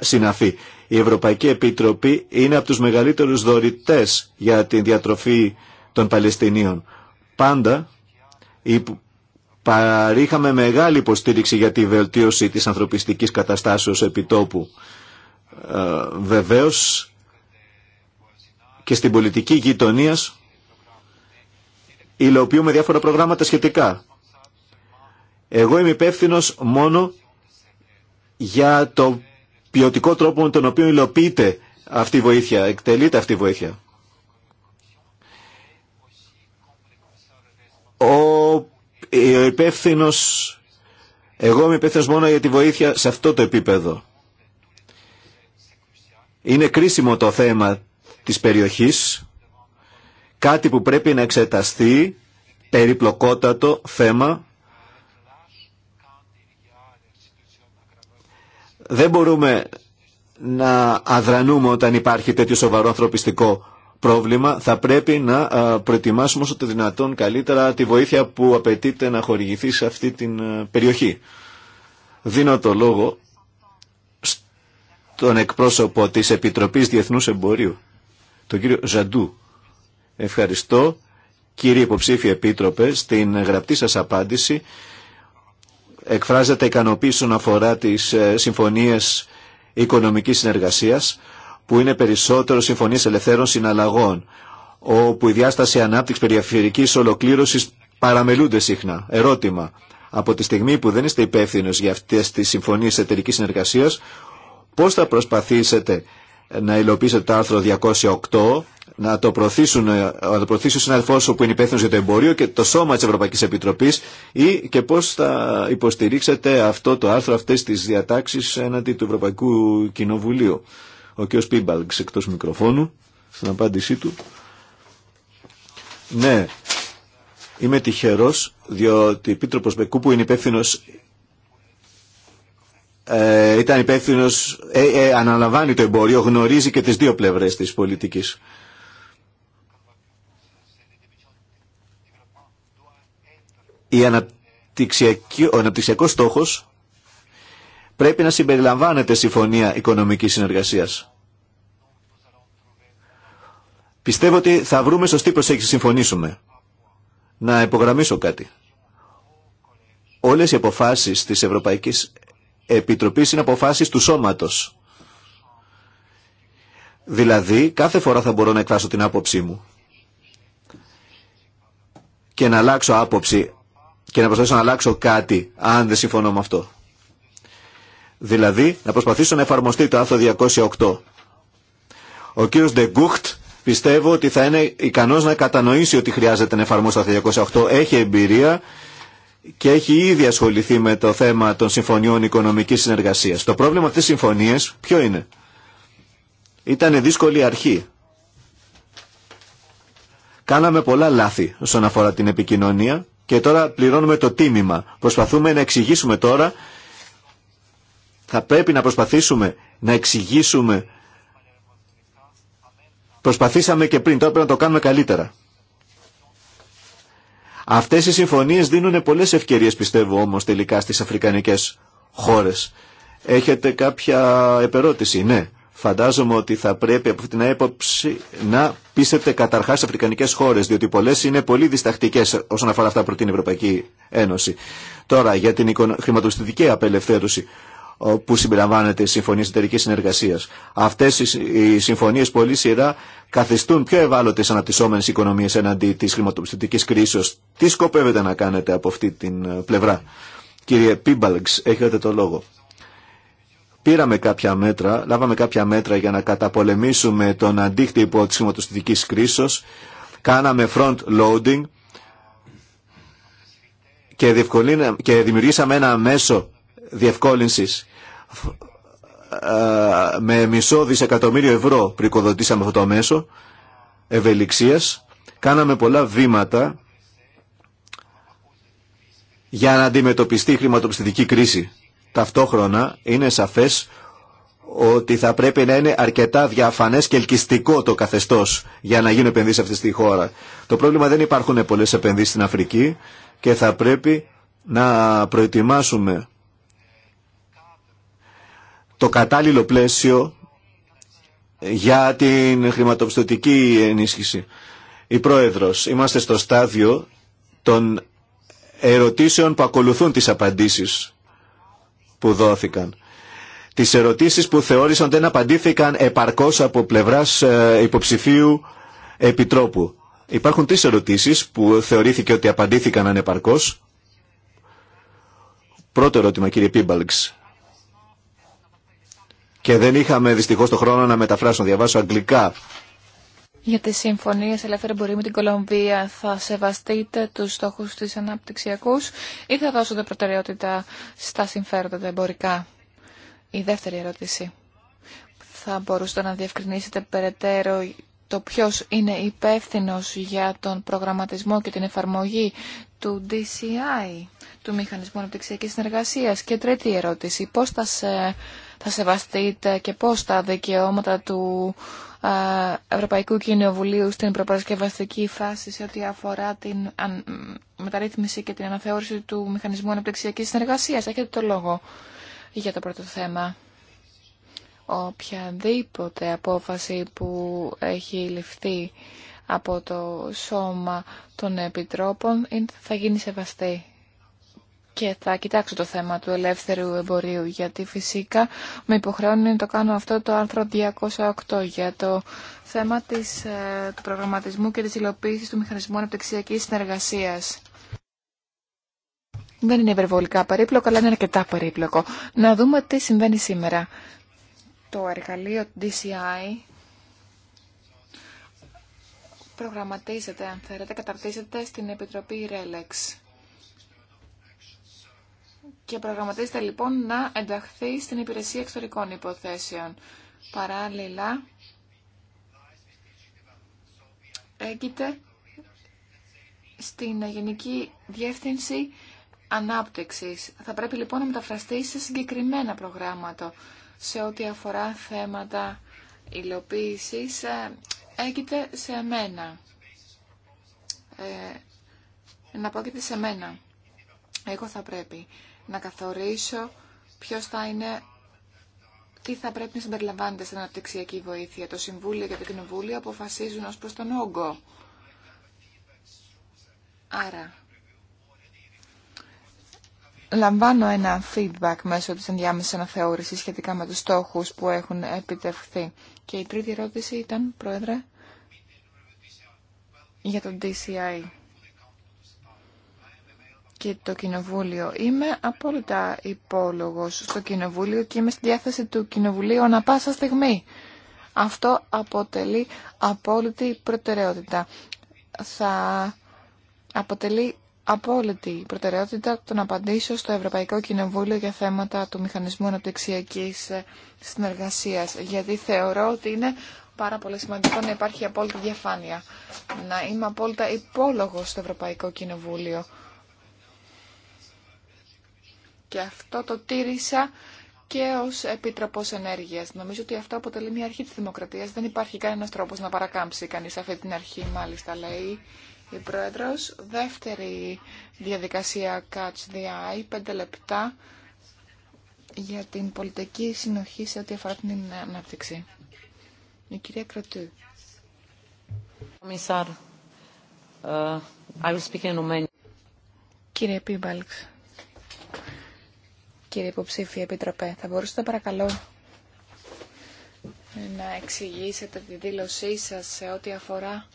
συναφή. Η Ευρωπαϊκή Επιτροπή είναι από τους μεγαλύτερους δωρητές για την διατροφή των Παλαιστινίων. Πάντα παρήχαμε μεγάλη υποστήριξη για τη βελτίωση της ανθρωπιστικής καταστάσεως επιτόπου ε, βεβαίως και στην πολιτική γειτονία υλοποιούμε διάφορα προγράμματα σχετικά. Εγώ είμαι υπεύθυνο μόνο για το ποιοτικό τρόπο με τον οποίο υλοποιείται αυτή η βοήθεια, εκτελείται αυτή η βοήθεια. Ο υπεύθυνο, εγώ είμαι υπεύθυνο μόνο για τη βοήθεια σε αυτό το επίπεδο. Είναι κρίσιμο το θέμα της περιοχής, κάτι που πρέπει να εξεταστεί, περιπλοκότατο θέμα. Δεν μπορούμε να αδρανούμε όταν υπάρχει τέτοιο σοβαρό ανθρωπιστικό πρόβλημα. Θα πρέπει να προετοιμάσουμε όσο το δυνατόν καλύτερα τη βοήθεια που απαιτείται να χορηγηθεί σε αυτή την ε, περιοχή. Δίνω το λόγο τον εκπρόσωπο της Επιτροπής Διεθνούς Εμπορίου, τον κύριο Ζαντού. Ευχαριστώ, κύριε υποψήφιε επίτροπε, στην γραπτή σας απάντηση εκφράζεται ικανοποίηση όσον αφορά τις ε, συμφωνίες οικονομικής συνεργασίας, που είναι περισσότερο συμφωνίες ελευθέρων συναλλαγών, όπου η διάσταση ανάπτυξη περιφερειακής ολοκλήρωσης παραμελούνται συχνά. Ερώτημα. Από τη στιγμή που δεν είστε υπεύθυνο για αυτέ τι συμφωνίε εταιρική συνεργασία. Πώς θα προσπαθήσετε να υλοποιήσετε το άρθρο 208, να το προωθήσουν, να το προωθήσουν συναδελφό που είναι υπεύθυνο για το εμπόριο και το σώμα της Ευρωπαϊκής Επιτροπής ή και πώς θα υποστηρίξετε αυτό το άρθρο, αυτές τις διατάξεις έναντι του Ευρωπαϊκού Κοινοβουλίου. Ο κ. Πίμπαλξ εκτός μικροφώνου στην απάντησή του. Ναι, είμαι τυχερό διότι η Πίτροπο Μπεκού που είναι υπεύθυνο ε, ήταν υπεύθυνο, ε, ε, αναλαμβάνει το εμπόριο, γνωρίζει και τις δύο πλευρές της πολιτικής. Η ο αναπτυξιακός στόχος πρέπει να συμπεριλαμβάνεται συμφωνία οικονομικής συνεργασίας. Πιστεύω ότι θα βρούμε σωστή προσέγγιση, συμφωνήσουμε. Να υπογραμμίσω κάτι. Όλες οι αποφάσεις της Ευρωπαϊκής Επιτροπή Συναποφάσεις του σώματος. Δηλαδή, κάθε φορά θα μπορώ να εκφράσω την άποψή μου και να αλλάξω άποψη και να προσπαθήσω να αλλάξω κάτι αν δεν συμφωνώ με αυτό. Δηλαδή, να προσπαθήσω να εφαρμοστεί το άρθρο 208. Ο κύριος Ντεγκούχτ πιστεύω ότι θα είναι ικανός να κατανοήσει ότι χρειάζεται να εφαρμόσει το άρθρο 208. Έχει εμπειρία και έχει ήδη ασχοληθεί με το θέμα των συμφωνιών οικονομικής συνεργασίας. Το πρόβλημα αυτής της συμφωνίας ποιο είναι. Ήταν δύσκολη αρχή. Κάναμε πολλά λάθη όσον αφορά την επικοινωνία και τώρα πληρώνουμε το τίμημα. Προσπαθούμε να εξηγήσουμε τώρα, θα πρέπει να προσπαθήσουμε να εξηγήσουμε Προσπαθήσαμε και πριν, τώρα να το κάνουμε καλύτερα. Αυτές οι συμφωνίες δίνουν πολλές ευκαιρίες πιστεύω όμως τελικά στις αφρικανικές χώρες. Έχετε κάποια επερώτηση, ναι. Φαντάζομαι ότι θα πρέπει από αυτήν την έποψη να πείσετε καταρχάς στις αφρικανικές χώρες, διότι πολλές είναι πολύ διστακτικές όσον αφορά αυτά προ την Ευρωπαϊκή Ένωση. Τώρα, για την χρηματοπιστωτική απελευθέρωση. Ε, που συμπεριλαμβάνεται η Συμφωνία Εταιρική Συνεργασία. Αυτέ οι συμφωνίε πολύ σειρά καθιστούν πιο ευάλωτε αναπτυσσόμενε οικονομίε εναντί τη χρηματοπιστωτική κρίση. Τι σκοπεύετε να κάνετε από αυτή την ε, πλευρά, κύριε Πίμπαλξ, έχετε το λόγο. Πήραμε κάποια μέτρα, λάβαμε κάποια μέτρα για να καταπολεμήσουμε τον αντίκτυπο τη χρηματοπιστωτική κρίση, Κάναμε front loading και, και δημιουργήσαμε ένα μέσο διευκόλυνσης ε, με μισό δισεκατομμύριο ευρώ πρικοδοτήσαμε αυτό το μέσο ευελιξίας κάναμε πολλά βήματα για να αντιμετωπιστεί η χρηματοπιστωτική κρίση. Ταυτόχρονα είναι σαφές ότι θα πρέπει να είναι αρκετά διαφανές και ελκυστικό το καθεστώς για να γίνουν επενδύσεις αυτή τη χώρα. Το πρόβλημα δεν υπάρχουν πολλές επενδύσεις στην Αφρική και θα πρέπει να προετοιμάσουμε το κατάλληλο πλαίσιο για την χρηματοπιστωτική ενίσχυση. Η Πρόεδρος, είμαστε στο στάδιο των ερωτήσεων που ακολουθούν τις απαντήσεις που δόθηκαν. Τις ερωτήσεις που θεώρησαν δεν απαντήθηκαν επαρκώς από πλευράς ε, υποψηφίου επιτρόπου. Υπάρχουν τρεις ερωτήσεις που θεωρήθηκε ότι απαντήθηκαν ανεπαρκώς. Πρώτο ερώτημα κύριε Πίμπαλξ και δεν είχαμε δυστυχώς το χρόνο να μεταφράσω, να διαβάσω αγγλικά. Για τις συμφωνίες ελεύθερη εμπορία με την Κολομβία θα σεβαστείτε τους στόχους της αναπτυξιακούς ή θα δώσετε προτεραιότητα στα συμφέροντα τα εμπορικά. Η δεύτερη ερώτηση. Θα μπορούσατε να διευκρινίσετε περαιτέρω το ποιος είναι υπεύθυνο για τον προγραμματισμό και την εφαρμογή του DCI, του Μηχανισμού Αναπτυξιακής Συνεργασίας. Και τρίτη ερώτηση, πώς θα σε θα σεβαστείτε και πώς τα δικαιώματα του Ευρωπαϊκού Κοινοβουλίου στην προπαρασκευαστική φάση σε ό,τι αφορά την μεταρρύθμιση και την αναθεώρηση του Μηχανισμού Αναπτυξιακής Συνεργασίας. Έχετε το λόγο για το πρώτο θέμα. Οποιαδήποτε απόφαση που έχει ληφθεί από το σώμα των επιτρόπων θα γίνει σεβαστή και θα κοιτάξω το θέμα του ελεύθερου εμπορίου γιατί φυσικά με υποχρεώνει να το κάνω αυτό το άρθρο 208 για το θέμα της, ε, του προγραμματισμού και της υλοποίησης του μηχανισμού αναπτυξιακής συνεργασίας. Δεν είναι υπερβολικά περίπλοκο, αλλά είναι αρκετά περίπλοκο. Να δούμε τι συμβαίνει σήμερα. Το εργαλείο DCI προγραμματίζεται, αν θέλετε, καταρτίζεται στην Επιτροπή RELEX και προγραμματίζεται λοιπόν να ενταχθεί στην υπηρεσία εξωτερικών υποθέσεων. Παράλληλα, έγκυται στην Γενική Διεύθυνση Ανάπτυξης. Θα πρέπει λοιπόν να μεταφραστεί σε συγκεκριμένα προγράμματα σε ό,τι αφορά θέματα υλοποίησης ε, έγκυται σε εμένα. Ε, να πω και σε μένα. Εγώ θα πρέπει να καθορίσω ποιος θα είναι τι θα πρέπει να συμπεριλαμβάνεται στην αναπτυξιακή βοήθεια. Το Συμβούλιο και το Κοινοβούλιο αποφασίζουν ως προς τον όγκο. Άρα, λαμβάνω ένα feedback μέσω της ενδιάμεσης αναθεώρησης σχετικά με τους στόχους που έχουν επιτευχθεί. Και η τρίτη ερώτηση ήταν, Πρόεδρε, για τον DCI και το Κοινοβούλιο. Είμαι απόλυτα υπόλογος στο Κοινοβούλιο και είμαι στη διάθεση του Κοινοβουλίου ανα πάσα στιγμή. Αυτό αποτελεί απόλυτη προτεραιότητα. Θα αποτελεί απόλυτη προτεραιότητα το να απαντήσω στο Ευρωπαϊκό Κοινοβούλιο για θέματα του Μηχανισμού Αναπτυξιακής Συνεργασίας, γιατί θεωρώ ότι είναι πάρα πολύ σημαντικό να υπάρχει απόλυτη διαφάνεια, να είμαι απόλυτα υπόλογο στο Ευρωπαϊκό Κοινοβούλιο. Και αυτό το τήρησα και ως επίτροπο Ενέργειας. Νομίζω ότι αυτό αποτελεί μια αρχή της δημοκρατίας. Δεν υπάρχει κανένας τρόπος να παρακάμψει κανείς αυτή την αρχή, μάλιστα λέει η Πρόεδρος. Δεύτερη διαδικασία Catch the Eye, πέντε λεπτά για την πολιτική συνοχή σε ό,τι αφορά την ανάπτυξη. Η κυρία Κρατού. Ε, Κύριε Πίμπαλξ, Κύριε υποψήφια επίτροπε, θα μπορούσατε παρακαλώ να εξηγήσετε τη δήλωσή σας σε ό,τι αφορά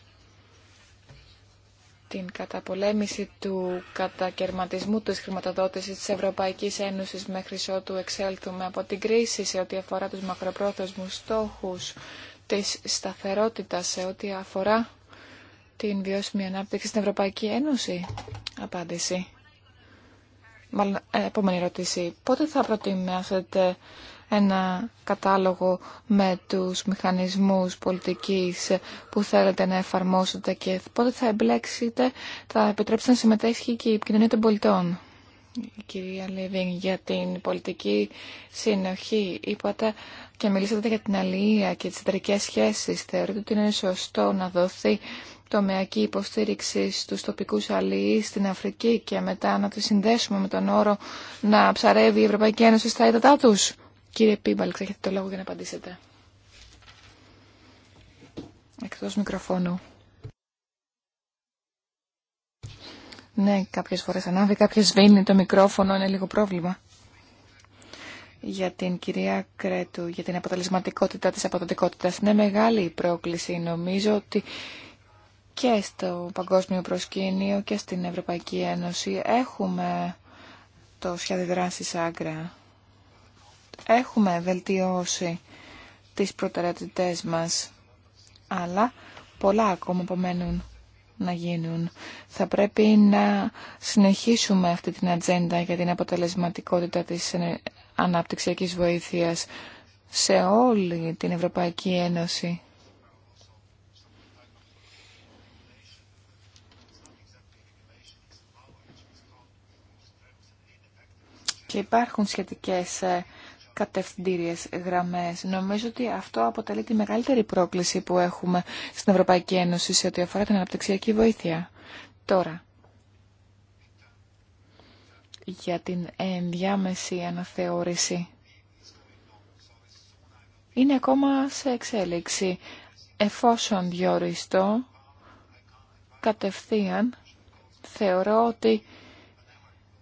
την καταπολέμηση του κατακαιρματισμού της χρηματοδότησης της Ευρωπαϊκής Ένωσης μέχρι ότου εξέλθουμε από την κρίση σε ό,τι αφορά τους μακροπρόθεσμους στόχους της σταθερότητας σε ό,τι αφορά την βιώσιμη ανάπτυξη στην Ευρωπαϊκή Ένωση. Απάντηση. Μάλλον, ε, επόμενη ερώτηση. Πότε θα προτιμάσετε ένα κατάλογο με τους μηχανισμούς πολιτικής που θέλετε να εφαρμόσετε και πότε θα εμπλέξετε, θα επιτρέψετε να συμμετέχει και η κοινωνία των πολιτών. Η κυρία Λίβινγκ, για την πολιτική συνοχή είπατε και μιλήσατε για την αλληλεία και τις εταιρικές σχέσεις. Θεωρείτε ότι είναι σωστό να δοθεί τομεακή υποστήριξη στους τοπικούς αλληλείς στην Αφρική και μετά να τη συνδέσουμε με τον όρο να ψαρεύει η Ευρωπαϊκή Ένωση στα ύδατά τους. Κύριε Πίμπαλ, έχετε το λόγο για να απαντήσετε. Εκτός μικροφώνου. Ναι, κάποιες φορές ανάβει, κάποιες σβήνει το μικρόφωνο, είναι λίγο πρόβλημα. Για την κυρία Κρέτου, για την αποτελεσματικότητα της αποδοτικότητας. Είναι μεγάλη η πρόκληση. Νομίζω ότι και στο παγκόσμιο προσκήνιο και στην Ευρωπαϊκή Ένωση έχουμε το σχέδιο δράση άγκρα. Έχουμε βελτιώσει τις προτεραιότητές μας, αλλά πολλά ακόμα απομένουν να γίνουν. Θα πρέπει να συνεχίσουμε αυτή την ατζέντα για την αποτελεσματικότητα της αναπτυξιακής βοήθειας σε όλη την Ευρωπαϊκή Ένωση. και υπάρχουν σχετικές ε, κατευθυντήριες γραμμές. Νομίζω ότι αυτό αποτελεί τη μεγαλύτερη πρόκληση που έχουμε στην Ευρωπαϊκή Ένωση σε ό,τι αφορά την αναπτυξιακή βοήθεια. Τώρα, για την ενδιάμεση αναθεώρηση. Είναι ακόμα σε εξέλιξη. Εφόσον διοριστώ, κατευθείαν θεωρώ ότι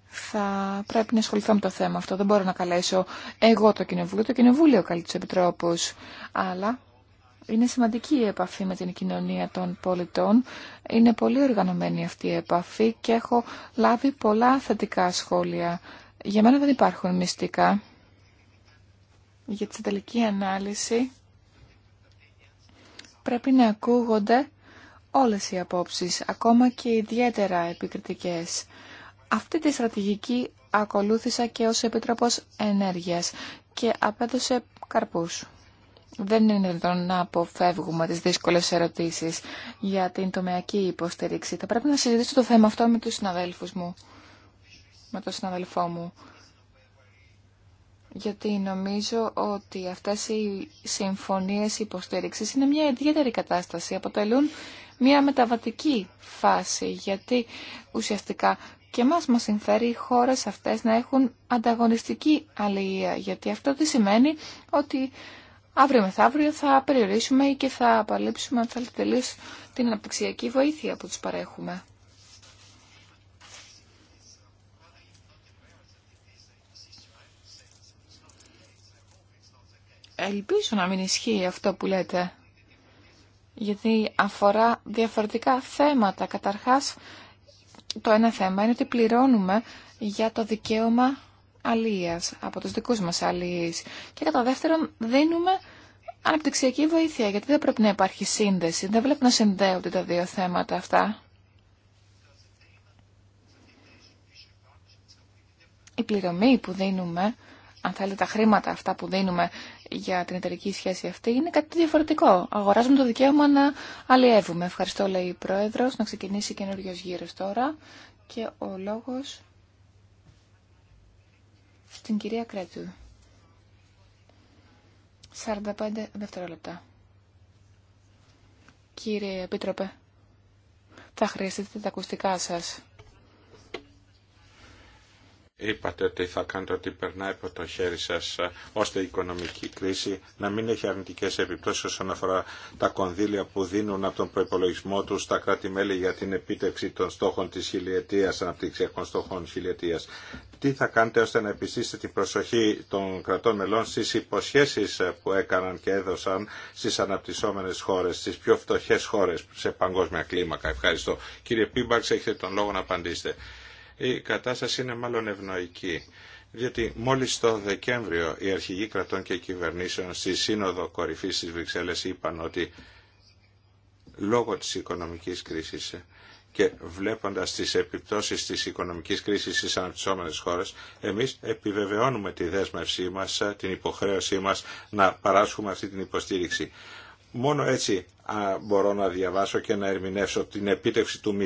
θα πρέπει να ασχοληθώ με το θέμα αυτό. Δεν μπορώ να καλέσω εγώ το Κοινοβούλιο. Το Κοινοβούλιο καλεί του επιτρόπου. Αλλά είναι σημαντική η επαφή με την κοινωνία των πολιτών. Είναι πολύ οργανωμένη αυτή η επαφή και έχω λάβει πολλά θετικά σχόλια. Για μένα δεν υπάρχουν μυστικά. Για την τελική ανάλυση πρέπει να ακούγονται όλες οι απόψεις, ακόμα και ιδιαίτερα επικριτικές. Αυτή τη στρατηγική ακολούθησα και ως Επίτροπος Ενέργειας και απέδωσε καρπούς. Δεν είναι εδώ να αποφεύγουμε τις δύσκολες ερωτήσεις για την τομεακή υποστήριξη. Θα πρέπει να συζητήσω το θέμα αυτό με τους συναδέλφους μου, με τον συναδελφό μου. Γιατί νομίζω ότι αυτές οι συμφωνίες υποστήριξης είναι μια ιδιαίτερη κατάσταση. Αποτελούν μια μεταβατική φάση, γιατί ουσιαστικά και μας μας συμφέρει οι χώρες αυτές να έχουν ανταγωνιστική αλληλεία, γιατί αυτό τι σημαίνει ότι αύριο μεθαύριο θα περιορίσουμε ή και θα απαλείψουμε αν θέλετε τελείως την αναπτυξιακή βοήθεια που τους παρέχουμε. Ελπίζω να μην ισχύει αυτό που λέτε, γιατί αφορά διαφορετικά θέματα. Καταρχάς, το ένα θέμα είναι ότι πληρώνουμε για το δικαίωμα αλίας, από τους δικούς μας αλίες. Και κατά δεύτερον δίνουμε αναπτυξιακή βοήθεια, γιατί δεν πρέπει να υπάρχει σύνδεση. Δεν βλέπω να συνδέονται τα δύο θέματα αυτά. Η πληρωμή που δίνουμε αν θέλετε, τα χρήματα αυτά που δίνουμε για την εταιρική σχέση αυτή είναι κάτι διαφορετικό. Αγοράζουμε το δικαίωμα να αλλιεύουμε. Ευχαριστώ, λέει η Πρόεδρος, να ξεκινήσει καινούριο γύρο τώρα. Και ο λόγος στην κυρία Κρέτου. 45 δευτερόλεπτα. Κύριε Επίτροπε, θα χρειαστείτε τα ακουστικά σας είπατε ότι θα κάνετε ότι περνάει από το χέρι σας ε, ώστε η οικονομική κρίση να μην έχει αρνητικές επιπτώσεις όσον αφορά τα κονδύλια που δίνουν από τον προϋπολογισμό τους τα κράτη-μέλη για την επίτευξη των στόχων της χιλιετίας, αναπτυξιακών στόχων χιλιετίας. Τι θα κάνετε ώστε να επιστήσετε την προσοχή των κρατών μελών στις υποσχέσεις ε, που έκαναν και έδωσαν στις αναπτυσσόμενες χώρες, στις πιο φτωχές χώρες σε παγκόσμια κλίμακα. Ευχαριστώ. Κύριε Πίμπαξ, έχετε τον λόγο να απαντήσετε η κατάσταση είναι μάλλον ευνοϊκή. Διότι μόλις το Δεκέμβριο οι αρχηγοί κρατών και κυβερνήσεων στη Σύνοδο Κορυφής της Βρυξέλλες είπαν ότι λόγω της οικονομικής κρίσης και βλέποντας τις επιπτώσεις της οικονομικής κρίσης στις αναπτυσσόμενες χώρες, εμείς επιβεβαιώνουμε τη δέσμευσή μας, την υποχρέωσή μας να παράσχουμε αυτή την υποστήριξη. Μόνο έτσι μπορώ να διαβάσω και να ερμηνεύσω την επίτευξη του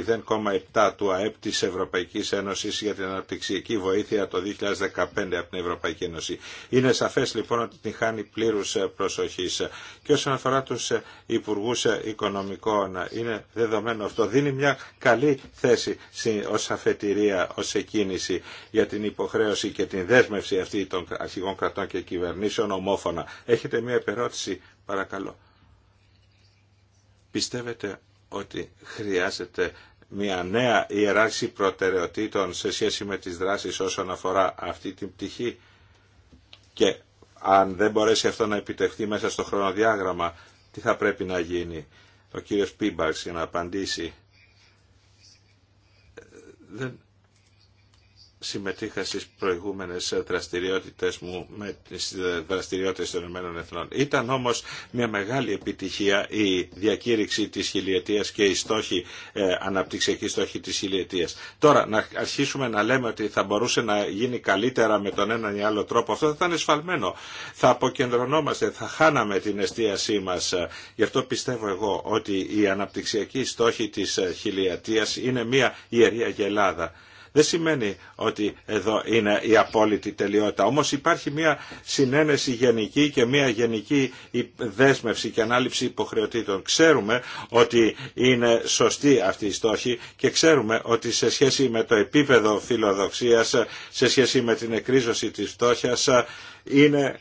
0,7 του ΑΕΠ της Ευρωπαϊκής Ένωσης για την αναπτυξιακή βοήθεια το 2015 από την Ευρωπαϊκή Ένωση. Είναι σαφές λοιπόν ότι την χάνει πλήρους ε, προσοχής. Και όσον αφορά τους ε, υπουργούς ε, οικονομικών, είναι δεδομένο αυτό. Δίνει μια καλή θέση ως αφετηρία, ως εκκίνηση για την υποχρέωση και την δέσμευση αυτή των αρχηγών κρατών και κυβερνήσεων ομόφωνα. Έχετε μια επερώτηση, παρακαλώ. Πιστεύετε ότι χρειάζεται μια νέα ιεράξη προτεραιοτήτων σε σχέση με τις δράσεις όσον αφορά αυτή την πτυχή και αν δεν μπορέσει αυτό να επιτευχθεί μέσα στο χρονοδιάγραμμα, τι θα πρέπει να γίνει. Ο κύριος Πίμπαρξ για να απαντήσει συμμετείχα στις προηγούμενες δραστηριότητες μου με τις δραστηριότητες των Ηνωμένων Εθνών. Ήταν όμως μια μεγάλη επιτυχία η διακήρυξη της χιλιετίας και η στόχη, ε, αναπτυξιακή στόχη της χιλιετίας. Τώρα να αρχίσουμε να λέμε ότι θα μπορούσε να γίνει καλύτερα με τον έναν ή άλλο τρόπο. Αυτό θα ήταν εσφαλμένο. Θα αποκεντρωνόμαστε, θα χάναμε την εστίασή μας. Γι' αυτό πιστεύω εγώ ότι η αναπτυξιακή στόχη της ε, χιλιατίας είναι μια ιερή αγελάδα δεν σημαίνει ότι εδώ είναι η απόλυτη τελειότητα. Όμως υπάρχει μια συνένεση γενική και μια γενική δέσμευση και ανάληψη υποχρεωτήτων. Ξέρουμε ότι είναι σωστή αυτή η στόχη και ξέρουμε ότι σε σχέση με το επίπεδο φιλοδοξίας, σε σχέση με την εκρίζωση της φτώχειας, είναι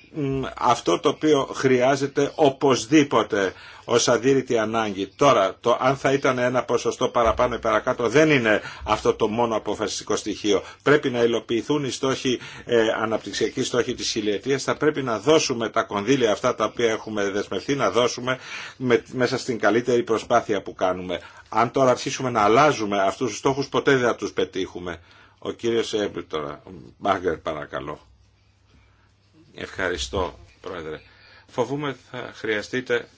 αυτό το οποίο χρειάζεται οπωσδήποτε ως αδύρυτη ανάγκη. Τώρα, το αν θα ήταν ένα ποσοστό παραπάνω ή παρακάτω δεν είναι αυτό το μόνο αποφασιστικό στοιχείο. Πρέπει να υλοποιηθούν οι στόχοι, ε, αναπτυξιακοί στόχοι της χιλιετίας. Θα πρέπει να δώσουμε τα κονδύλια αυτά τα οποία έχουμε δεσμευτεί να δώσουμε μέσα στην καλύτερη προσπάθεια που κάνουμε. Αν τώρα αρχίσουμε να αλλάζουμε αυτούς τους στόχους ποτέ δεν θα τους πετύχουμε. Ο κύριος Έμπλη τώρα, παρακαλώ. Ευχαριστώ, Πρόεδρε. Φοβούμαι θα χρειαστείτε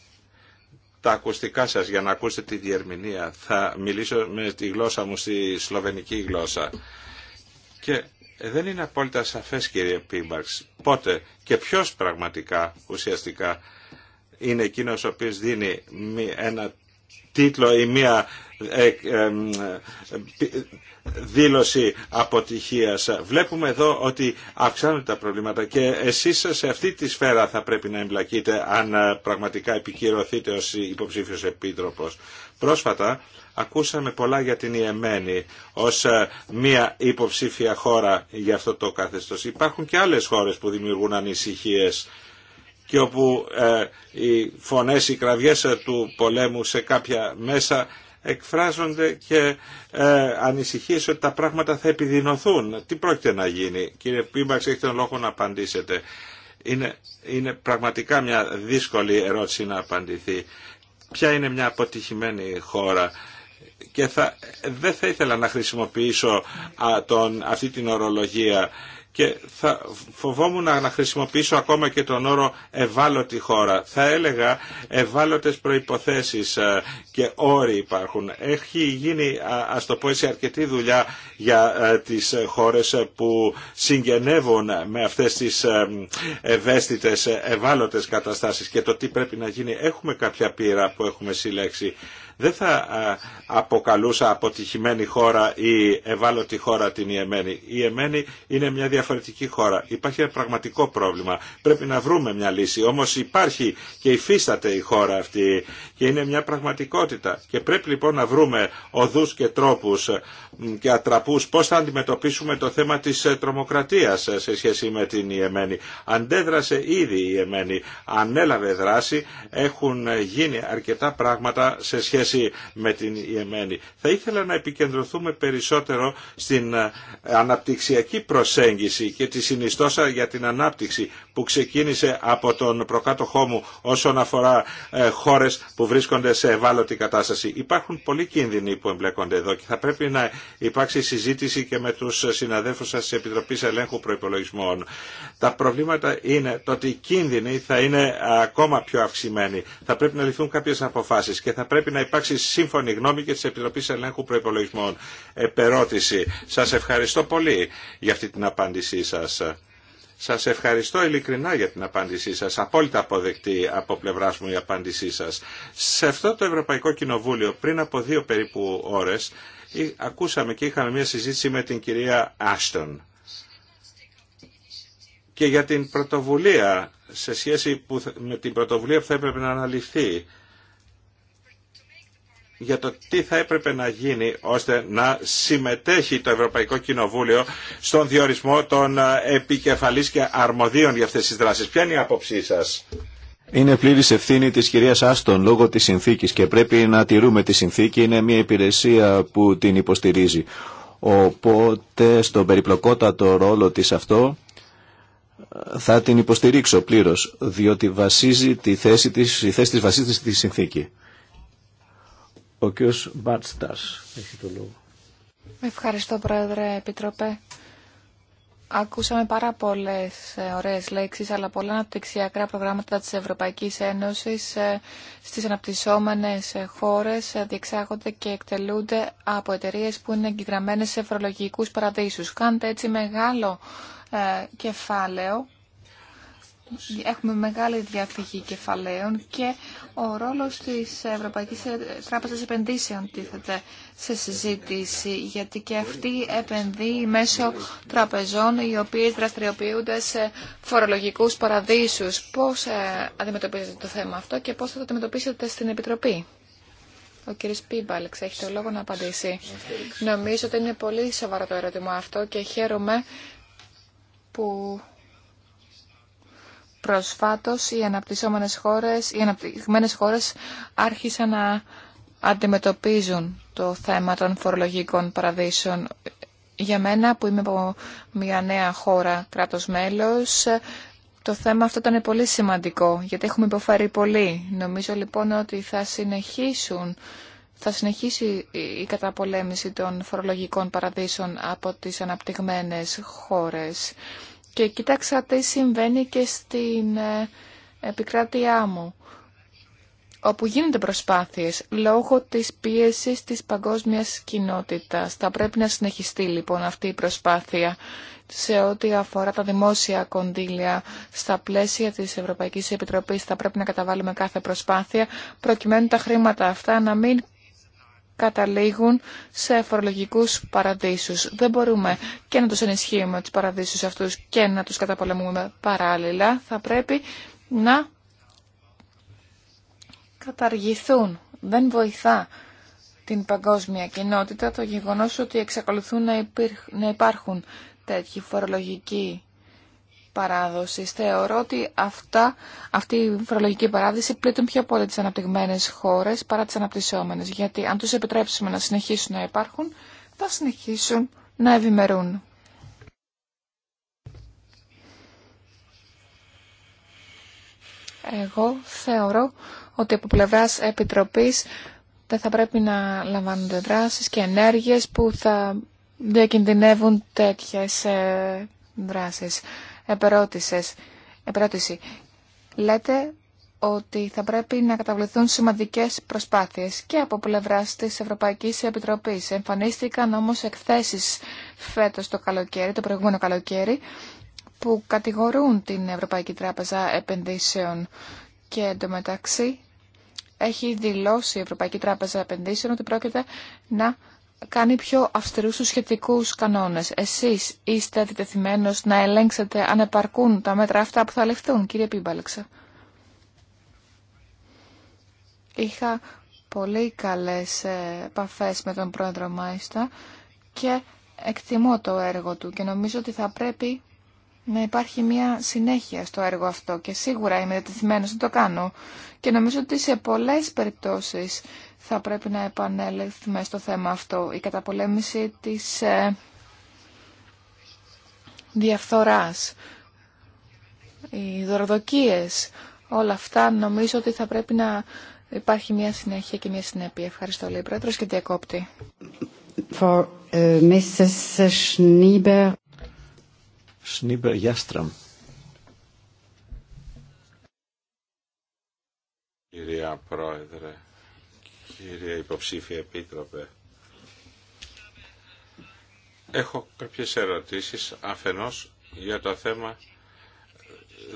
τα ακουστικά σας για να ακούσετε τη διερμηνία. Θα μιλήσω με τη γλώσσα μου στη σλοβενική γλώσσα. Και δεν είναι απόλυτα σαφές κύριε Πίμπαρξ πότε και ποιος πραγματικά ουσιαστικά είναι εκείνος ο οποίος δίνει ένα τίτλο ή μία ε, δήλωση αποτυχίας. Βλέπουμε εδώ ότι αυξάνονται τα προβλήματα και εσείς σε αυτή τη σφαίρα θα πρέπει να εμπλακείτε αν ε, πραγματικά επικυρωθείτε ως υποψήφιος επίτροπος. Πρόσφατα ακούσαμε πολλά για την Ιεμένη ως ε, μια υποψήφια χώρα για αυτό το καθεστώς. Υπάρχουν και άλλες χώρες που δημιουργούν ανησυχίες και όπου ε, οι φωνές, οι κραυγές ε, του πολέμου σε κάποια μέσα εκφράζονται και ε, ότι τα πράγματα θα επιδεινωθούν. Τι πρόκειται να γίνει. Κύριε Πίμπαξ, έχετε τον λόγο να απαντήσετε. Είναι, είναι πραγματικά μια δύσκολη ερώτηση να απαντηθεί. Ποια είναι μια αποτυχημένη χώρα και θα, δεν θα ήθελα να χρησιμοποιήσω τον, αυτή την ορολογία και θα φοβόμουν να χρησιμοποιήσω ακόμα και τον όρο ευάλωτη χώρα. Θα έλεγα ευάλωτες προϋποθέσεις ε, και όροι υπάρχουν. Έχει γίνει, ας το πω έτσι, αρκετή δουλειά για ε, τις χώρες που συγγενεύουν με αυτές τις ε, ευαίσθητες ευάλωτες καταστάσεις και το τι πρέπει να γίνει. Έχουμε κάποια πείρα που έχουμε συλλέξει. Δεν θα αποκαλούσα αποτυχημένη χώρα ή ευάλωτη χώρα την Ιεμένη. Η Ιεμένη είναι μια διαφορετική χώρα. Υπάρχει ένα πραγματικό πρόβλημα. Πρέπει να βρούμε μια λύση. Όμως υπάρχει και υφίσταται η χώρα αυτή και είναι μια πραγματικότητα. Και πρέπει λοιπόν να βρούμε οδούς και τρόπους και ατραπούς πώς θα αντιμετωπίσουμε το θέμα της ε, τρομοκρατίας ε, σε σχέση με την Ιεμένη. Αντέδρασε ήδη η Ιεμένη. Ανέλαβε δράση. Έχουν ε, γίνει αρκετά πράγματα σε σχέση με την Ιεμένη. Θα ήθελα να επικεντρωθούμε περισσότερο στην ε, αναπτυξιακή προσέγγιση και τη συνιστόσα για την ανάπτυξη που ξεκίνησε από τον προκάτοχό μου όσον αφορά ε, χώρες που βρίσκονται σε ευάλωτη κατάσταση. Υπάρχουν πολλοί κίνδυνοι που εμπλέκονται εδώ και θα πρέπει να υπάρξει συζήτηση και με τους συναδέλφους σας της Επιτροπής Ελέγχου Προϋπολογισμών. Τα προβλήματα είναι το ότι οι κίνδυνοι θα είναι ακόμα πιο αυξημένοι. Θα πρέπει να ληφθούν κάποιες αποφάσεις και θα πρέπει να υπάρξει σύμφωνη γνώμη και τη Επιτροπή Ελέγχου Προπολογισμών. Επερώτηση. Σας ευχαριστώ πολύ για αυτή την απάντησή σας. Σας ευχαριστώ ειλικρινά για την απάντησή σας. Απόλυτα αποδεκτή από πλευράς μου η απάντησή σας. Σε αυτό το Ευρωπαϊκό Κοινοβούλιο πριν από δύο περίπου ώρες ακούσαμε και είχαμε μια συζήτηση με την κυρία Άστον και για την πρωτοβουλία σε σχέση που, με την πρωτοβουλία που θα έπρεπε να αναλυθεί για το τι θα έπρεπε να γίνει ώστε να συμμετέχει το Ευρωπαϊκό Κοινοβούλιο στον διορισμό των ε, επικεφαλής και αρμοδίων για αυτές τις δράσεις. Ποια είναι η άποψή σας. Είναι πλήρης ευθύνη της κυρίας Άστον λόγω της συνθήκης και πρέπει να τηρούμε τη συνθήκη. Είναι μια υπηρεσία που την υποστηρίζει. Οπότε στον περιπλοκότατο ρόλο της αυτό θα την υποστηρίξω πλήρως, διότι βασίζει τη θέση της, η θέση της βασίζεται στη συνθήκη. Ο κ. Μπατστάς έχει το λόγο. Ευχαριστώ Πρόεδρε Επιτροπέ. Ακούσαμε πάρα πολλές ε, ωραίες λέξεις, αλλά πολλά αναπτυξιακά προγράμματα της Ευρωπαϊκής Ένωσης ε, στις αναπτυσσόμενες ε, χώρες διεξάγονται και εκτελούνται από εταιρείε που είναι εγγυγραμμένες σε ευρωλογικούς παραδείσους. Κάντε έτσι μεγάλο κεφάλαιο έχουμε μεγάλη διαφυγή κεφαλαίων και ο ρόλος της Ευρωπαϊκής Τράπεζας Επενδύσεων τίθεται σε συζήτηση, γιατί και αυτή επενδύει μέσω τραπεζών οι οποίες δραστηριοποιούνται σε φορολογικούς παραδείσους. Πώς ε, αντιμετωπίζετε το θέμα αυτό και πώς θα το αντιμετωπίσετε στην Επιτροπή. Ο κ. Πίμπαλξ έχει το λόγο να απαντήσει. Νομίζω ότι είναι πολύ σοβαρό το ερώτημα αυτό και χαίρομαι που Προσφάτως οι αναπτυσσόμενες χώρες, οι αναπτυγμένες χώρες άρχισαν να αντιμετωπίζουν το θέμα των φορολογικών παραδείσων. Για μένα που είμαι από μια νέα χώρα κράτος μέλος, το θέμα αυτό ήταν πολύ σημαντικό, γιατί έχουμε υποφέρει πολύ. Νομίζω λοιπόν ότι θα συνεχίσουν θα συνεχίσει η καταπολέμηση των φορολογικών παραδείσων από τις αναπτυγμένες χώρες και κοίταξα τι συμβαίνει και στην ε, επικράτειά μου όπου γίνονται προσπάθειες λόγω της πίεσης της παγκόσμιας κοινότητας. Θα πρέπει να συνεχιστεί λοιπόν αυτή η προσπάθεια σε ό,τι αφορά τα δημόσια κονδύλια στα πλαίσια της Ευρωπαϊκής Επιτροπής θα πρέπει να καταβάλουμε κάθε προσπάθεια προκειμένου τα χρήματα αυτά να μην καταλήγουν σε φορολογικούς παραδείσους. Δεν μπορούμε και να τους ενισχύουμε τους παραδείσους αυτούς και να τους καταπολεμούμε παράλληλα. Θα πρέπει να καταργηθούν. Δεν βοηθά την παγκόσμια κοινότητα το γεγονός ότι εξακολουθούν να υπάρχουν τέτοιοι φορολογικοί Θεωρώ ότι αυτά, αυτή η φορολογική παράδειση πλήττουν πιο πολύ τις αναπτυγμένες χώρες παρά τις αναπτυσσόμενες. Γιατί αν τους επιτρέψουμε να συνεχίσουν να υπάρχουν, θα συνεχίσουν να ευημερούν. Εγώ θεωρώ ότι από πλευρά Επιτροπής δεν θα πρέπει να λαμβάνονται δράσεις και ενέργειες που θα διακινδυνεύουν τέτοιες ε, δράσεις επερώτηση. Λέτε ότι θα πρέπει να καταβληθούν σημαντικές προσπάθειες και από πλευράς της Ευρωπαϊκής Επιτροπής. Εμφανίστηκαν όμως εκθέσεις φέτος το καλοκαίρι, το προηγούμενο καλοκαίρι, που κατηγορούν την Ευρωπαϊκή Τράπεζα Επενδύσεων και εντωμεταξύ έχει δηλώσει η Ευρωπαϊκή Τράπεζα Επενδύσεων ότι πρόκειται να κάνει πιο αυστηρούς τους σχετικούς κανόνες. Εσείς είστε διτεθειμένος να ελέγξετε αν επαρκούν τα μέτρα αυτά που θα λεφθούν, κύριε Πίμπαλεξα. Είχα πολύ καλές ε, επαφές με τον πρόεδρο Μάιστα και εκτιμώ το έργο του και νομίζω ότι θα πρέπει να υπάρχει μια συνέχεια στο έργο αυτό και σίγουρα είμαι διτεθειμένος να το κάνω και νομίζω ότι σε πολλές περιπτώσεις θα πρέπει να επανέλθουμε στο θέμα αυτό. Η καταπολέμηση της ε, διαφθοράς, οι δωροδοκίες, όλα αυτά νομίζω ότι θα πρέπει να υπάρχει μια συνέχεια και μια συνέπεια. Ευχαριστώ λέει Πρόεδρος και διακόπτη. For, ε, Κυρία Πρόεδρε, κύριε υποψήφια επίτροπε. Έχω κάποιες ερωτήσεις αφενός για το θέμα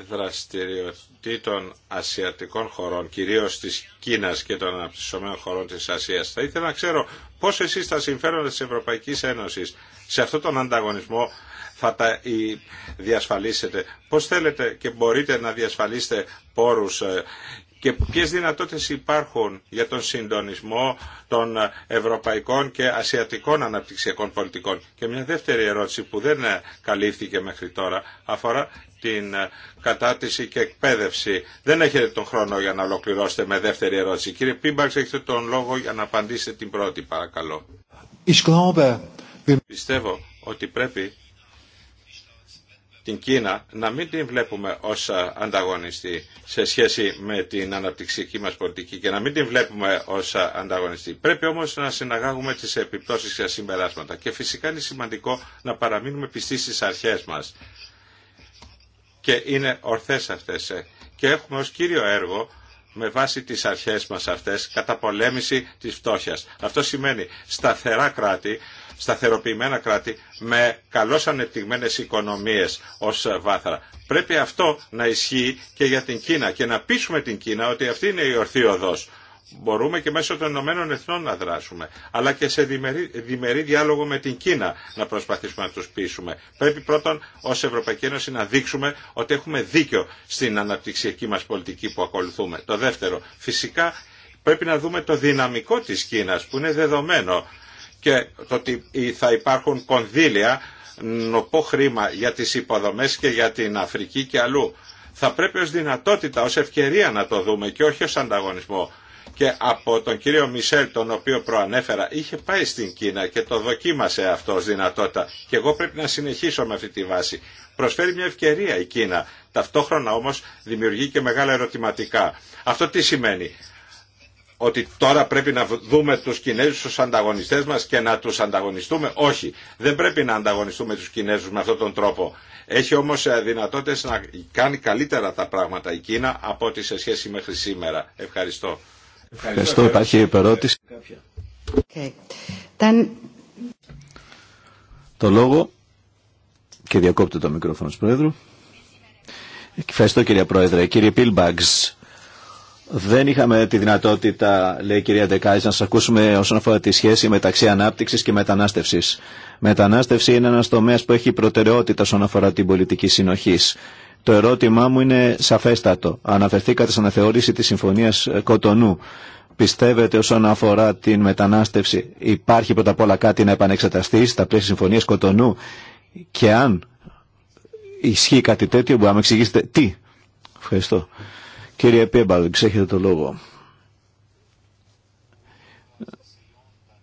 δραστηριοτήτων ασιατικών χωρών, κυρίως της Κίνας και των αναπτυσσομένων χωρών της Ασίας. Θα ήθελα να ξέρω πώς εσείς τα συμφέροντα της Ευρωπαϊκής Ένωσης σε αυτόν τον ανταγωνισμό θα τα διασφαλίσετε. Πώς θέλετε και μπορείτε να διασφαλίσετε πόρους ε, και ποιες δυνατότητες υπάρχουν για τον συντονισμό των ε, ευρωπαϊκών και ασιατικών αναπτυξιακών πολιτικών. Και μια δεύτερη ερώτηση που δεν ε, καλύφθηκε μέχρι τώρα αφορά την ε, κατάτηση και εκπαίδευση. Δεν έχετε τον χρόνο για να ολοκληρώσετε με δεύτερη ερώτηση. Κύριε Πίμπαξ, έχετε τον λόγο για να απαντήσετε την πρώτη, παρακαλώ. Πιστεύω ότι πρέπει την Κίνα να μην την βλέπουμε ως ανταγωνιστή σε σχέση με την αναπτυξιακή μας πολιτική και να μην την βλέπουμε ως ανταγωνιστή. Πρέπει όμως να συναγάγουμε τις επιπτώσεις και συμπεράσματα και φυσικά είναι σημαντικό να παραμείνουμε πιστοί στις αρχές μας και είναι ορθές αυτές ε. και έχουμε ως κύριο έργο με βάση τις αρχές μας αυτές πολέμηση της φτώχειας. Αυτό σημαίνει σταθερά κράτη σταθεροποιημένα κράτη με καλώς ανεπτυγμένες οικονομίες ως βάθρα. Πρέπει αυτό να ισχύει και για την Κίνα και να πείσουμε την Κίνα ότι αυτή είναι η ορθή οδός. Μπορούμε και μέσω των Ηνωμένων Εθνών να δράσουμε, αλλά και σε διμερή, διμερή διάλογο με την Κίνα να προσπαθήσουμε να τους πείσουμε. Πρέπει πρώτον ως Ευρωπαϊκή Ένωση να δείξουμε ότι έχουμε δίκιο στην αναπτυξιακή μας πολιτική που ακολουθούμε. Το δεύτερο, φυσικά πρέπει να δούμε το δυναμικό της Κίνας που είναι δεδομένο και το ότι θα υπάρχουν κονδύλια, νοπό χρήμα για τις υποδομές και για την Αφρική και αλλού. Θα πρέπει ως δυνατότητα, ως ευκαιρία να το δούμε και όχι ως ανταγωνισμό. Και από τον κύριο Μισελ, τον οποίο προανέφερα, είχε πάει στην Κίνα και το δοκίμασε αυτό ως δυνατότητα. Και εγώ πρέπει να συνεχίσω με αυτή τη βάση. Προσφέρει μια ευκαιρία η Κίνα. Ταυτόχρονα όμως δημιουργεί και μεγάλα ερωτηματικά. Αυτό τι σημαίνει ότι τώρα πρέπει να δούμε τους Κινέζους ως ανταγωνιστές μας και να τους ανταγωνιστούμε. Όχι, δεν πρέπει να ανταγωνιστούμε τους Κινέζους με αυτόν τον τρόπο. Έχει όμως ε, δυνατότητες να κάνει καλύτερα τα πράγματα η Κίνα από ό,τι σε σχέση μέχρι σήμερα. Ευχαριστώ. Ευχαριστώ, υπάρχει υπερώτηση. Το λόγο και διακόπτω το μικρόφωνο του Πρόεδρου. Ευχαριστώ κυρία Πρόεδρε. Κύριε Πίλμπαγκς, δεν είχαμε τη δυνατότητα, λέει η κυρία Ντεκάη, να σα ακούσουμε όσον αφορά τη σχέση μεταξύ ανάπτυξη και μετανάστευση. Μετανάστευση είναι ένα τομέα που έχει προτεραιότητα όσον αφορά την πολιτική συνοχή. Το ερώτημά μου είναι σαφέστατο. Αναφερθήκατε στην αναθεώρηση τη Συμφωνία Κοτονού. Πιστεύετε όσον αφορά την μετανάστευση υπάρχει πρώτα απ' όλα κάτι να επανεξεταστεί στα πλαίσια Συμφωνία Κοτονού και αν ισχύει κάτι τέτοιο, μπορεί να με εξηγήσετε τι. Ευχαριστώ. Κύριε Πίμπαλ, ξέχετε το λόγο.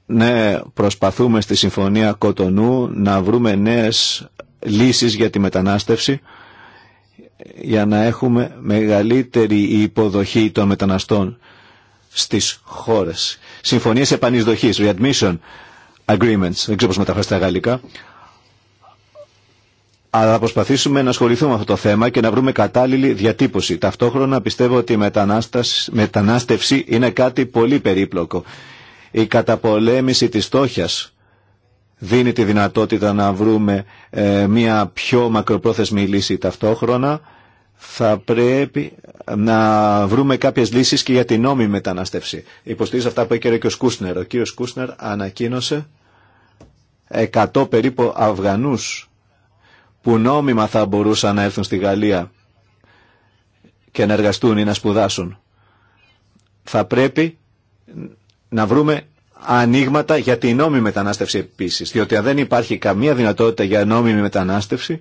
Ναι, προσπαθούμε στη Συμφωνία Κοτονού να βρούμε νέες λύσεις για τη μετανάστευση για να έχουμε μεγαλύτερη υποδοχή των μεταναστών στις χώρες. Συμφωνίες επανεισδοχής, readmission agreements, δεν ξέρω πώς μεταφράζεται τα γαλλικά, αλλά θα προσπαθήσουμε να ασχοληθούμε με αυτό το θέμα και να βρούμε κατάλληλη διατύπωση. Ταυτόχρονα πιστεύω ότι η μετανάστευση είναι κάτι πολύ περίπλοκο. Η καταπολέμηση της στόχιας δίνει τη δυνατότητα να βρούμε ε, μια πιο μακροπρόθεσμη λύση ταυτόχρονα. Θα πρέπει να βρούμε κάποιες λύσεις και για την νόμιμη μετανάστευση. Υποστηρίζω αυτά που έκανε και ο Σκούσνερ. Ο κύριος Σκούσνερ ανακοίνωσε 100 περίπου Αφγανούς που νόμιμα θα μπορούσαν να έρθουν στη Γαλλία και να εργαστούν ή να σπουδάσουν. Θα πρέπει να βρούμε ανοίγματα για την νόμιμη μετανάστευση επίσης, διότι αν δεν υπάρχει καμία δυνατότητα για νόμιμη μετανάστευση,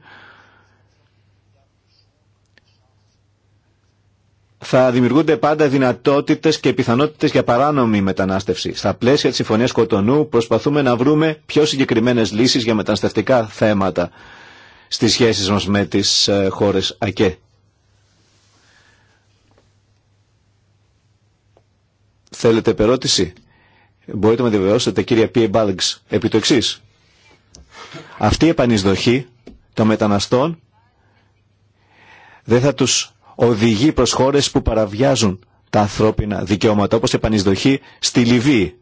θα δημιουργούνται πάντα δυνατότητε και πιθανότητε για παράνομη μετανάστευση. Στα πλαίσια τη Συμφωνία Κοτονού προσπαθούμε να βρούμε πιο συγκεκριμένε λύσει για μεταναστευτικά θέματα στις σχέσεις μας με τις ε, χώρες ΑΚΕ. Θέλετε επερώτηση. Μπορείτε να με διαβεβαιώσετε κύριε Πίε επί το εξής. Αυτή η επανεισδοχή των μεταναστών δεν θα τους οδηγεί προς χώρες που παραβιάζουν τα ανθρώπινα δικαιώματα όπως η επανεισδοχή στη Λιβύη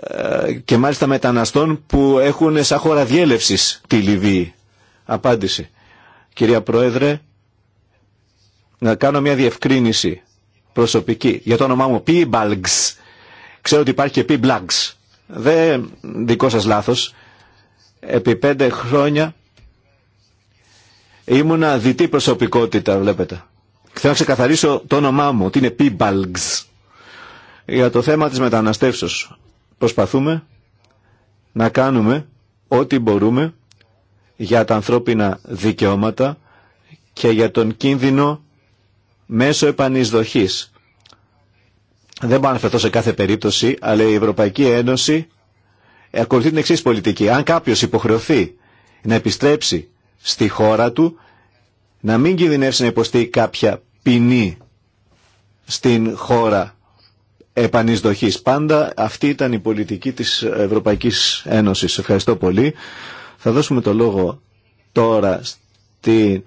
ε, και μάλιστα μεταναστών που έχουν σαν χώρα διέλευσης τη Λιβύη. Απάντηση. Κυρία Πρόεδρε, να κάνω μια διευκρίνηση προσωπική για το όνομά μου Πιμπαλγκς. Ξέρω ότι υπάρχει και Πιμπλαγς. Δεν δικό σας λάθος. Επί πέντε χρόνια ήμουνα διτή προσωπικότητα, βλέπετε. Θέλω να ξεκαθαρίσω το όνομά μου, ότι είναι Πιμπαλγκς. Για το θέμα της μεταναστεύσεως. Προσπαθούμε να κάνουμε ό,τι μπορούμε για τα ανθρώπινα δικαιώματα και για τον κίνδυνο μέσω επανεισδοχής. Δεν μπορώ να σε κάθε περίπτωση, αλλά η Ευρωπαϊκή Ένωση ακολουθεί την εξή πολιτική. Αν κάποιος υποχρεωθεί να επιστρέψει στη χώρα του, να μην κινδυνεύσει να υποστεί κάποια ποινή στην χώρα επανεισδοχής. Πάντα αυτή ήταν η πολιτική της Ευρωπαϊκής Ένωσης. Ευχαριστώ πολύ. Θα δώσουμε το λόγο τώρα στην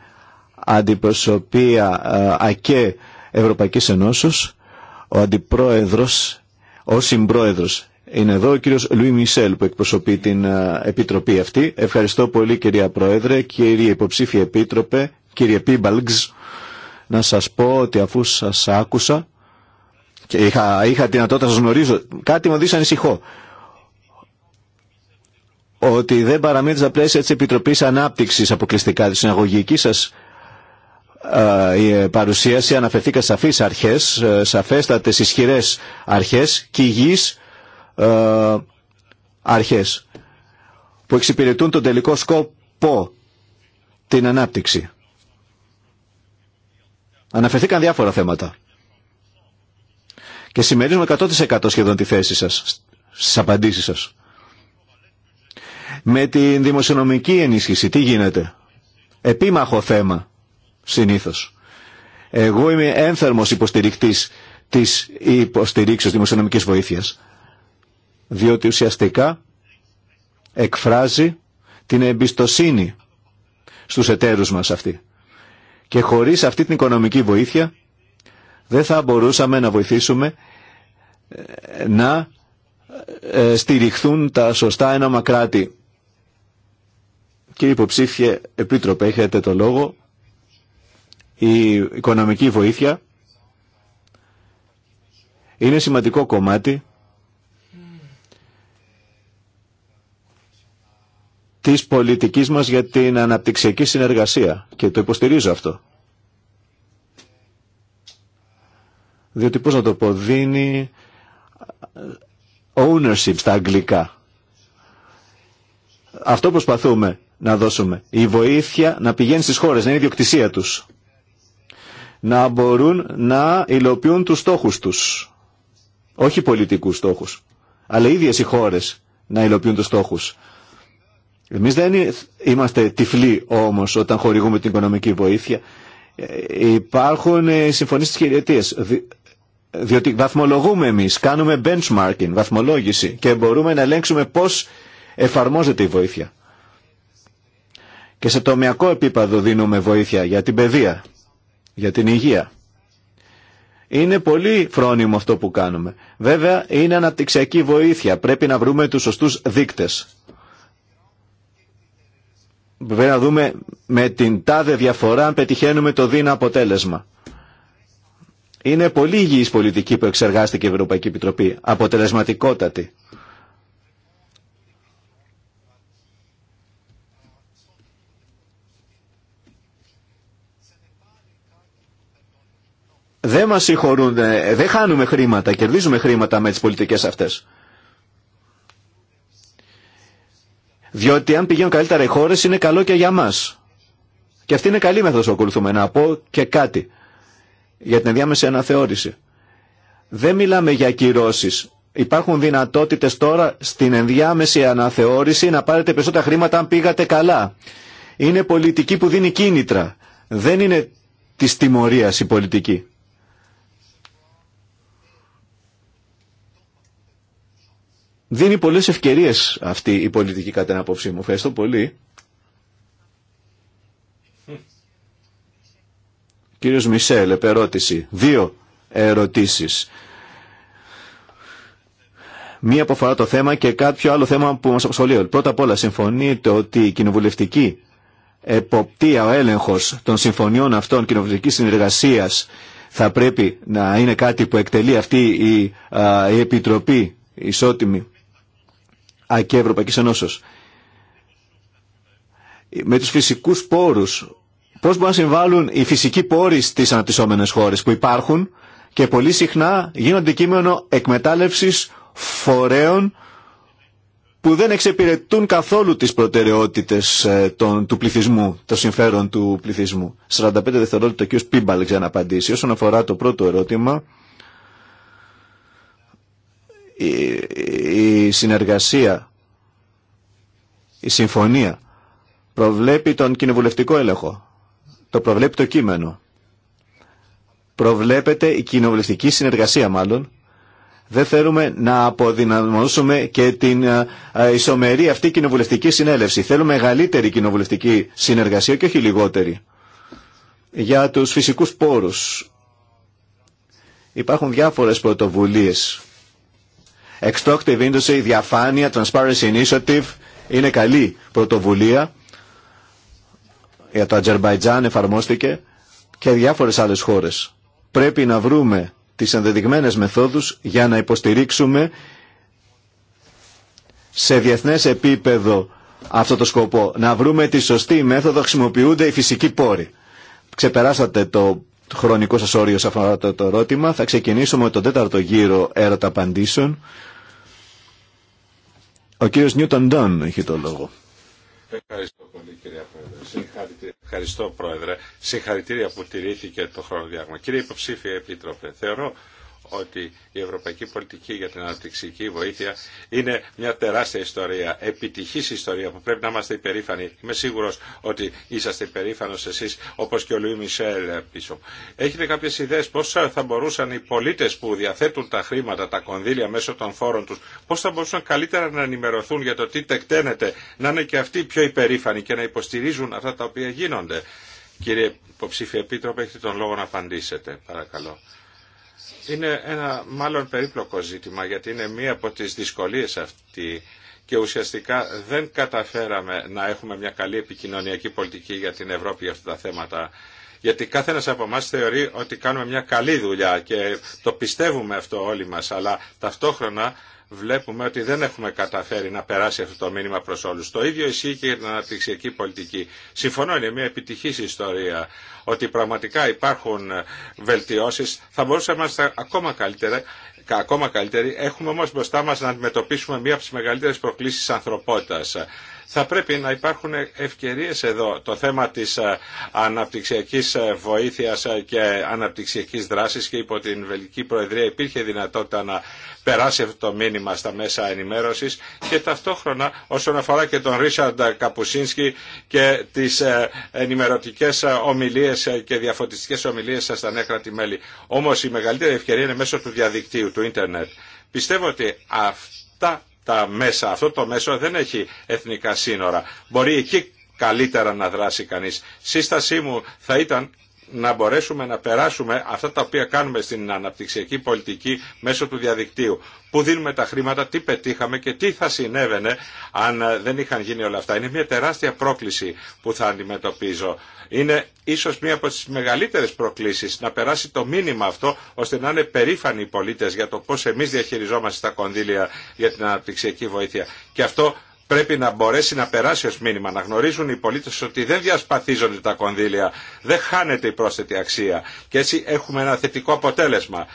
αντιπροσωπεία ε, ΑΚΕ Ευρωπαϊκής Ενώσεως. Ο αντιπρόεδρος, ο συμπρόεδρος είναι εδώ ο κύριος Λουί Μισελ που εκπροσωπεί την ε, Επιτροπή αυτή. Ευχαριστώ πολύ κυρία Πρόεδρε, κύριε Υποψήφια Επίτροπε, κύριε Πίμπαλγκς. Να σας πω ότι αφού σας άκουσα και είχα, είχα δυνατότητα να σας γνωρίζω, κάτι μου δείξει ανησυχώ. Ότι δεν παραμείνετε στα πλαίσια της Επιτροπής Ανάπτυξης αποκλειστικά της συναγωγικής σας η παρουσίαση αναφερθήκα σαφείς αρχές, ε, σαφέστατες ισχυρές αρχές και υγιείς ε, αρχές που εξυπηρετούν τον τελικό σκοπό, την ανάπτυξη. Αναφερθήκαν διάφορα θέματα. Και συμμερίζουμε 100% σχεδόν τη θέση σας, στις απαντήσεις σας. Με την δημοσιονομική ενίσχυση, τι γίνεται. Επίμαχο θέμα, συνήθως. Εγώ είμαι ένθερμος υποστηρικτής της υποστηρίξης δημοσιονομικής βοήθειας. Διότι ουσιαστικά εκφράζει την εμπιστοσύνη στους εταίρους μας αυτή. Και χωρίς αυτή την οικονομική βοήθεια δεν θα μπορούσαμε να βοηθήσουμε ε, να ε, στηριχθούν τα σωστά ένα κράτη. Κύριε υποψήφιε, επίτροπε, έχετε το λόγο. Η οικονομική βοήθεια είναι σημαντικό κομμάτι της πολιτικής μας για την αναπτυξιακή συνεργασία και το υποστηρίζω αυτό. διότι πώς να το πω, δίνει ownership στα αγγλικά. Αυτό προσπαθούμε να δώσουμε. Η βοήθεια να πηγαίνει στις χώρες, να είναι διοκτησία τους. Να μπορούν να υλοποιούν τους στόχους τους. Όχι πολιτικούς στόχους. Αλλά οι ίδιες οι χώρες να υλοποιούν τους στόχους. Εμείς δεν είμαστε τυφλοί όμως όταν χορηγούμε την οικονομική βοήθεια. Ε, υπάρχουν ε, συμφωνίες της διότι βαθμολογούμε εμείς, κάνουμε benchmarking, βαθμολόγηση και μπορούμε να ελέγξουμε πώς εφαρμόζεται η βοήθεια. Και σε τομιακό επίπεδο δίνουμε βοήθεια για την παιδεία, για την υγεία. Είναι πολύ φρόνιμο αυτό που κάνουμε. Βέβαια είναι αναπτυξιακή βοήθεια. Πρέπει να βρούμε τους σωστούς δείκτες. Πρέπει να δούμε με την τάδε διαφορά αν πετυχαίνουμε το δίνα αποτέλεσμα. Είναι πολύ υγιής πολιτική που εξεργάστηκε η Ευρωπαϊκή Επιτροπή, αποτελεσματικότατη. Δεν μας συγχωρούν, δεν χάνουμε χρήματα, κερδίζουμε χρήματα με τις πολιτικές αυτές. Διότι αν πηγαίνουν καλύτερα οι χώρες είναι καλό και για μας. Και αυτή είναι καλή μέθοδος που ακολουθούμε. Να πω και κάτι για την ενδιάμεση αναθεώρηση. Δεν μιλάμε για κυρώσει. Υπάρχουν δυνατότητε τώρα στην ενδιάμεση αναθεώρηση να πάρετε περισσότερα χρήματα αν πήγατε καλά. Είναι πολιτική που δίνει κίνητρα. Δεν είναι τη τιμωρία η πολιτική. Δίνει πολλές ευκαιρίες αυτή η πολιτική κατά την απόψη μου. Ευχαριστώ πολύ. Κύριος Μισελ, επερώτηση. Δύο ερωτήσεις. Μία που αφορά το θέμα και κάποιο άλλο θέμα που μας απασχολεί. Πρώτα απ' όλα, συμφωνείτε ότι η κοινοβουλευτική εποπτεία, ο έλεγχος των συμφωνιών αυτών κοινοβουλευτικής συνεργασίας θα πρέπει να είναι κάτι που εκτελεί αυτή η, Επιτροπή Ισότιμη ΑΚΕ Ευρωπαϊκής Ενώσεως. Με τους φυσικούς πόρους Πώς μπορούν να συμβάλλουν οι φυσικοί πόροι στις αναπτυσσόμενες χώρες που υπάρχουν και πολύ συχνά γίνονται κείμενο εκμετάλλευσης φορέων που δεν εξυπηρετούν καθόλου τις προτεραιότητες ε, του πληθυσμού, των συμφέρων του πληθυσμού. 45 δευτερόλεπτα ο κ. Πίμπαλ ξαναπαντήσει. Όσον αφορά το πρώτο ερώτημα, η, η συνεργασία, η συμφωνία προβλέπει τον κοινοβουλευτικό έλεγχο. Το προβλέπει το κείμενο. Προβλέπεται η κοινοβουλευτική συνεργασία μάλλον. Δεν θέλουμε να αποδυναμώσουμε και την ε, ε, ισομερή αυτή κοινοβουλευτική συνέλευση. Θέλουμε μεγαλύτερη κοινοβουλευτική συνεργασία και όχι λιγότερη. Για τους φυσικούς πόρους υπάρχουν διάφορες πρωτοβουλίες. Extractive Industry, διαφάνεια, Transparency Initiative είναι καλή πρωτοβουλία για ε, το Ατζερμπαϊτζάν εφαρμόστηκε και διάφορες άλλες χώρες. Πρέπει να βρούμε τις ενδεδειγμένες μεθόδους για να υποστηρίξουμε σε διεθνές επίπεδο αυτό το σκοπό. Να βρούμε τη σωστή μέθοδο, χρησιμοποιούνται οι φυσικοί πόροι. Ξεπεράσατε το χρονικό σας όριο σε αυτό το, το ερώτημα. Θα ξεκινήσουμε με τον τέταρτο γύρο έρωτα απαντήσεων. Ο κύριος Νιούτον Ντόν έχει το λόγο. Ευχαριστώ πολύ Ευχαριστώ Πρόεδρε. Συγχαρητήρια που τηρήθηκε το χρονοδιάγραμμα. Κύριε Υποψήφιε Επίτροπε, θεωρώ ότι η ευρωπαϊκή πολιτική για την αναπτυξική βοήθεια είναι μια τεράστια ιστορία, επιτυχή ιστορία που πρέπει να είμαστε υπερήφανοι. Είμαι σίγουρο ότι είσαστε υπερήφανο εσεί, όπω και ο Λουί Μισελ πίσω. Έχετε κάποιε ιδέε πώ θα μπορούσαν οι πολίτε που διαθέτουν τα χρήματα, τα κονδύλια μέσω των φόρων του, πώ θα μπορούσαν καλύτερα να ενημερωθούν για το τι τεκταίνεται, να είναι και αυτοί πιο υπερήφανοι και να υποστηρίζουν αυτά τα οποία γίνονται. Κύριε υποψήφιε επίτροπε, έχετε τον λόγο να απαντήσετε. Παρακαλώ. Είναι ένα μάλλον περίπλοκο ζήτημα γιατί είναι μία από τις δυσκολίες αυτή και ουσιαστικά δεν καταφέραμε να έχουμε μια καλή επικοινωνιακή πολιτική για την Ευρώπη για αυτά τα θέματα. Γιατί κάθε ένας από εμά θεωρεί ότι κάνουμε μια καλή δουλειά και το πιστεύουμε αυτό όλοι μας, αλλά ταυτόχρονα βλέπουμε ότι δεν έχουμε καταφέρει να περάσει αυτό το μήνυμα προς όλους. Το ίδιο ισχύει και για την αναπτυξιακή πολιτική. Συμφωνώ, είναι μια επιτυχής ιστορία ότι πραγματικά υπάρχουν βελτιώσεις. Θα μπορούσαμε να είμαστε ακόμα καλύτερα ακόμα καλύτερη. Έχουμε όμως μπροστά μας να αντιμετωπίσουμε μία από τις μεγαλύτερες προκλήσεις ανθρωπότητας. Θα πρέπει να υπάρχουν ευκαιρίες εδώ. Το θέμα της ε, αναπτυξιακής ε, βοήθειας ε, και αναπτυξιακής δράσης και υπό την Βελική Προεδρία υπήρχε δυνατότητα να περάσει αυτό το μήνυμα στα μέσα ενημέρωσης και ταυτόχρονα όσον αφορά και τον Ρίσαντ Καπουσίνσκι και τις ενημερωτικές ομιλίες και διαφωτιστικές ομιλίες στα νέα κράτη-μέλη. Όμως η μεγαλύτερη ευκαιρία είναι μέσω του διαδικτύου, του ίντερνετ. Πιστεύω ότι αυτά τα μέσα, αυτό το μέσο δεν έχει εθνικά σύνορα. Μπορεί εκεί καλύτερα να δράσει κανείς. Σύστασή μου θα ήταν να μπορέσουμε να περάσουμε αυτά τα οποία κάνουμε στην αναπτυξιακή πολιτική μέσω του διαδικτύου. Πού δίνουμε τα χρήματα, τι πετύχαμε και τι θα συνέβαινε αν ε, δεν είχαν γίνει όλα αυτά. Είναι μια τεράστια πρόκληση που θα αντιμετωπίζω. Είναι ίσως μία από τις μεγαλύτερες προκλήσεις να περάσει το μήνυμα αυτό ώστε να είναι περήφανοι οι πολίτες για το πώς εμείς διαχειριζόμαστε τα κονδύλια για την αναπτυξιακή βοήθεια. Και αυτό πρέπει να μπορέσει να περάσει ως μήνυμα, να γνωρίζουν οι πολίτες ότι δεν διασπαθίζονται τα κονδύλια, δεν χάνεται η πρόσθετη αξία και έτσι έχουμε ένα θετικό αποτέλεσμα.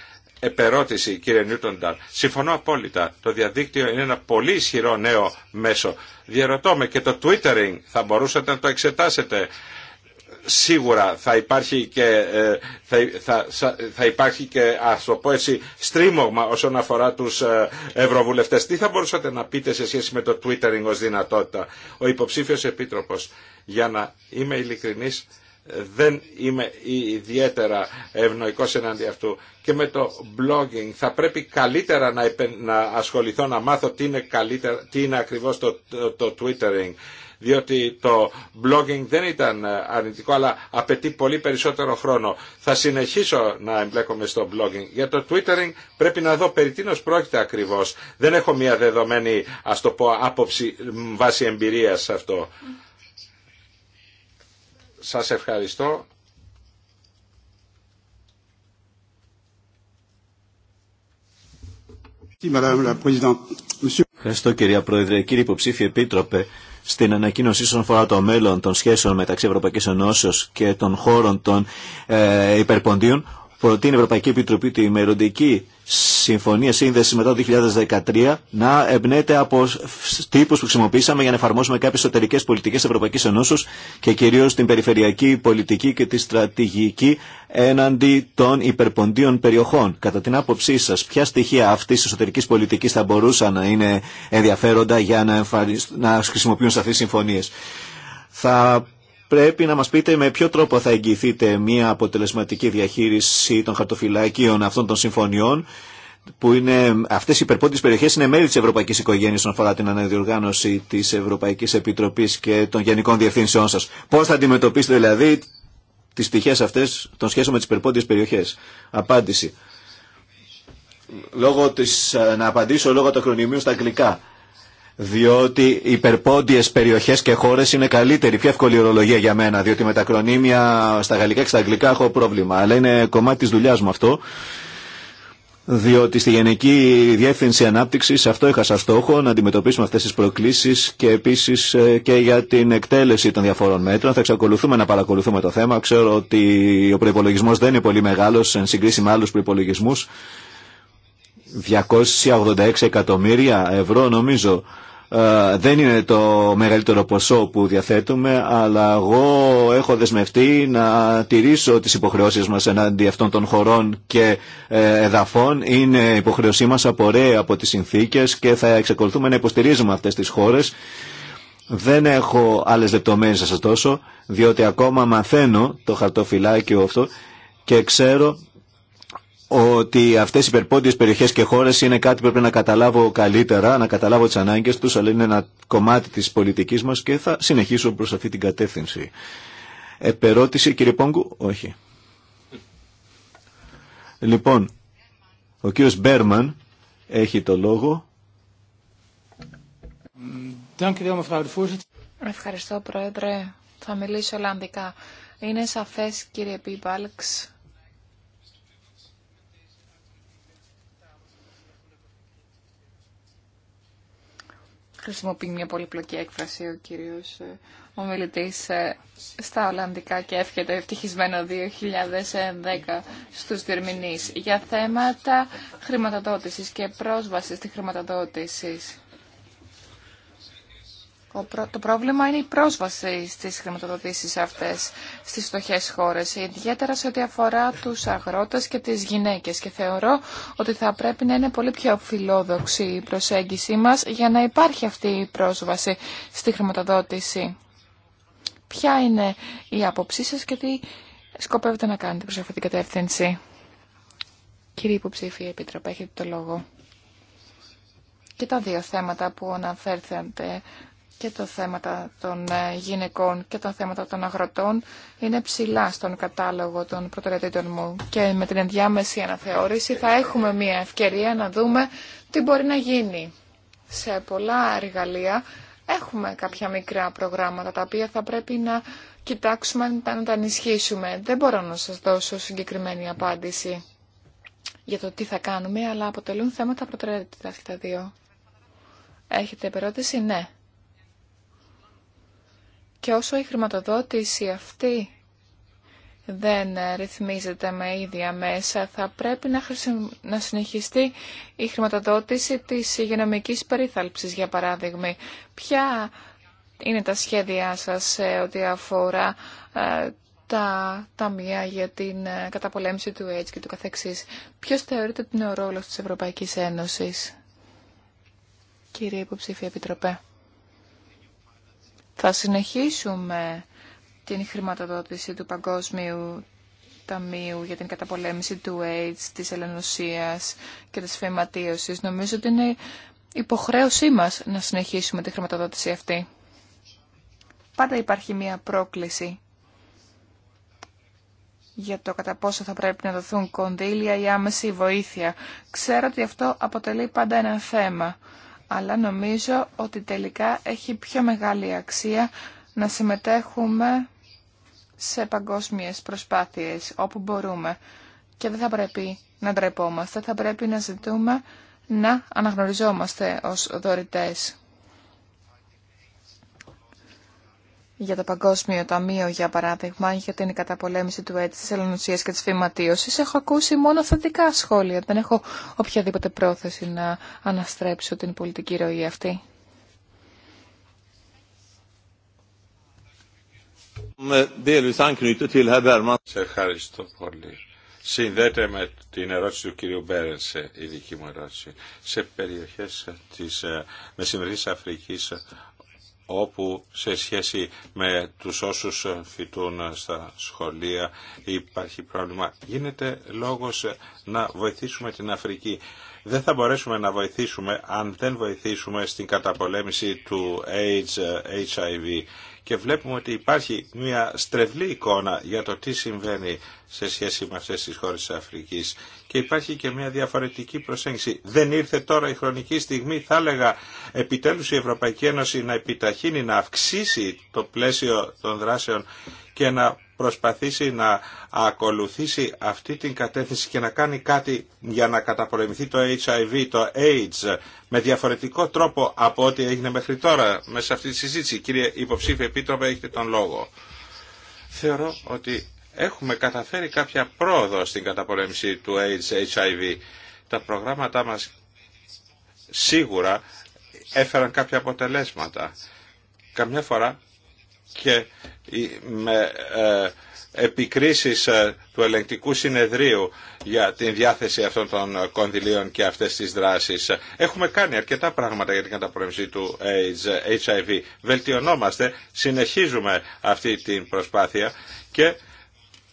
Επερώτηση κύριε Νιούτονταρ. Συμφωνώ απόλυτα. Το διαδίκτυο είναι ένα πολύ ισχυρό νέο μέσο. Διαρωτώ με και το twittering θα μπορούσατε να το εξετάσετε σίγουρα θα υπάρχει και, ε, θα, θα, υπάρχει και ας το πω έτσι, στρίμωγμα όσον αφορά τους ε, ευρωβουλευτές. Τι θα μπορούσατε να πείτε σε σχέση με το twittering ως δυνατότητα. Ο υποψήφιος επίτροπος, για να είμαι ειλικρινής, δεν είμαι ιδιαίτερα ευνοϊκός εναντί αυτού και με το blogging θα πρέπει καλύτερα να ασχοληθώ να μάθω τι είναι, καλύτερα, ακριβώς το, το, το twittering διότι το blogging δεν ήταν ε, αρνητικό, αλλά απαιτεί πολύ περισσότερο χρόνο. Θα συνεχίσω να εμπλέκομαι στο blogging. Για το twittering πρέπει να δω περί τίνος πρόκειται ακριβώς. Δεν έχω μια δεδομένη, ας το πω, άποψη βάσει εμπειρίας σε αυτό. Σας ευχαριστώ. Ευχαριστώ κυρία Πρόεδρε. Κύριε Υποψήφιε Επίτροπε, στην ανακοίνωση όσον αφορά το μέλλον των σχέσεων μεταξύ Ευρωπαϊκής Ενώσεως και των χώρων των ε, υπερποντίων προτείνει η Ευρωπαϊκή Επιτροπή τη μεροντική συμφωνία σύνδεση μετά το 2013 να εμπνέεται από τύπου που χρησιμοποιήσαμε για να εφαρμόσουμε κάποιε εσωτερικέ πολιτικέ Ευρωπαϊκή Ενώσεω και κυρίω την περιφερειακή πολιτική και τη στρατηγική έναντι των υπερποντίων περιοχών. Κατά την άποψή σα, ποια στοιχεία αυτή τη εσωτερική πολιτική θα μπορούσαν να είναι ενδιαφέροντα για να, να χρησιμοποιούν σε αυτέ τι συμφωνίε. Θα πρέπει να μας πείτε με ποιο τρόπο θα εγγυηθείτε μια αποτελεσματική διαχείριση των χαρτοφυλακίων αυτών των συμφωνιών που είναι, αυτές οι υπερπόντιες περιοχές είναι μέλη της Ευρωπαϊκής Οικογένειας όσον αφορά την αναδιοργάνωση της Ευρωπαϊκής Επιτροπής και των Γενικών Διευθύνσεών σας. Πώς θα αντιμετωπίσετε δηλαδή τις πτυχές αυτές των σχέσεων με τις υπερπόντιες περιοχές. Απάντηση. Λόγω της, να απαντήσω λόγω του ακρονιμίου στα αγγλικά διότι υπερπόντιες περιοχές και χώρες είναι καλύτερη, πιο εύκολη ορολογία για μένα, διότι με τα κρονίμια στα γαλλικά και στα αγγλικά έχω πρόβλημα, αλλά είναι κομμάτι της δουλειάς μου αυτό, διότι στη Γενική Διεύθυνση Ανάπτυξης αυτό είχα σαν στόχο, να αντιμετωπίσουμε αυτές τις προκλήσεις και επίσης ε, και για την εκτέλεση των διαφόρων μέτρων. Θα εξακολουθούμε να παρακολουθούμε το θέμα. Ξέρω ότι ο προπολογισμό δεν είναι πολύ μεγάλος σε συγκρίση με άλλους προπολογισμού. 286 εκατομμύρια ευρώ νομίζω ε, δεν είναι το μεγαλύτερο ποσό που διαθέτουμε, αλλά εγώ έχω δεσμευτεί να τηρήσω τις υποχρεώσεις μας εναντί αυτών των χωρών και ε, εδαφών. Είναι υποχρεωσή μας απορρέει από τις συνθήκες και θα εξακολουθούμε να υποστηρίζουμε αυτές τις χώρες. Δεν έχω άλλες λεπτομέρειες να σας δώσω, διότι ακόμα μαθαίνω το χαρτοφυλάκιο αυτό και ξέρω ότι αυτές οι υπερπόντιες περιοχές και χώρες είναι κάτι που πρέπει να καταλάβω καλύτερα, να καταλάβω τις ανάγκες τους, αλλά είναι ένα κομμάτι της πολιτικής μας και θα συνεχίσω προς αυτή την κατεύθυνση. Επερώτηση κύριε Πόγκου, όχι. Λοιπόν, ο κύριος Μπέρμαν έχει το λόγο. Ευχαριστώ πρόεδρε, θα μιλήσω ολλανδικά. Είναι σαφές κύριε Πίμπαλξ χρησιμοποιεί μια πολυπλοκή έκφραση ο κύριος ε, ομιλητής ε, στα Ολλανδικά και εύχεται ευτυχισμένο 2010 στους διερμηνείς για θέματα χρηματοδότησης και πρόσβασης στη χρηματοδότηση. Το πρόβλημα είναι η πρόσβαση στις χρηματοδοτήσεις αυτές στις στοχές χώρες, ιδιαίτερα σε ό,τι αφορά τους αγρότες και τις γυναίκες. Και θεωρώ ότι θα πρέπει να είναι πολύ πιο φιλόδοξη η προσέγγιση μας για να υπάρχει αυτή η πρόσβαση στη χρηματοδότηση. Ποια είναι η άποψή σας και τι σκοπεύετε να κάνετε προς αυτή την κατεύθυνση. Κύριε Υποψήφια Επίτροπα, έχετε το λόγο. Και τα δύο θέματα που αναφέρθατε και τα θέματα των ε, γυναικών και τα θέματα των αγροτών είναι ψηλά στον κατάλογο των προτεραιοτήτων μου και με την ενδιάμεση αναθεώρηση θα έχουμε μια ευκαιρία να δούμε τι μπορεί να γίνει. Σε πολλά εργαλεία έχουμε κάποια μικρά προγράμματα τα οποία θα πρέπει να κοιτάξουμε να τα ενισχύσουμε. Δεν μπορώ να σας δώσω συγκεκριμένη απάντηση για το τι θα κάνουμε, αλλά αποτελούν θέματα προτεραιότητα και τα δύο. Έχετε περώτηση, ναι. Και όσο η χρηματοδότηση αυτή δεν ε, ρυθμίζεται με ίδια μέσα, θα πρέπει να, συνεχιστεί η χρηματοδότηση της υγειονομικής περίθαλψης, για παράδειγμα. Ποια είναι τα σχέδιά σας σε ό,τι αφορά ε, τα ταμεία για την ε, καταπολέμηση του AIDS και του καθεξής. Ποιος θεωρείται ότι είναι ο ρόλος της Ευρωπαϊκής Ένωσης, κύριε Υποψήφια Επιτροπέ. Θα συνεχίσουμε την χρηματοδότηση του Παγκόσμιου Ταμείου για την καταπολέμηση του AIDS, της ελληνοσίας και της φαιματίωσης. Νομίζω ότι είναι υποχρέωσή μας να συνεχίσουμε τη χρηματοδότηση αυτή. Πάντα υπάρχει μία πρόκληση για το κατά πόσο θα πρέπει να δοθούν κονδύλια ή άμεση βοήθεια. Ξέρω ότι αυτό αποτελεί πάντα ένα θέμα αλλά νομίζω ότι τελικά έχει πιο μεγάλη αξία να συμμετέχουμε σε παγκόσμιες προσπάθειες όπου μπορούμε και δεν θα πρέπει να ντρεπόμαστε, θα πρέπει να ζητούμε να αναγνωριζόμαστε ως δωρητές. για το Παγκόσμιο Ταμείο, για παράδειγμα, για την καταπολέμηση του έτσι, τη Ελληνοσία και τη φυματίωση, έχω ακούσει μόνο θετικά σχόλια. Δεν έχω οποιαδήποτε πρόθεση να αναστρέψω την πολιτική ροή αυτή. Σε ευχαριστώ πολύ. Συνδέεται με την ερώτηση του κυρίου Μπέρενσε, η δική μου ερώτηση. Σε περιοχές της ε, μεσημερινή Αφρικής όπου σε σχέση με τους όσους φοιτούν στα σχολεία υπάρχει πρόβλημα. Γίνεται λόγος να βοηθήσουμε την Αφρική. Δεν θα μπορέσουμε να βοηθήσουμε αν δεν βοηθήσουμε στην καταπολέμηση του AIDS, HIV και βλέπουμε ότι υπάρχει μια στρεβλή εικόνα για το τι συμβαίνει σε σχέση με αυτές τις χώρες της Αφρικής και υπάρχει και μια διαφορετική προσέγγιση. Δεν ήρθε τώρα η χρονική στιγμή, θα έλεγα, επιτέλους η Ευρωπαϊκή Ένωση να επιταχύνει, να αυξήσει το πλαίσιο των δράσεων και να προσπαθήσει να ακολουθήσει αυτή την κατεύθυνση και να κάνει κάτι για να καταπολεμηθεί το HIV, το AIDS, με διαφορετικό τρόπο από ό,τι έγινε μέχρι τώρα μέσα σε αυτή τη συζήτηση. Κύριε Υποψήφιε Επίτροπε, έχετε τον λόγο. Θεωρώ ότι έχουμε καταφέρει κάποια πρόοδο στην καταπολέμηση του AIDS, HIV. Τα προγράμματά μας σίγουρα έφεραν κάποια αποτελέσματα. Καμιά φορά και με ε, επικρίσεις ε, του ελεγκτικού συνεδρίου για την διάθεση αυτών των κονδυλίων και αυτές τις δράσεις. Έχουμε κάνει αρκετά πράγματα για την καταπολέμηση του HIV. Βελτιωνόμαστε, συνεχίζουμε αυτή την προσπάθεια και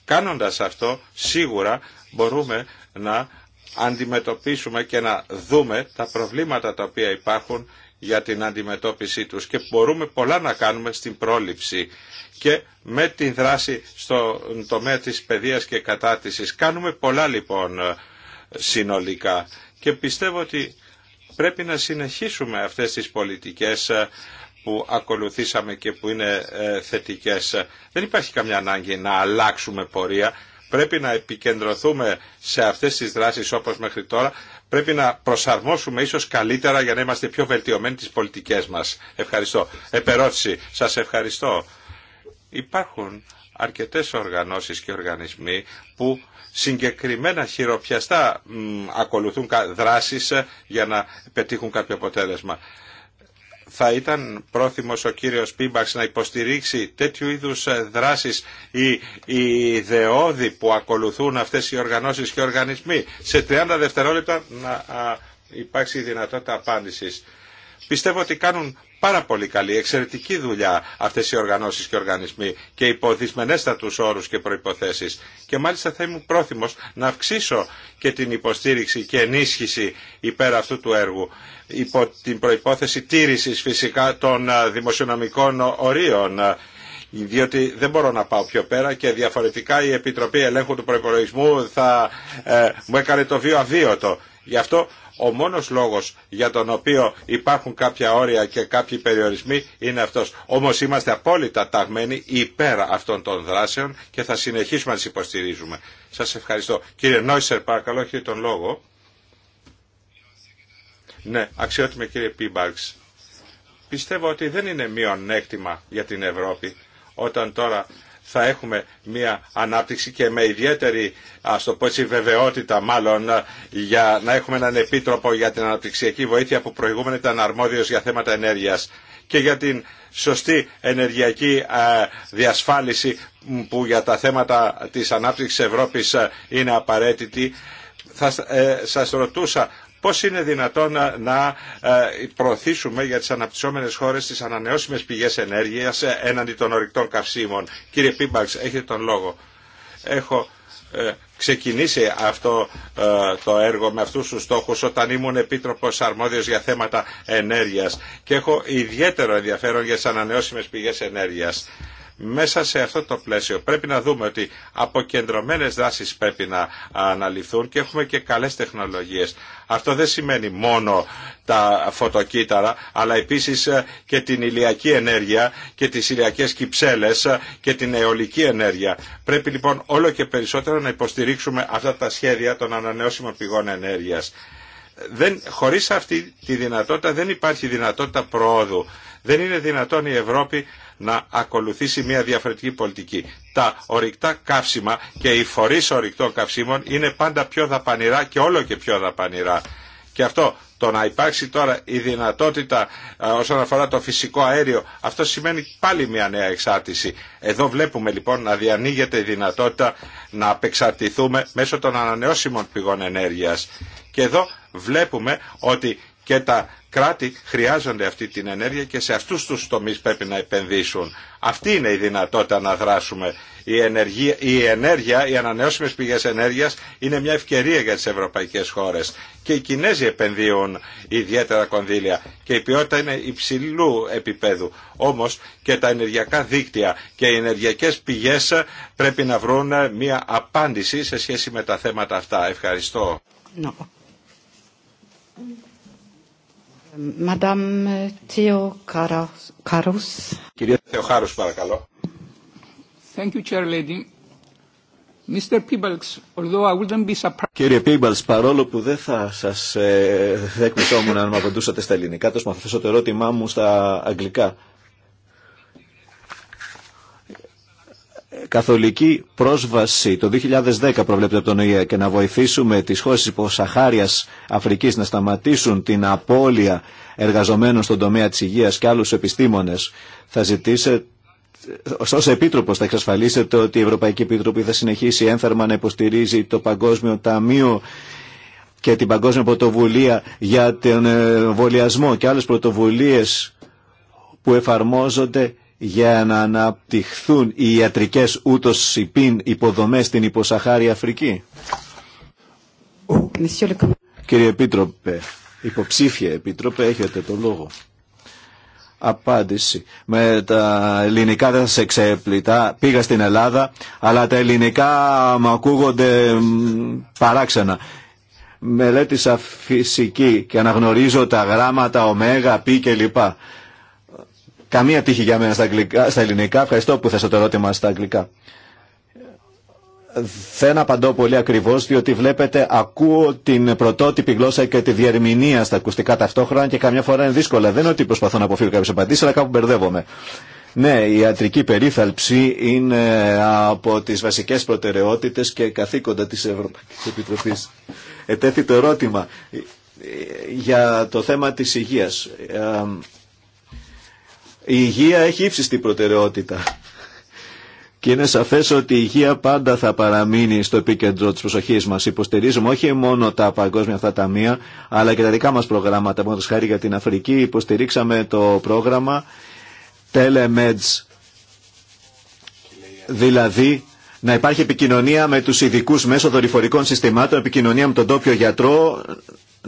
κάνοντας αυτό σίγουρα μπορούμε να αντιμετωπίσουμε και να δούμε τα προβλήματα τα οποία υπάρχουν για την αντιμετώπιση τους και μπορούμε πολλά να κάνουμε στην πρόληψη και με την δράση στον τομέα της παιδείας και κατάτησης. Κάνουμε πολλά λοιπόν ε, συνολικά και πιστεύω ότι πρέπει να συνεχίσουμε αυτές τις πολιτικές ε, που ακολουθήσαμε και που είναι ε, θετικές. Δεν υπάρχει καμιά ανάγκη να αλλάξουμε πορεία. Πρέπει να επικεντρωθούμε σε αυτές τις δράσεις όπως μέχρι τώρα. Πρέπει να προσαρμόσουμε ίσως καλύτερα για να είμαστε πιο βελτιωμένοι τις πολιτικές μας. Ευχαριστώ. Επερώτηση. Σας ευχαριστώ. Υπάρχουν αρκετές οργανώσεις και οργανισμοί που συγκεκριμένα χειροπιαστά ακολουθούν δράσεις ε, για να πετύχουν κάποιο αποτέλεσμα θα ήταν πρόθυμος ο κύριος Πίμπαξ να υποστηρίξει τέτοιου είδους ε, δράσεις ή οι ιδεώδη που ακολουθούν αυτές οι οργανώσεις και οργανισμοί. Σε 30 δευτερόλεπτα να υπάρξει δυνατότητα απάντησης. Πιστεύω ότι κάνουν Πάρα πολύ καλή, εξαιρετική δουλειά αυτέ οι οργανώσει και οργανισμοί και υπό τους όρου και προποθέσει. Και μάλιστα θα ήμουν πρόθυμο να αυξήσω και την υποστήριξη και ενίσχυση υπέρ αυτού του έργου υπό την προϋπόθεση τήρησης φυσικά των δημοσιονομικών ορίων διότι δεν μπορώ να πάω πιο πέρα και διαφορετικά η Επιτροπή Ελέγχου του προπολογισμού θα ε, μου έκανε το βίο αβίωτο. Γι' αυτό ο μόνος λόγος για τον οποίο υπάρχουν κάποια όρια και κάποιοι περιορισμοί είναι αυτός. Όμως είμαστε απόλυτα ταγμένοι υπέρ αυτών των δράσεων και θα συνεχίσουμε να τις υποστηρίζουμε. Σας ευχαριστώ. Κύριε Νόισερ παρακαλώ έχετε τον λόγο. Ναι, αξιότιμε κύριε Πίμπαρξ. Πιστεύω ότι δεν είναι μειονέκτημα για την Ευρώπη όταν τώρα θα έχουμε μια ανάπτυξη και με ιδιαίτερη ας το πω έτσι βεβαιότητα μάλλον ε, για να έχουμε έναν επίτροπο για την αναπτυξιακή βοήθεια που προηγούμενα ήταν αρμόδιος για θέματα ενέργειας και για την σωστή ενεργειακή ε, διασφάλιση που για τα θέματα της ανάπτυξης Ευρώπης ε, είναι απαραίτητη θα σας ρωτούσα πώς είναι δυνατόν να ε, προωθήσουμε για τις αναπτυσσόμενες χώρες τις ανανεώσιμες πηγές ενέργειας ε, έναντι των ορυκτών καυσίμων. Κύριε Πίμπαξ, έχετε τον λόγο. Έχω ε, ξεκινήσει αυτό το έργο με αυτούς τους στόχους όταν ήμουν επίτροπος αρμόδιος για θέματα ενέργειας και έχω ιδιαίτερο ενδιαφέρον για τις ανανεώσιμες πηγές ενέργειας. Μέσα σε αυτό το πλαίσιο πρέπει να δούμε ότι αποκεντρωμένες δράσεις πρέπει να αναλυθούν και έχουμε και καλές τεχνολογίες. Αυτό δεν σημαίνει μόνο τα φωτοκύτταρα, αλλά επίσης ε, και την ηλιακή ενέργεια και τις ηλιακές κυψέλες ε, και την αιωλική ενέργεια. Πρέπει λοιπόν όλο και περισσότερο να υποστηρίξουμε αυτά τα σχέδια των ανανεώσιμων πηγών ενέργειας. Δεν, χωρίς αυτή τη δυνατότητα δεν υπάρχει δυνατότητα προόδου. Δεν είναι δυνατόν η Ευρώπη να ακολουθήσει μια διαφορετική πολιτική. Τα ορυκτά καύσιμα και οι φορείς ορυκτών καυσίμων είναι πάντα πιο δαπανηρά και όλο και πιο δαπανηρά. Και αυτό το να υπάρξει τώρα η δυνατότητα ε, όσον αφορά το φυσικό αέριο, αυτό σημαίνει πάλι μια νέα εξάρτηση. Εδώ βλέπουμε λοιπόν να διανοίγεται η δυνατότητα να απεξαρτηθούμε μέσω των ανανεώσιμων πηγών ενέργειας. Και εδώ βλέπουμε ότι και τα κράτη χρειάζονται αυτή την ενέργεια και σε αυτούς τους τομείς πρέπει να επενδύσουν. Αυτή είναι η δυνατότητα να δράσουμε. Η, ενεργία, η ενέργεια, οι ανανεώσιμες πηγές ενέργειας είναι μια ευκαιρία για τις ευρωπαϊκές χώρες. Και οι Κινέζοι επενδύουν ιδιαίτερα κονδύλια και η ποιότητα είναι υψηλού επίπεδου. Όμως και τα ενεργειακά δίκτυα και οι ενεργειακές πηγές πρέπει να βρουν μια απάντηση σε σχέση με τα θέματα αυτά. Ευχαριστώ. Madame Κυρία Θεοχάρους, παρακαλώ. Thank you, Chair Lady. Mr. Peebles, although I wouldn't be surprised... Κύριε Πίμπαλς, παρόλο που δεν θα σας ε, εκπλησόμουν αν μου απαντούσατε στα ελληνικά, τόσο θα θέσω το ερώτημά μου στα αγγλικά. καθολική πρόσβαση το 2010 προβλέπεται από τον ΟΗΕ και να βοηθήσουμε τις χώρες της υποσαχάριας Αφρικής να σταματήσουν την απώλεια εργαζομένων στον τομέα της υγείας και άλλους επιστήμονες θα ζητήσετε ως Επίτροπο, θα εξασφαλίσετε ότι η Ευρωπαϊκή Επιτροπή θα συνεχίσει ένθερμα να υποστηρίζει το Παγκόσμιο Ταμείο και την Παγκόσμια Πρωτοβουλία για τον εμβολιασμό και άλλες πρωτοβουλίες που εφαρμόζονται για να αναπτυχθούν οι ιατρικές ούτως υπήν υποδομές στην υποσαχάρη Αφρική. Κύριε Επίτροπε, υποψήφια Επίτροπε, έχετε το λόγο. Απάντηση. Με τα ελληνικά δεν σε ξέπλητα. Πήγα στην Ελλάδα, αλλά τα ελληνικά μου ακούγονται παράξενα. Μελέτησα φυσική και αναγνωρίζω τα γράμματα ωμέγα, πι και λοιπά. Καμία τύχη για μένα στα, αγγλικά, στα ελληνικά. Ευχαριστώ που θέσατε το ερώτημα στα αγγλικά. Δεν απαντώ πολύ ακριβώ, διότι βλέπετε, ακούω την πρωτότυπη γλώσσα και τη διερμηνία στα ακουστικά ταυτόχρονα και καμιά φορά είναι δύσκολα. Δεν είναι ότι προσπαθώ να αποφύγω κάποιε απαντήσει, αλλά κάπου μπερδεύομαι. Ναι, η ιατρική περίθαλψη είναι από τις βασικές προτεραιότητες και καθήκοντα της Ευρωπαϊκής Επιτροπής. Ετέθη το ερώτημα για το θέμα της υγείας. Ε, η υγεία έχει ύψιστη προτεραιότητα. Και είναι σαφέ ότι η υγεία πάντα θα παραμείνει στο επίκεντρο τη προσοχή μα. Υποστηρίζουμε όχι μόνο τα παγκόσμια αυτά ταμεία, αλλά και τα δικά μας προγράμματα. Μόνο χάρη για την Αφρική υποστηρίξαμε το πρόγραμμα Telemeds. Δηλαδή να υπάρχει επικοινωνία με τους ειδικού μέσω δορυφορικών συστημάτων, επικοινωνία με τον τόπιο γιατρό,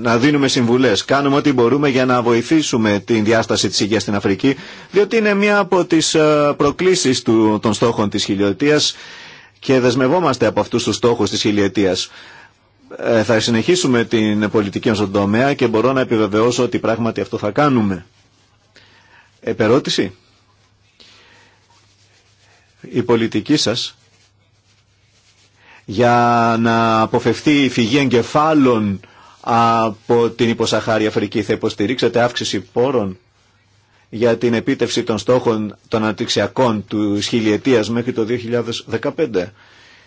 να δίνουμε συμβουλέ. Κάνουμε ό,τι μπορούμε για να βοηθήσουμε την διάσταση τη υγεία στην Αφρική, διότι είναι μία από τι ε, προκλήσει των στόχων τη χιλιοετία και δεσμευόμαστε από αυτού του στόχου τη χιλιετία. Ε, θα συνεχίσουμε την πολιτική μα στον τομέα και μπορώ να επιβεβαιώσω ότι πράγματι αυτό θα κάνουμε. Επερώτηση. Η πολιτική σας για να αποφευθεί η φυγή εγκεφάλων από την υποσαχάρη Αφρική. Θα υποστηρίξετε αύξηση πόρων για την επίτευξη των στόχων των αναπτυξιακών του χιλιετίας μέχρι το 2015.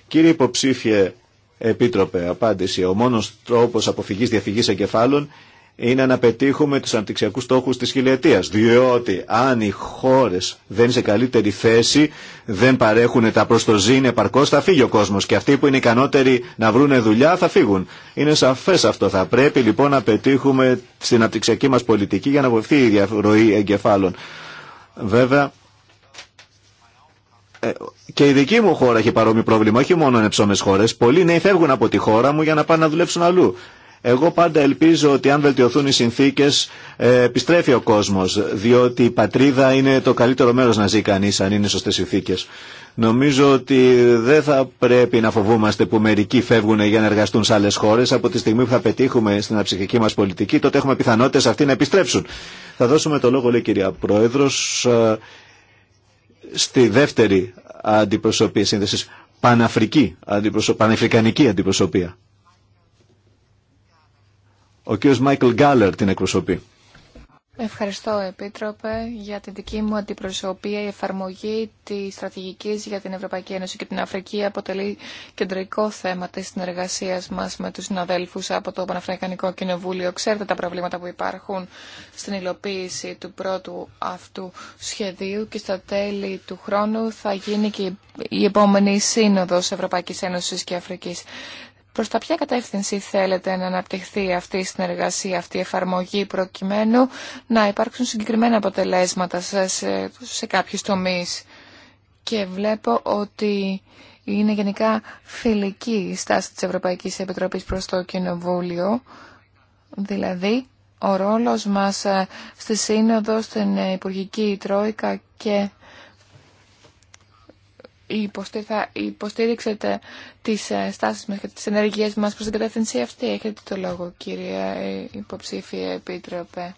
Κύριε υποψήφιε Επίτροπε, απάντηση. Ο μόνος τρόπος αποφυγής διαφυγής εγκεφάλων είναι να πετύχουμε τους αναπτυξιακούς στόχους της χιλιετίας. Διότι αν οι χώρες δεν είναι σε καλύτερη θέση, δεν παρέχουν τα προστοζήν επαρκώς, θα φύγει ο κόσμος. Και αυτοί που είναι ικανότεροι να βρουν δουλειά θα φύγουν. Είναι σαφές αυτό. Θα πρέπει λοιπόν να πετύχουμε στην αναπτυξιακή μας πολιτική για να βοηθεί η διαρροή εγκεφάλων. Βέβαια, ε, και η δική μου χώρα έχει παρόμοιο πρόβλημα, όχι μόνο ανεψόμενε χώρε. Πολλοί νέοι φεύγουν από τη χώρα μου για να πάνε να δουλέψουν αλλού. Εγώ πάντα ελπίζω ότι αν βελτιωθούν οι συνθήκες ε, επιστρέφει ο κόσμος, διότι η πατρίδα είναι το καλύτερο μέρος να ζει κανείς αν είναι σωστές συνθήκες. Νομίζω ότι δεν θα πρέπει να φοβούμαστε που μερικοί φεύγουν για να εργαστούν σε άλλες χώρες. Από τη στιγμή που θα πετύχουμε στην ψυχική μας πολιτική, τότε έχουμε πιθανότητες αυτοί να επιστρέψουν. Θα δώσουμε το λόγο, λέει κυρία Πρόεδρος, ε, στη δεύτερη αντιπροσωπή σύνδεσης, παναφρική, αντιπροσω... πανεφρικανική αντιπροσωπεία. Ο κ. Μάικλ Γκάλερ την εκπροσωπεί. Ευχαριστώ, Επίτροπε, για την δική μου αντιπροσωπεία. Η εφαρμογή τη στρατηγική για την Ευρωπαϊκή Ένωση και την Αφρική αποτελεί κεντρικό θέμα τη συνεργασία μα με του συναδέλφου από το Παναφρικανικό Κοινοβούλιο. Ξέρετε τα προβλήματα που υπάρχουν στην υλοποίηση του πρώτου αυτού σχεδίου και στα τέλη του χρόνου θα γίνει και η επόμενη σύνοδο Ευρωπαϊκή Ένωση και Αφρική. Προς τα ποια κατεύθυνση θέλετε να αναπτυχθεί αυτή η συνεργασία, αυτή η εφαρμογή προκειμένου να υπάρξουν συγκεκριμένα αποτελέσματα σε, σε, σε κάποιους τομείς. Και βλέπω ότι είναι γενικά φιλική η στάση της Ευρωπαϊκής Επιτροπής προς το Κοινοβούλιο, δηλαδή ο ρόλος μας ε, στη Σύνοδο, στην Υπουργική Τρόικα και υποστήριξετε τις ε, στάσεις μας και τις ενεργειές μας προς την κατεύθυνση αυτή. Έχετε το λόγο, κύριε ε, υποψήφιε επίτροπε.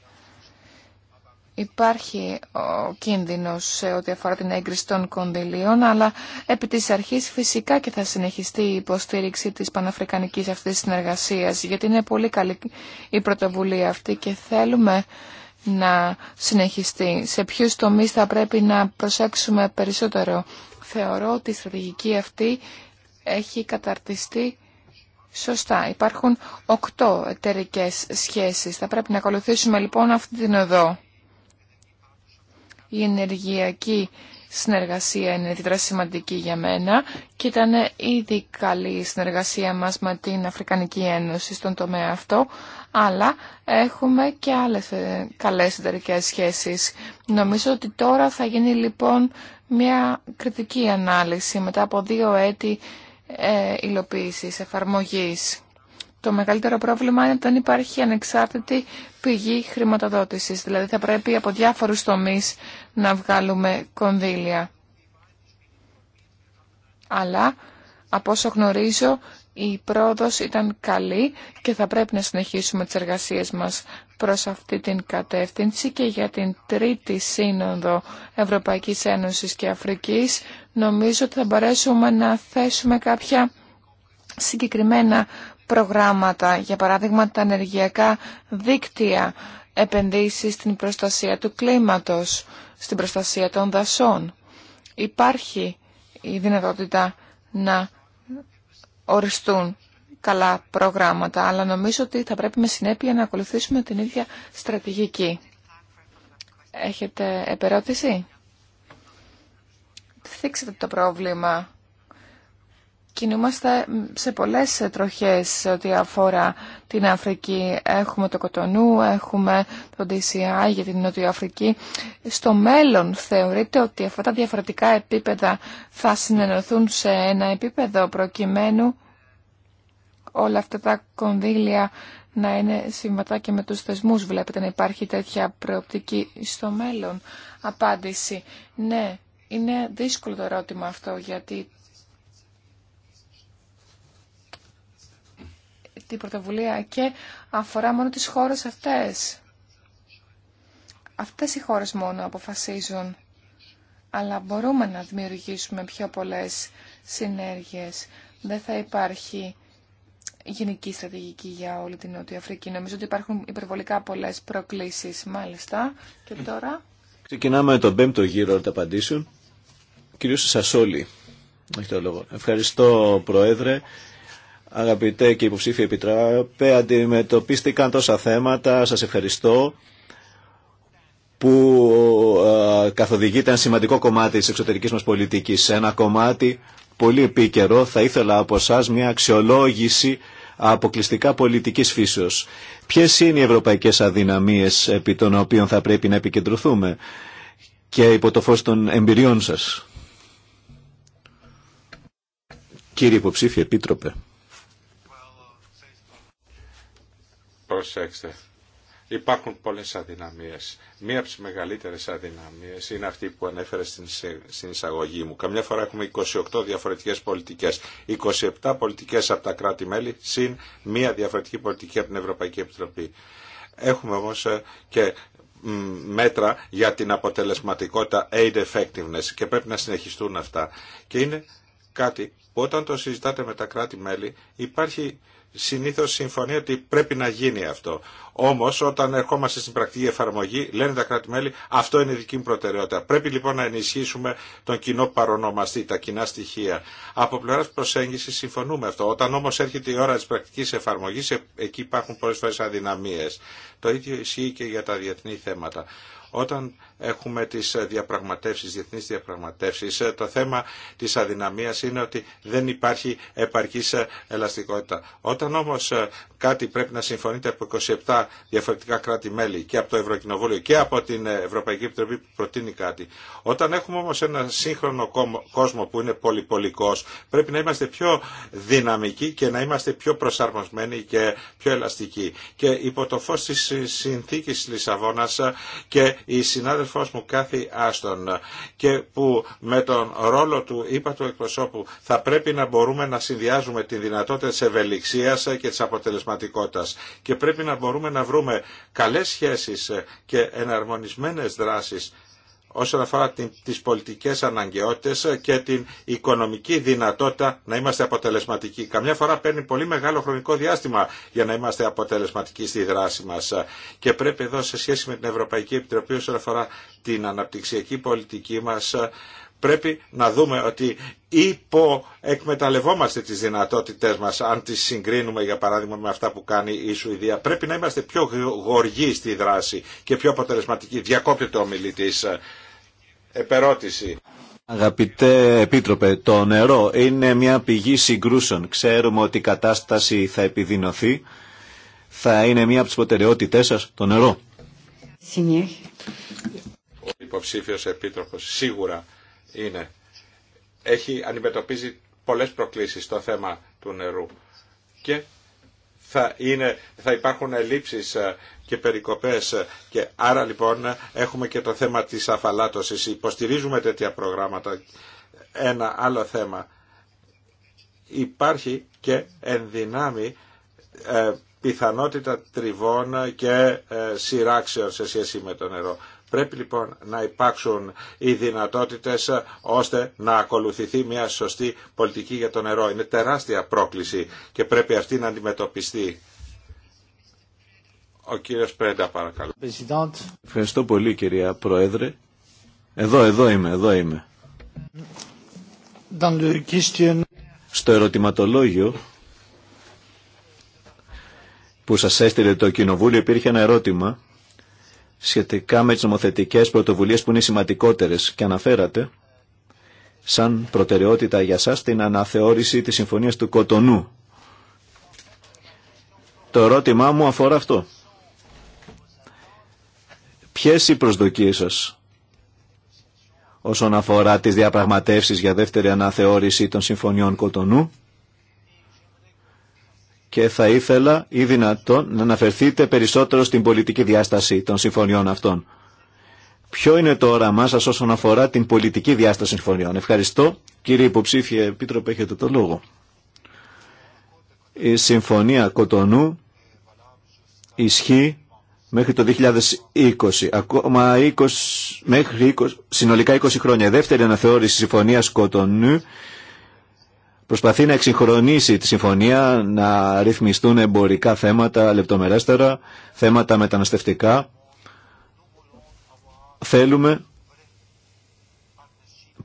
Υπάρχει ο κίνδυνος σε ό,τι αφορά την έγκριση των κονδυλίων, αλλά επί της αρχής φυσικά και θα συνεχιστεί η υποστήριξη της παναφρικανικής αυτής συνεργασίας, γιατί είναι πολύ καλή η πρωτοβουλία αυτή και θέλουμε να συνεχιστεί, σε ποιους τομείς θα πρέπει να προσέξουμε περισσότερο. Θεωρώ ότι η στρατηγική αυτή έχει καταρτιστεί σωστά. Υπάρχουν οκτώ εταιρικέ σχέσεις. Θα πρέπει να ακολουθήσουμε λοιπόν αυτή την οδό. Η ενεργειακή συνεργασία είναι ιδιαίτερα σημαντική για μένα και ήταν ήδη καλή η συνεργασία μας με την Αφρικανική Ένωση στον τομέα αυτό, αλλά έχουμε και άλλες ε, καλές εταιρικέ σχέσεις. Νομίζω ότι τώρα θα γίνει λοιπόν μια κριτική ανάλυση μετά από δύο έτη ε, υλοποίησης, εφαρμογής. Το μεγαλύτερο πρόβλημα είναι ότι δεν υπάρχει ανεξάρτητη πηγή χρηματοδότησης. Δηλαδή θα πρέπει από διάφορους τομείς να βγάλουμε κονδύλια. Αλλά, από όσο γνωρίζω, η πρόοδος ήταν καλή και θα πρέπει να συνεχίσουμε τις εργασίες μας προς αυτή την κατεύθυνση και για την τρίτη σύνοδο Ευρωπαϊκής Ένωσης και Αφρικής νομίζω ότι θα μπορέσουμε να θέσουμε κάποια συγκεκριμένα προγράμματα, για παράδειγμα τα ενεργειακά δίκτυα, επενδύσεις στην προστασία του κλίματος, στην προστασία των δασών. Υπάρχει η δυνατότητα να οριστούν καλά προγράμματα, αλλά νομίζω ότι θα πρέπει με συνέπεια να ακολουθήσουμε την ίδια στρατηγική. Έχετε επερώτηση? Θίξετε το πρόβλημα κινούμαστε σε πολλές τροχές ό,τι αφορά την Αφρική. Έχουμε το Κοτονού, έχουμε το DCI για την Νοτιοαφρική. Αφρική. Στο μέλλον θεωρείτε ότι αυτά τα διαφορετικά επίπεδα θα συνενωθούν σε ένα επίπεδο προκειμένου όλα αυτά τα κονδύλια να είναι συμβατά και με τους θεσμούς. Βλέπετε να υπάρχει τέτοια προοπτική στο μέλλον. Απάντηση. Ναι, είναι δύσκολο το ερώτημα αυτό γιατί την πρωτοβουλία και αφορά μόνο τις χώρες αυτές. Αυτές οι χώρες μόνο αποφασίζουν, αλλά μπορούμε να δημιουργήσουμε πιο πολλές συνέργειες. Δεν θα υπάρχει γενική στρατηγική για όλη την Νότια Αφρική. Νομίζω ότι υπάρχουν υπερβολικά πολλές προκλήσεις, μάλιστα. Και τώρα... Ξεκινάμε τον πέμπτο γύρο των απαντήσεων. Κυρίως Σασόλη. Ευχαριστώ, Πρόεδρε. Αγαπητέ και υποψήφιοι επιτράπε, αντιμετωπίστηκαν τόσα θέματα. Σας ευχαριστώ που ε, καθοδηγείτε ένα σημαντικό κομμάτι της εξωτερικής μας πολιτικής. Ένα κομμάτι πολύ επίκαιρο. Θα ήθελα από εσά μια αξιολόγηση αποκλειστικά πολιτικής φύσεως. Ποιες είναι οι ευρωπαϊκές αδυναμίες επί των οποίων θα πρέπει να επικεντρωθούμε και υπό το φως των εμπειριών σας. Κύριε Υποψήφιε Επίτροπε. Προσέξτε. Υπάρχουν πολλές αδυναμίες. Μία από τις μεγαλύτερες αδυναμίες είναι αυτή που ανέφερε στην εισαγωγή μου. Καμιά φορά έχουμε 28 διαφορετικές πολιτικές. 27 πολιτικές από τα κράτη-μέλη, συν μία διαφορετική πολιτική από την Ευρωπαϊκή Επιτροπή. Έχουμε όμως ε, και μέτρα για την αποτελεσματικότητα aid effectiveness και πρέπει να συνεχιστούν αυτά. Και είναι κάτι που όταν το συζητάτε με τα κράτη-μέλη υπάρχει συνήθως συμφωνεί ότι πρέπει να γίνει αυτό. Όμως όταν ερχόμαστε στην πρακτική εφαρμογή λένε τα κράτη-μέλη αυτό είναι δική μου προτεραιότητα. Πρέπει λοιπόν να ενισχύσουμε τον κοινό παρονομαστή, τα κοινά στοιχεία. Από πλευράς προσέγγιση συμφωνούμε αυτό. Όταν όμως έρχεται η ώρα της πρακτικής εφαρμογής ε, εκεί υπάρχουν πολλές φορές αδυναμίες. Το ίδιο ισχύει και για τα διεθνή θέματα. Όταν έχουμε τις διαπραγματεύσεις, διεθνείς διαπραγματεύσεις, το θέμα της αδυναμίας είναι ότι δεν υπάρχει επαρκής ελαστικότητα. Όταν όμως κάτι πρέπει να συμφωνείται από 27 διαφορετικά κράτη-μέλη και από το Ευρωκοινοβούλιο και από την Ευρωπαϊκή Επιτροπή που προτείνει κάτι, όταν έχουμε όμως ένα σύγχρονο κόσμο που είναι πολυπολικός, πρέπει να είμαστε πιο δυναμικοί και να είμαστε πιο προσαρμοσμένοι και πιο ελαστικοί. Και υπό το φως της συνθήκης Λισαβόνας και η συνάδελφός μου Κάθη Άστον και που με τον ρόλο του είπα του εκπροσώπου θα πρέπει να μπορούμε να συνδυάζουμε τη δυνατότητα της ευελιξίας και της αποτελεσματικότητας και πρέπει να μπορούμε να βρούμε καλές σχέσεις και εναρμονισμένες δράσεις όσον αφορά τις πολιτικές αναγκαιότητες και την οικονομική δυνατότητα να είμαστε αποτελεσματικοί. Καμιά φορά παίρνει πολύ μεγάλο χρονικό διάστημα για να είμαστε αποτελεσματικοί στη δράση μας και πρέπει εδώ σε σχέση με την Ευρωπαϊκή Επιτροπή όσον αφορά την αναπτυξιακή πολιτική μας πρέπει να δούμε ότι υπό εκμεταλλευόμαστε τις δυνατότητές μας αν τις συγκρίνουμε για παράδειγμα με αυτά που κάνει η Σουηδία πρέπει να είμαστε πιο γοργοί στη δράση και πιο αποτελεσματικοί διακόπτεται ο μιλητής Επερώτηση. Αγαπητέ Επίτροπε, το νερό είναι μια πηγή συγκρούσεων. Ξέρουμε ότι η κατάσταση θα επιδεινωθεί. Θα είναι μια από τις προτεραιότητές σας το νερό. Ο υποψήφιος Επίτροπος σίγουρα είναι. Έχει, αντιμετωπίζει πολλές προκλήσεις στο θέμα του νερού. Και θα, είναι, θα υπάρχουν ελλείψεις ε, και περικοπές ε, και άρα λοιπόν έχουμε και το θέμα της αφαλάτωσης. Υποστηρίζουμε τέτοια προγράμματα. Ένα άλλο θέμα. Υπάρχει και ενδυνάμει ε, πιθανότητα τριβών και σειράξεων σε σχέση με το νερό. Πρέπει λοιπόν να υπάρξουν οι δυνατότητες ε, ώστε να ακολουθηθεί μια σωστή πολιτική για το νερό. Είναι τεράστια πρόκληση και πρέπει αυτή να αντιμετωπιστεί. Ο κύριος Πρέντα παρακαλώ. Ευχαριστώ πολύ κυρία Πρόεδρε. Εδώ, εδώ είμαι, εδώ είμαι. Στο ερωτηματολόγιο που σας έστειλε το Κοινοβούλιο υπήρχε ένα ερώτημα σχετικά με τις νομοθετικές πρωτοβουλίες που είναι σημαντικότερες και αναφέρατε σαν προτεραιότητα για σας την αναθεώρηση της Συμφωνίας του Κοτονού. Το ερώτημά μου αφορά αυτό. Ποιες οι προσδοκίες σας όσον αφορά τις διαπραγματεύσεις για δεύτερη αναθεώρηση των Συμφωνιών Κοτονού και θα ήθελα ή δυνατόν να αναφερθείτε περισσότερο στην πολιτική διάσταση των συμφωνιών αυτών. Ποιο είναι το όραμά σα όσον αφορά την πολιτική διάσταση συμφωνιών. Ευχαριστώ. Κύριε Υποψήφιε Επίτροπε, έχετε το λόγο. Η Συμφωνία Κοτονού ισχύει μέχρι το 2020, ακόμα 20, μέχρι 20, συνολικά 20 χρόνια. Η δεύτερη αναθεώρηση Συμφωνίας Κοτονού προσπαθεί να εξυγχρονίσει τη συμφωνία, να ρυθμιστούν εμπορικά θέματα λεπτομερέστερα, θέματα μεταναστευτικά. Θέλουμε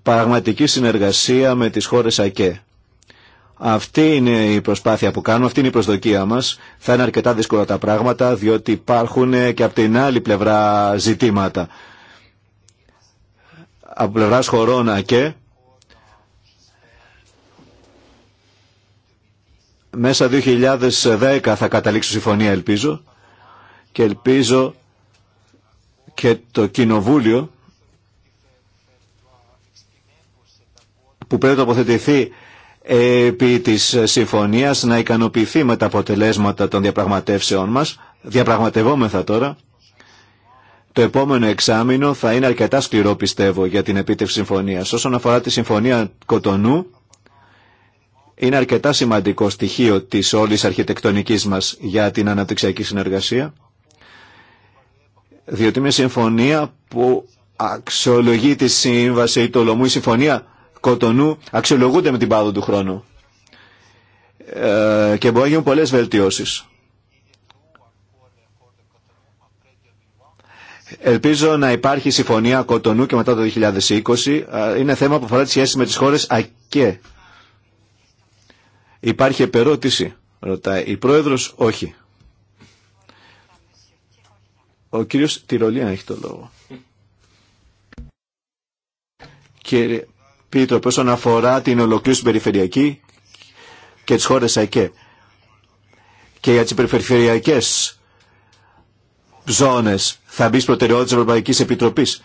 παραγματική συνεργασία με τις χώρες ΑΚΕ. Αυτή είναι η προσπάθεια που κάνουμε, αυτή είναι η προσδοκία μας. Θα είναι αρκετά δύσκολα τα πράγματα, διότι υπάρχουν και από την άλλη πλευρά ζητήματα. Από πλευράς χωρών ΑΚΕ μέσα 2010 θα καταλήξω συμφωνία ελπίζω και ελπίζω και το Κοινοβούλιο που πρέπει να τοποθετηθεί επί της συμφωνίας να ικανοποιηθεί με τα αποτελέσματα των διαπραγματεύσεών μας. Διαπραγματευόμεθα τώρα. Το επόμενο εξάμεινο θα είναι αρκετά σκληρό πιστεύω για την επίτευξη συμφωνίας. Όσον αφορά τη συμφωνία Κοτονού, είναι αρκετά σημαντικό στοιχείο της όλης αρχιτεκτονικής μας για την αναπτυξιακή συνεργασία, διότι μια συμφωνία που αξιολογεί τη σύμβαση του Λομού, η συμφωνία Κοτονού αξιολογούνται με την πάδο του χρόνου ε, και μπορεί να γίνουν πολλές βελτιώσεις. Ελπίζω να υπάρχει συμφωνία Κοτονού και μετά το 2020. Ε, είναι θέμα που αφορά τις σχέσεις με τις χώρες ΑΚΕ, Υπάρχει επερώτηση, ρωτάει. Η πρόεδρος όχι. Ο κύριος Τυρολία έχει το λόγο. Κύριε Πίτρο, όσον αφορά την ολοκλήρωση περιφερειακή και τις χώρες ΑΕΚΕ και για τις περιφερειακές ζώνες θα μπει προτεραιότητα της Ευρωπαϊκής Επιτροπής.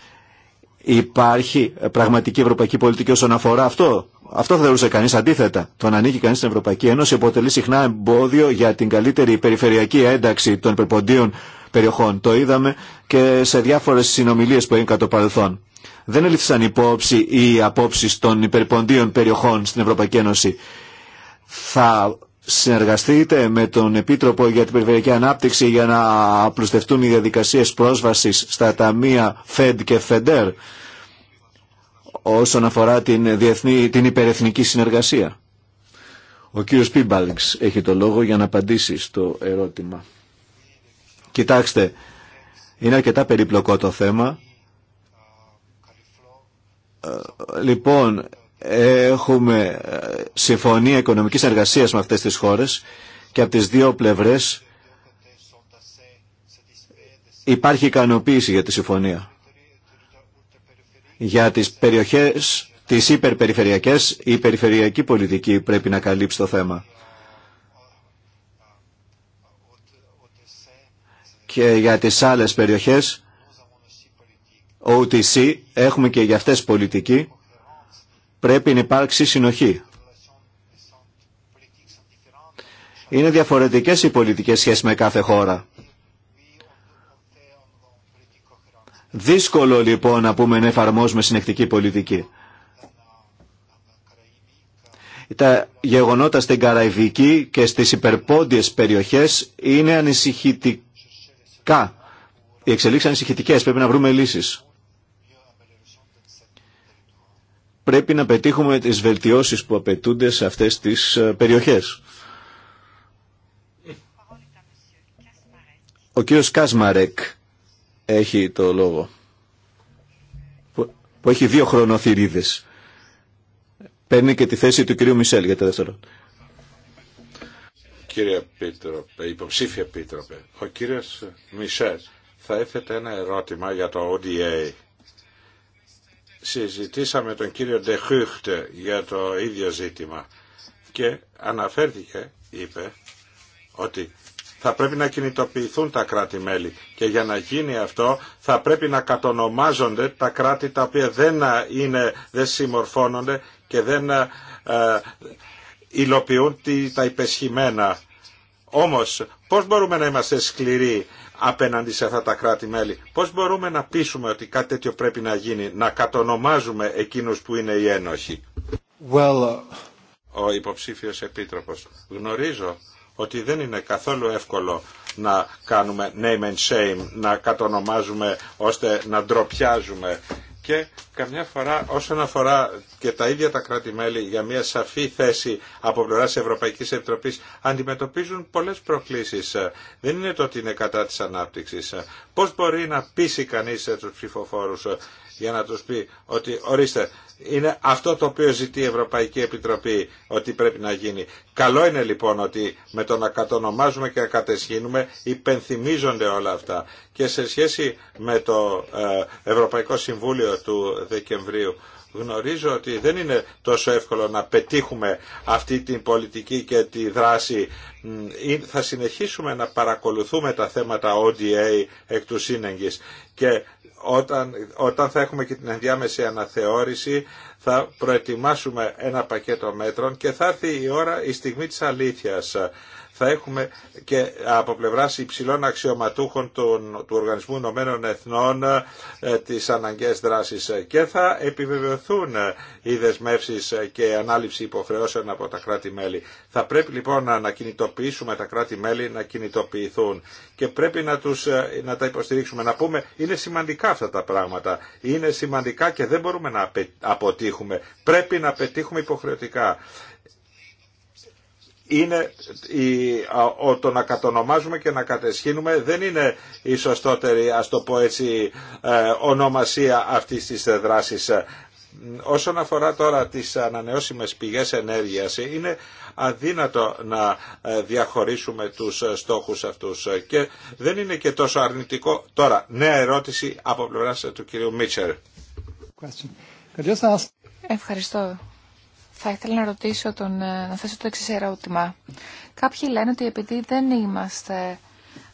Υπάρχει πραγματική ευρωπαϊκή πολιτική όσον αφορά αυτό αυτό θα θεωρούσε κανεί αντίθετα. Το να ανήκει κανεί στην Ευρωπαϊκή Ένωση αποτελεί συχνά εμπόδιο για την καλύτερη περιφερειακή ένταξη των υπερποντίων περιοχών. Το είδαμε και σε διάφορε συνομιλίε που έγιναν κατά το παρελθόν. Δεν έληφθησαν υπόψη οι απόψει των υπερποντίων περιοχών στην Ευρωπαϊκή Ένωση. Θα συνεργαστείτε με τον Επίτροπο για την Περιφερειακή Ανάπτυξη για να απλουστευτούν οι διαδικασίε πρόσβαση στα ταμεία ΦΕΔ και ΦΕΝΤΕΡ όσον αφορά την, διεθνή, την υπερεθνική συνεργασία. Ο κύριος Πίμπαλξ έχει το λόγο για να απαντήσει στο ερώτημα. Κοιτάξτε, είναι αρκετά περιπλοκό το θέμα. Ε, λοιπόν, έχουμε ε, συμφωνία οικονομικής συνεργασίας με αυτές τις χώρες και από τις δύο πλευρές υπάρχει ικανοποίηση για τη συμφωνία για τις περιοχές τις υπερπεριφερειακές, η περιφερειακή πολιτική πρέπει να καλύψει το θέμα. Και για τις άλλες περιοχές, OTC, έχουμε και για αυτές πολιτική, πρέπει να υπάρξει συνοχή. Είναι διαφορετικές οι πολιτικές σχέσεις με κάθε χώρα. Δύσκολο λοιπόν να πούμε να εφαρμόζουμε συνεκτική πολιτική. Τα γεγονότα στην Καραϊβική και στις υπερπόντιες περιοχές είναι ανησυχητικά. Οι εξελίξεις ανησυχητικές. Πρέπει να βρούμε λύσεις. Πρέπει να πετύχουμε τις βελτιώσεις που απαιτούνται σε αυτές τις ε, περιοχές. Ο κύριος Κάσμαρεκ έχει το λόγο. Που, έχει δύο χρονοθυρίδες. Παίρνει και τη θέση του κυρίου Μισελ για τα δεύτερα. Κύριε Πίτροπε, υποψήφια Πίτροπε, ο κύριος Μισελ θα έθετε ένα ερώτημα για το ODA. Συζητήσαμε τον κύριο Ντεχούχτε για το ίδιο ζήτημα και αναφέρθηκε, είπε, ότι θα πρέπει να κινητοποιηθούν τα κράτη-μέλη και για να γίνει αυτό θα πρέπει να κατονομάζονται τα κράτη τα οποία δεν, είναι, δεν συμμορφώνονται και δεν ε, υλοποιούν τα υπεσχημένα. Όμως, πώς μπορούμε να είμαστε σκληροί απέναντι σε αυτά τα κράτη-μέλη. Πώς μπορούμε να πείσουμε ότι κάτι τέτοιο πρέπει να γίνει, να κατονομάζουμε εκείνους που είναι οι ένοχοι. Well, uh, Ο υποψήφιος επίτροπος. Γνωρίζω ότι δεν είναι καθόλου εύκολο να κάνουμε name and shame, να κατονομάζουμε ώστε να ντροπιάζουμε και καμιά φορά όσον αφορά και τα ίδια τα κράτη-μέλη για μια σαφή θέση από πλευρά Ευρωπαϊκής Ευρωπαϊκή αντιμετωπίζουν πολλές προκλήσεις. Δεν είναι το ότι είναι κατά της ανάπτυξης. Πώς μπορεί να πείσει κανείς του ψηφοφόρου για να του πει ότι ορίστε είναι αυτό το οποίο ζητεί η Ευρωπαϊκή Επιτροπή ότι πρέπει να γίνει. Καλό είναι λοιπόν ότι με το να κατονομάζουμε και να κατεσχύνουμε υπενθυμίζονται όλα αυτά. Και σε σχέση με το ε, Ευρωπαϊκό Συμβούλιο του Δεκεμβρίου γνωρίζω ότι δεν είναι τόσο εύκολο να πετύχουμε αυτή την πολιτική και τη δράση. Θα συνεχίσουμε να παρακολουθούμε τα θέματα ODA εκ του σύνεγγης και όταν, όταν θα έχουμε και την ενδιάμεση αναθεώρηση θα προετοιμάσουμε ένα πακέτο μέτρων και θα έρθει η ώρα η στιγμή της αλήθειας θα έχουμε και από πλευρά υψηλών αξιωματούχων του Οργανισμού Ηνωμένων Εθνών ε, τις αναγκαίες δράσεις και θα επιβεβαιωθούν οι δεσμεύσει και η ανάληψη υποχρεώσεων από τα κράτη-μέλη. Θα πρέπει λοιπόν να κινητοποιήσουμε τα κράτη-μέλη να κινητοποιηθούν και πρέπει να, τους, ε, να τα υποστηρίξουμε. Να πούμε είναι σημαντικά αυτά τα πράγματα. Είναι σημαντικά και δεν μπορούμε να αποτύχουμε. Πρέπει να πετύχουμε υποχρεωτικά είναι ο, το να κατονομάζουμε και να κατεσχύνουμε δεν είναι η σωστότερη ας το πω έτσι ε, ονομασία αυτής της ε, δράσης. Όσον αφορά τώρα τις ανανεώσιμες πηγές ενέργειας, είναι αδύνατο να ε, διαχωρίσουμε τους στόχους αυτούς και δεν είναι και τόσο αρνητικό. Τώρα, νέα ερώτηση από πλευράς του κυρίου Μίτσερ. Ευχαριστώ. Θα ήθελα να ρωτήσω τον, ε, να θέσω το εξή ερώτημα. Κάποιοι λένε ότι επειδή δεν είμαστε,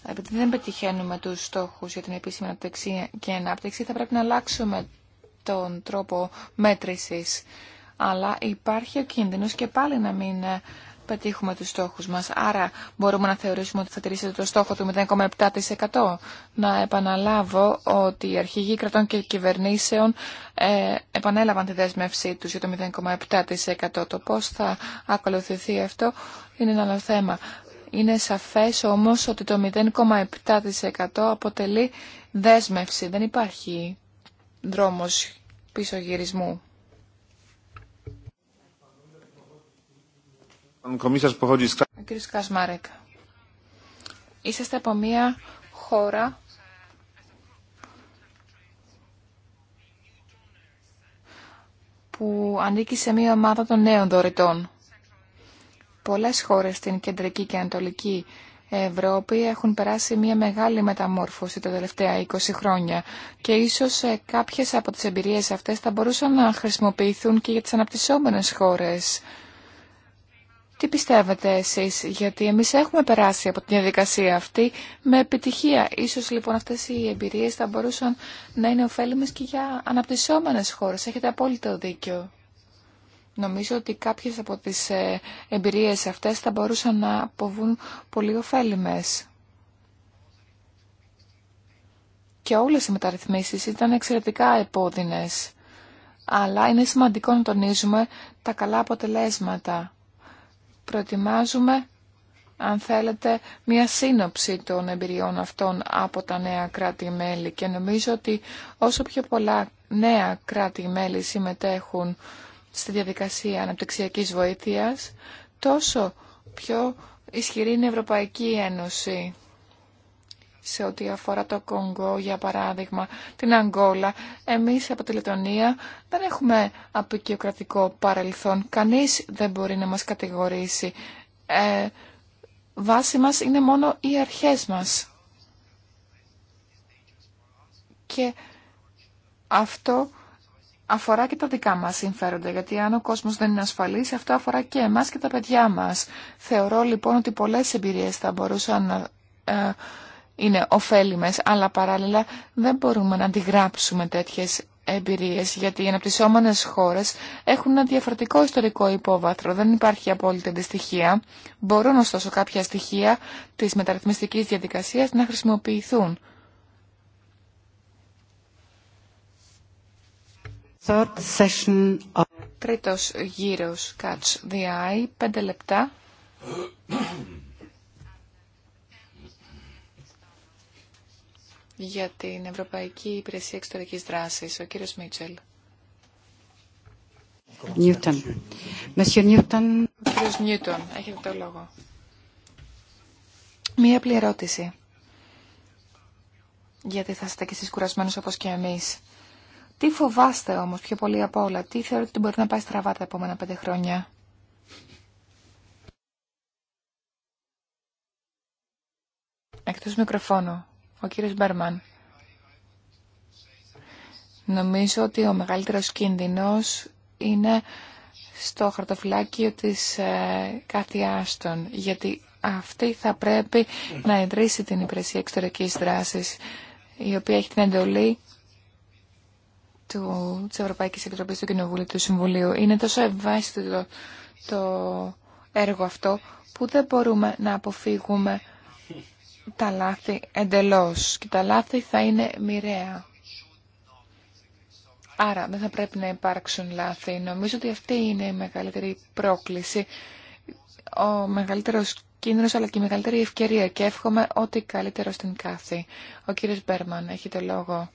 επειδή δεν πετυχαίνουμε τους στόχους για την επίσημη ανάπτυξη και ανάπτυξη, θα πρέπει να αλλάξουμε τον τρόπο μέτρησης. Αλλά υπάρχει ο κίνδυνος και πάλι να μην ε, πετύχουμε τους στόχους μας. Άρα μπορούμε να θεωρήσουμε ότι θα τηρήσετε το στόχο του 0,7%. Να επαναλάβω ότι οι αρχηγοί κρατών και κυβερνήσεων ε, επανέλαβαν τη δέσμευσή τους για το 0,7%. Το πώς θα ακολουθηθεί αυτό είναι ένα άλλο θέμα. Είναι σαφές όμως ότι το 0,7% αποτελεί δέσμευση. Δεν υπάρχει δρόμος πίσω γυρισμού. Κύριε κύριος Κασμάρεκ, είσαστε από μια χώρα που ανήκει σε μια ομάδα των νέων δωρητών. Πολλές χώρες στην κεντρική και ανατολική Ευρώπη έχουν περάσει μια μεγάλη μεταμόρφωση τα τελευταία 20 χρόνια και ίσως ε, κάποιες από τις εμπειρίες αυτές θα μπορούσαν να χρησιμοποιηθούν και για τις αναπτυσσόμενες χώρες τι πιστεύετε εσείς, γιατί εμείς έχουμε περάσει από την διαδικασία αυτή με επιτυχία. Ίσως λοιπόν αυτές οι εμπειρίες θα μπορούσαν να είναι ωφέλιμες και για αναπτυσσόμενες χώρες. Έχετε απόλυτο δίκιο. Νομίζω ότι κάποιες από τις ε, εμπειρίες αυτές θα μπορούσαν να αποβούν πολύ ωφέλιμες. Και όλες οι μεταρρυθμίσεις ήταν εξαιρετικά επώδυνες. Αλλά είναι σημαντικό να τονίζουμε τα καλά αποτελέσματα προετοιμάζουμε, αν θέλετε, μια σύνοψη των εμπειριών αυτών από τα νέα κράτη-μέλη και νομίζω ότι όσο πιο πολλά νέα κράτη-μέλη συμμετέχουν στη διαδικασία αναπτυξιακής βοήθειας, τόσο πιο ισχυρή είναι η Ευρωπαϊκή Ένωση σε ό,τι αφορά το Κονγκό, για παράδειγμα, την Αγγόλα. Εμείς από τη Λετωνία δεν έχουμε απεικιοκρατικό παρελθόν. Κανείς δεν μπορεί να μας κατηγορήσει. Ε, βάση μας είναι μόνο οι αρχές μας. Και αυτό αφορά και τα δικά μας συμφέροντα, γιατί αν ο κόσμος δεν είναι ασφαλής, αυτό αφορά και εμάς και τα παιδιά μας. Θεωρώ λοιπόν ότι πολλές εμπειρίες θα μπορούσαν να ε, είναι ωφέλιμες, αλλά παράλληλα δεν μπορούμε να αντιγράψουμε τέτοιες εμπειρίες, γιατί οι αναπτυσσόμενες χώρες έχουν ένα διαφορετικό ιστορικό υπόβαθρο, δεν υπάρχει απόλυτη αντιστοιχεία. Μπορούν ωστόσο κάποια στοιχεία της μεταρρυθμιστικής διαδικασίας να χρησιμοποιηθούν. Τρίτος γύρος Catch the Eye, πέντε λεπτά για την Ευρωπαϊκή Υπηρεσία Εξωτερικής Δράσης, ο κύριος Μίτσελ. Νιούτον. Νιούτον. Ο κύριος Νιούτον, έχετε το λόγο. Μία απλή ερώτηση. Γιατί θα είστε και εσείς κουρασμένους όπως και εμείς. Τι φοβάστε όμως πιο πολύ από όλα, τι θεωρείτε ότι μπορεί να πάει στραβά τα επόμενα πέντε χρόνια. Εκτός μικροφώνου. Ο κύριος Μπέρμαν. Νομίζω ότι ο μεγαλύτερος κίνδυνος είναι στο χαρτοφυλάκιο της ε, Άστον, γιατί αυτή θα πρέπει να εντρήσει την υπηρεσία εξωτερικής δράσης, η οποία έχει την εντολή του, της Ευρωπαϊκής Επιτροπής του Κοινοβουλίου του Συμβουλίου. Είναι τόσο ευαίσθητο το, το έργο αυτό που δεν μπορούμε να αποφύγουμε τα λάθη εντελώς και τα λάθη θα είναι μοιραία. Άρα δεν θα πρέπει να υπάρξουν λάθη. Νομίζω ότι αυτή είναι η μεγαλύτερη πρόκληση, ο μεγαλύτερος κίνδυνος αλλά και η μεγαλύτερη ευκαιρία και εύχομαι ό,τι καλύτερο στην κάθε. Ο κύριος Μπέρμαν έχει το λόγο.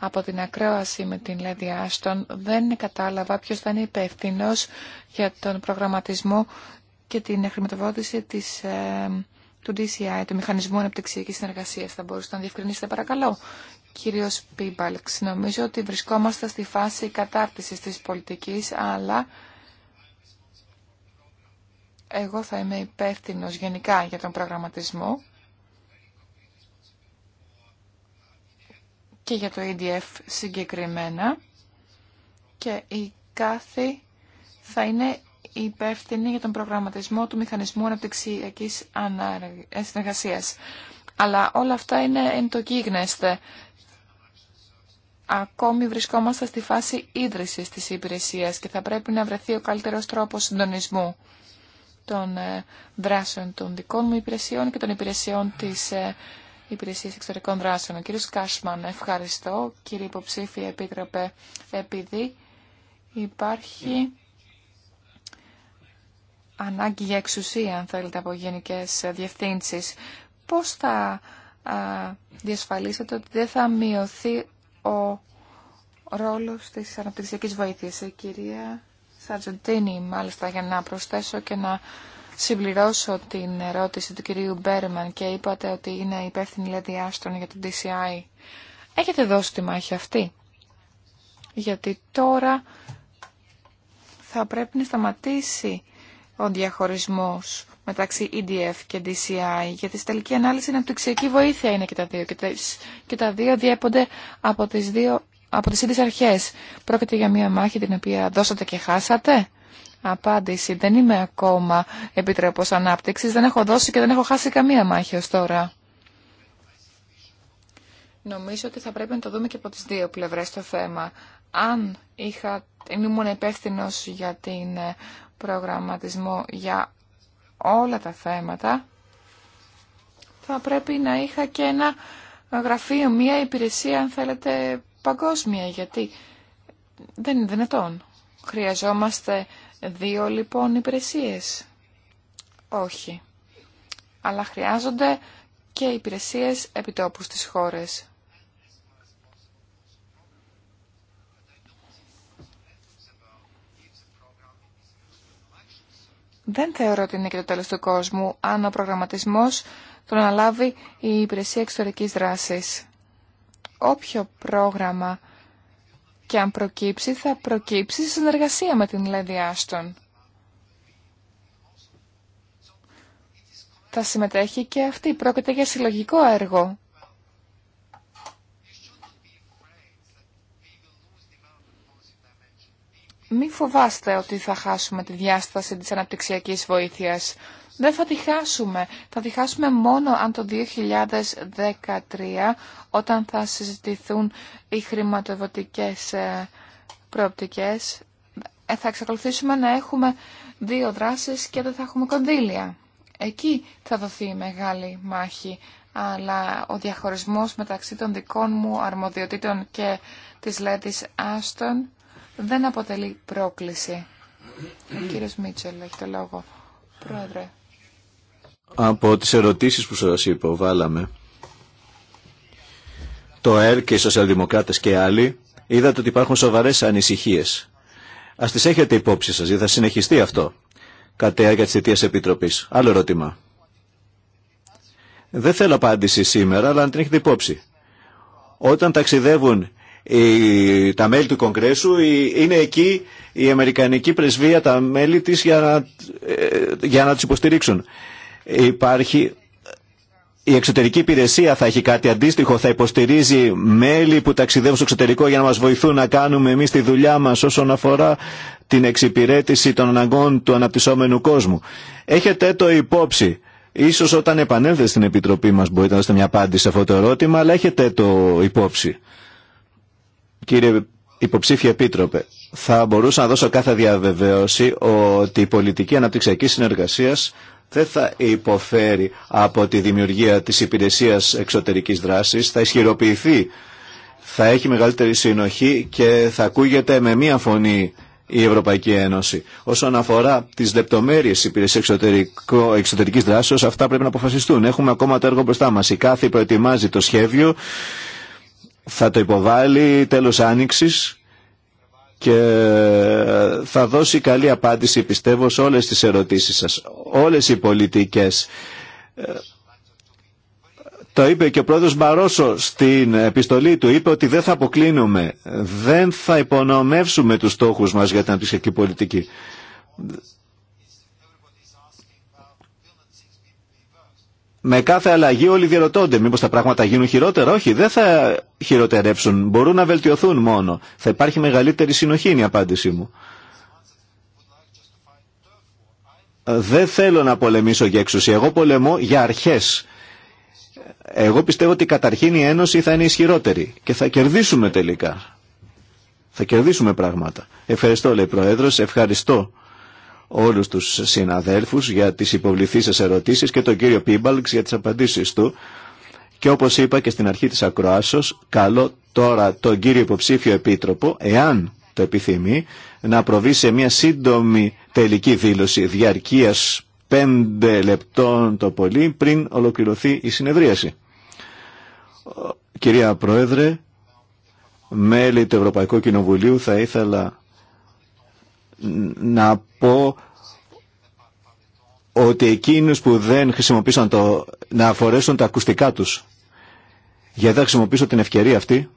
Από την ακρόαση με την Λέδη Άστον δεν κατάλαβα ποιος θα είναι υπεύθυνο για τον προγραμματισμό και την χρηματοδότηση της ε, του DCI, του Μηχανισμού Αναπτυξιακής Συνεργασίας. Θα μπορούσατε να διευκρινίσετε παρακαλώ. κύριο Πίμπαλξ, νομίζω ότι βρισκόμαστε στη φάση κατάρτισης της πολιτικής, αλλά εγώ θα είμαι υπεύθυνο γενικά για τον προγραμματισμό και για το EDF συγκεκριμένα και η κάθε θα είναι υπεύθυνη για τον προγραμματισμό του Μηχανισμού Αναπτυξιακής ε, Συνεργασίας. Αλλά όλα αυτά είναι εντοκίγνεστε. Ακόμη βρισκόμαστε στη φάση ίδρυσης της υπηρεσίας και θα πρέπει να βρεθεί ο καλύτερος τρόπος συντονισμού των ε, δράσεων των δικών μου υπηρεσιών και των υπηρεσιών της ε, Υπηρεσίας Εξωτερικών Δράσεων. Ο κύριος Κάσμαν, ευχαριστώ. Κύριε Υποψήφια Επίτροπε, επειδή υπάρχει ανάγκη για εξουσία, αν θέλετε, από γενικές διευθύνσεις. Πώς θα διασφαλίσετε ότι δεν θα μειωθεί ο ρόλος της αναπτυξιακής βοήθειας. Η ε, κυρία Σαρτζοντίνη, μάλιστα, για να προσθέσω και να συμπληρώσω την ερώτηση του κυρίου Μπέρμαν και είπατε ότι είναι υπεύθυνη λέτη Άστον για το DCI. Έχετε δώσει τη μάχη αυτή. Γιατί τώρα θα πρέπει να σταματήσει ο διαχωρισμός μεταξύ EDF και DCI, γιατί στη τελική ανάλυση αναπτυξιακή βοήθεια είναι και τα δύο και τα, δύο διέπονται από τις, δύο, από τις ίδιες αρχές. Πρόκειται για μια μάχη την οποία δώσατε και χάσατε. Απάντηση, δεν είμαι ακόμα επιτρέπος ανάπτυξης, δεν έχω δώσει και δεν έχω χάσει καμία μάχη ως τώρα. Νομίζω ότι θα πρέπει να το δούμε και από τις δύο πλευρές το θέμα. Αν ήμουν υπεύθυνο για την ε, προγραμματισμό για όλα τα θέματα, θα πρέπει να είχα και ένα γραφείο, μία υπηρεσία, αν θέλετε, παγκόσμια, γιατί δεν είναι δυνατόν. Χρειαζόμαστε δύο λοιπόν υπηρεσίες. Όχι. Αλλά χρειάζονται και υπηρεσίες επιτόπου στις χώρες. δεν θεωρώ ότι είναι και το τέλο του κόσμου αν ο προγραμματισμός τον αναλάβει η υπηρεσία εξωτερικής δράσης. Όποιο πρόγραμμα και αν προκύψει, θα προκύψει σε συνεργασία με την Lady Άστον. Θα συμμετέχει και αυτή. Πρόκειται για συλλογικό έργο. Μη φοβάστε ότι θα χάσουμε τη διάσταση της αναπτυξιακής βοήθειας. Δεν θα τη χάσουμε. Θα τη χάσουμε μόνο αν το 2013, όταν θα συζητηθούν οι χρηματοδοτικές ε, προοπτικές, ε, θα εξακολουθήσουμε να έχουμε δύο δράσεις και δεν θα έχουμε κονδύλια. Εκεί θα δοθεί η μεγάλη μάχη, αλλά ο διαχωρισμός μεταξύ των δικών μου αρμοδιοτήτων και της Λέτης Άστον δεν αποτελεί πρόκληση. Ο κύριος Μίτσελ έχει το λόγο. Πρόεδρε. Από τις ερωτήσεις που σας βάλαμε. το ΕΡ και οι σοσιαλδημοκράτες και άλλοι, είδατε ότι υπάρχουν σοβαρές ανησυχίες. Ας τις έχετε υπόψη σας, γιατί θα συνεχιστεί αυτό κατά τη διάρκεια της Επιτροπής. Άλλο ερώτημα. Δεν θέλω απάντηση σήμερα, αλλά αν την έχετε υπόψη. Όταν ταξιδεύουν οι, τα μέλη του Κογκρέσου, οι, είναι εκεί η Αμερικανική πρεσβεία, τα μέλη της για να, ε, για να τους υποστηρίξουν. Υπάρχει η εξωτερική υπηρεσία θα έχει κάτι αντίστοιχο, θα υποστηρίζει μέλη που ταξιδεύουν στο εξωτερικό για να μας βοηθούν να κάνουμε εμείς τη δουλειά μας όσον αφορά την εξυπηρέτηση των αναγκών του αναπτυσσόμενου κόσμου. Έχετε το υπόψη. Ίσως όταν επανέλθετε στην Επιτροπή μας μπορείτε να δώσετε μια απάντηση σε αυτό το ερώτημα, αλλά έχετε το υπόψη. Κύριε Υποψήφια Επίτροπε, θα μπορούσα να δώσω κάθε διαβεβαίωση ότι η πολιτική αναπτυξιακή συνεργασία δεν θα υποφέρει από τη δημιουργία της υπηρεσίας εξωτερικής δράσης, θα ισχυροποιηθεί, θα έχει μεγαλύτερη συνοχή και θα ακούγεται με μία φωνή η Ευρωπαϊκή Ένωση. Όσον αφορά τι λεπτομέρειε τη υπηρεσία εξωτερική δράση, αυτά πρέπει να αποφασιστούν. Έχουμε ακόμα το έργο μπροστά μα. Η κάθε προετοιμάζει το σχέδιο θα το υποβάλει τέλος άνοιξης και θα δώσει καλή απάντηση πιστεύω σε όλες τις ερωτήσεις σας. Όλες οι πολιτικές. Το είπε και ο πρόεδρος Μπαρόσο στην επιστολή του, είπε ότι δεν θα αποκλίνουμε, δεν θα υπονομεύσουμε τους στόχους μας για την αναπτυξιακή πολιτική. με κάθε αλλαγή όλοι διερωτώνται. μήπως τα πράγματα γίνουν χειρότερα. Όχι, δεν θα χειροτερέψουν. Μπορούν να βελτιωθούν μόνο. Θα υπάρχει μεγαλύτερη συνοχή είναι η απάντησή μου. Δεν θέλω να πολεμήσω για εξουσία. Εγώ πολεμώ για αρχές. Εγώ πιστεύω ότι καταρχήν η Ένωση θα είναι ισχυρότερη και θα κερδίσουμε τελικά. Θα κερδίσουμε πράγματα. Ευχαριστώ, λέει Πρόεδρος. Ευχαριστώ όλους τους συναδέλφους για τις σα ερωτήσεις και τον κύριο Πίμπαλξ για τις απαντήσεις του. Και όπως είπα και στην αρχή της ακροάσεως, καλώ τώρα τον κύριο υποψήφιο επίτροπο, εάν το επιθυμεί, να προβεί σε μια σύντομη τελική δήλωση διαρκείας 5 λεπτών το πολύ πριν ολοκληρωθεί η συνεδρίαση. Κυρία Πρόεδρε, μέλη του Ευρωπαϊκού Κοινοβουλίου θα ήθελα να πω ότι εκείνους που δεν χρησιμοποίησαν το, να αφορέσουν τα ακουστικά τους. Γιατί θα χρησιμοποιήσω την ευκαιρία αυτή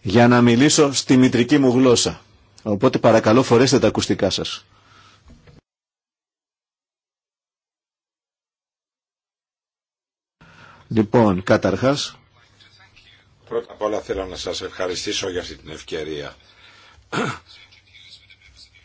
για να μιλήσω στη μητρική μου γλώσσα. Οπότε παρακαλώ φορέστε τα ακουστικά σας. Λοιπόν, καταρχάς... Πρώτα απ' όλα θέλω να σας ευχαριστήσω για αυτή την ευκαιρία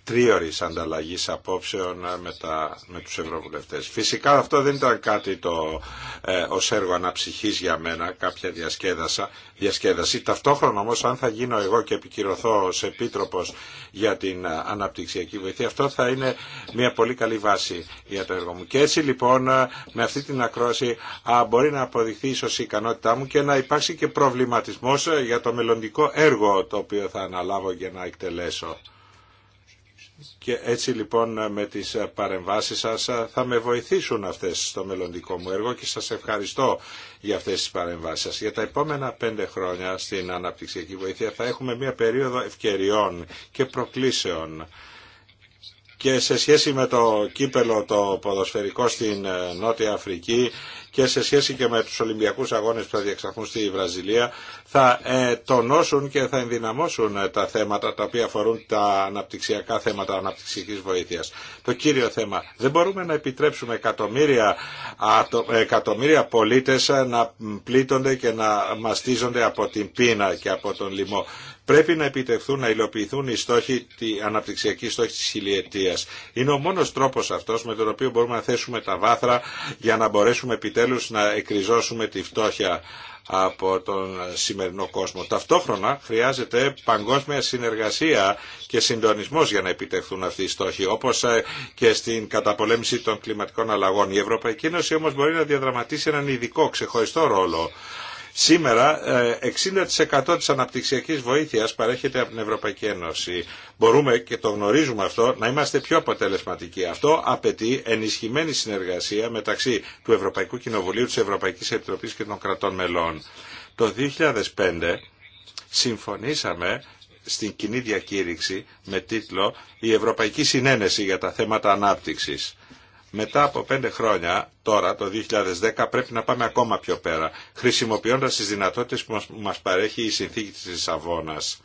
Τρίωρη ανταλλαγή απόψεων με, τα, με τους ευρωβουλευτές. Φυσικά αυτό δεν ήταν κάτι το ε, ως έργο αναψυχής για μένα, κάποια διασκέδασα, διασκέδαση. Ταυτόχρονα όμως αν θα γίνω εγώ και επικυρωθώ ως επίτροπος για την ε, αναπτυξιακή βοήθεια, αυτό θα είναι μια πολύ καλή βάση για το έργο μου. Και έτσι λοιπόν ε, με αυτή την ακρόαση α, μπορεί να αποδειχθεί ίσως η ικανότητά μου και να υπάρξει και προβληματισμός ε, για το μελλοντικό έργο το οποίο θα αναλάβω για να εκτελέσω. Και έτσι λοιπόν με τις παρεμβάσεις σας θα με βοηθήσουν αυτές στο μελλοντικό μου έργο και σας ευχαριστώ για αυτές τις παρεμβάσεις σας. Για τα επόμενα πέντε χρόνια στην αναπτυξιακή βοήθεια θα έχουμε μια περίοδο ευκαιριών και προκλήσεων και σε σχέση με το κύπελο το ποδοσφαιρικό στην ε, Νότια Αφρική και σε σχέση και με τους Ολυμπιακούς Αγώνες που θα διεξαχθούν στη Βραζιλία θα ε, τονώσουν και θα ενδυναμώσουν ε, τα θέματα τα οποία αφορούν τα αναπτυξιακά θέματα αναπτυξιακής βοήθειας. Το κύριο θέμα. Δεν μπορούμε να επιτρέψουμε εκατομμύρια, εκατομμύρια πολίτες να πλήττονται και να μαστίζονται από την πείνα και από τον λοιμό. Πρέπει να επιτευχθούν, να υλοποιηθούν οι στόχοι, τη αναπτυξιακοί στόχοι της χιλιετίας. Είναι ο μόνος τρόπος αυτός με τον οποίο μπορούμε να θέσουμε τα βάθρα για να μπορέσουμε επιτέλους να εκριζώσουμε τη φτώχεια από τον σημερινό κόσμο. Ταυτόχρονα χρειάζεται παγκόσμια συνεργασία και συντονισμό για να επιτευχθούν αυτοί οι στόχοι, όπω ε, και στην καταπολέμηση των κλιματικών αλλαγών. Η Ευρωπαϊκή Ένωση όμω μπορεί να διαδραματίσει έναν ειδικό, ξεχωριστό ρόλο Σήμερα 60% ε, της αναπτυξιακής βοήθειας παρέχεται από την Ευρωπαϊκή Ένωση. Μπορούμε και το γνωρίζουμε αυτό να είμαστε πιο αποτελεσματικοί. Αυτό απαιτεί ενισχυμένη συνεργασία μεταξύ του Ευρωπαϊκού Κοινοβουλίου, της Ευρωπαϊκής Επιτροπής και των κρατών μελών. Το 2005 συμφωνήσαμε στην κοινή διακήρυξη με τίτλο «Η Ευρωπαϊκή Συνένεση για τα θέματα ανάπτυξης». Μετά από πέντε χρόνια, τώρα το 2010, πρέπει να πάμε ακόμα πιο πέρα, χρησιμοποιώντας τις δυνατότητες που μας παρέχει η συνθήκη της Λισαβόνας.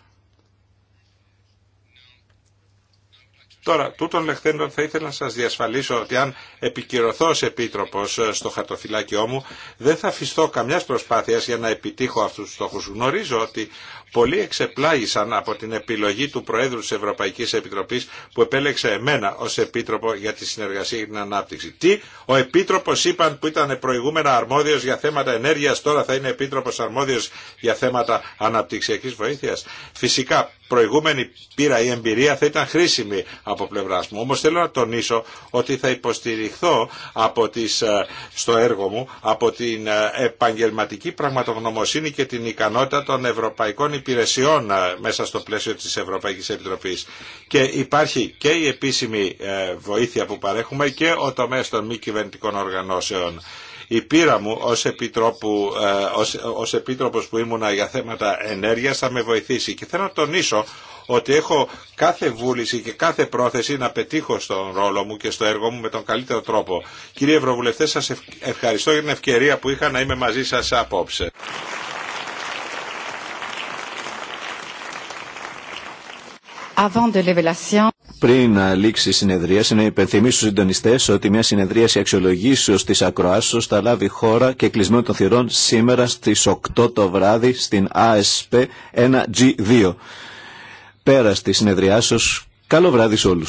Τώρα, τούτων λεχθέντων θα ήθελα να σας διασφαλίσω ότι αν επικυρωθώ ως επίτροπος ε, στο χαρτοφυλάκιό μου, δεν θα αφιστώ καμιάς προσπάθειας για να επιτύχω αυτούς τους στόχους. Γνωρίζω ότι Πολλοί εξεπλάγησαν από την επιλογή του Προέδρου της Ευρωπαϊκής Επιτροπής που επέλεξε εμένα ως Επίτροπο για τη Συνεργασία και την Ανάπτυξη. Τι, ο Επίτροπος είπαν που ήταν προηγούμενα αρμόδιος για θέματα ενέργειας, τώρα θα είναι Επίτροπος αρμόδιος για θέματα αναπτυξιακής βοήθειας. Φυσικά προηγούμενη πείρα ή εμπειρία θα ήταν χρήσιμη από πλευρά μου. Όμω θέλω να τονίσω ότι θα υποστηριχθώ από τις, ε, στο έργο μου από την ε, επαγγελματική πραγματογνωμοσύνη και την ικανότητα των ευρωπαϊκών υπηρεσιών ε, μέσα στο πλαίσιο της Ευρωπαϊκής Επιτροπής και υπάρχει και η επίσημη ε, βοήθεια που παρέχουμε και ο τομέας των μη κυβερνητικών οργανώσεων. Η πείρα μου ως, επιτρόπου, ε, ως, ως επίτροπος που ήμουνα για θέματα ενέργειας θα με βοηθήσει και θέλω να τονίσω ότι έχω κάθε βούληση και κάθε πρόθεση να πετύχω στον ρόλο μου και στο έργο μου με τον καλύτερο τρόπο. Κύριε Ευρωβουλευτέ, σας ευχαριστώ για την ευκαιρία που είχα να είμαι μαζί σας απόψε. Πριν να λήξει η συνεδρία, να υπενθυμίσω στου συντονιστέ ότι μια συνεδρίαση αξιολογήσεω τη Ακροάσεω θα λάβει χώρα και κλεισμένο των θυρών σήμερα στι 8 το βράδυ στην ASP 1G2. Πέρα τη συνεδριάσεω, καλό βράδυ σε όλου.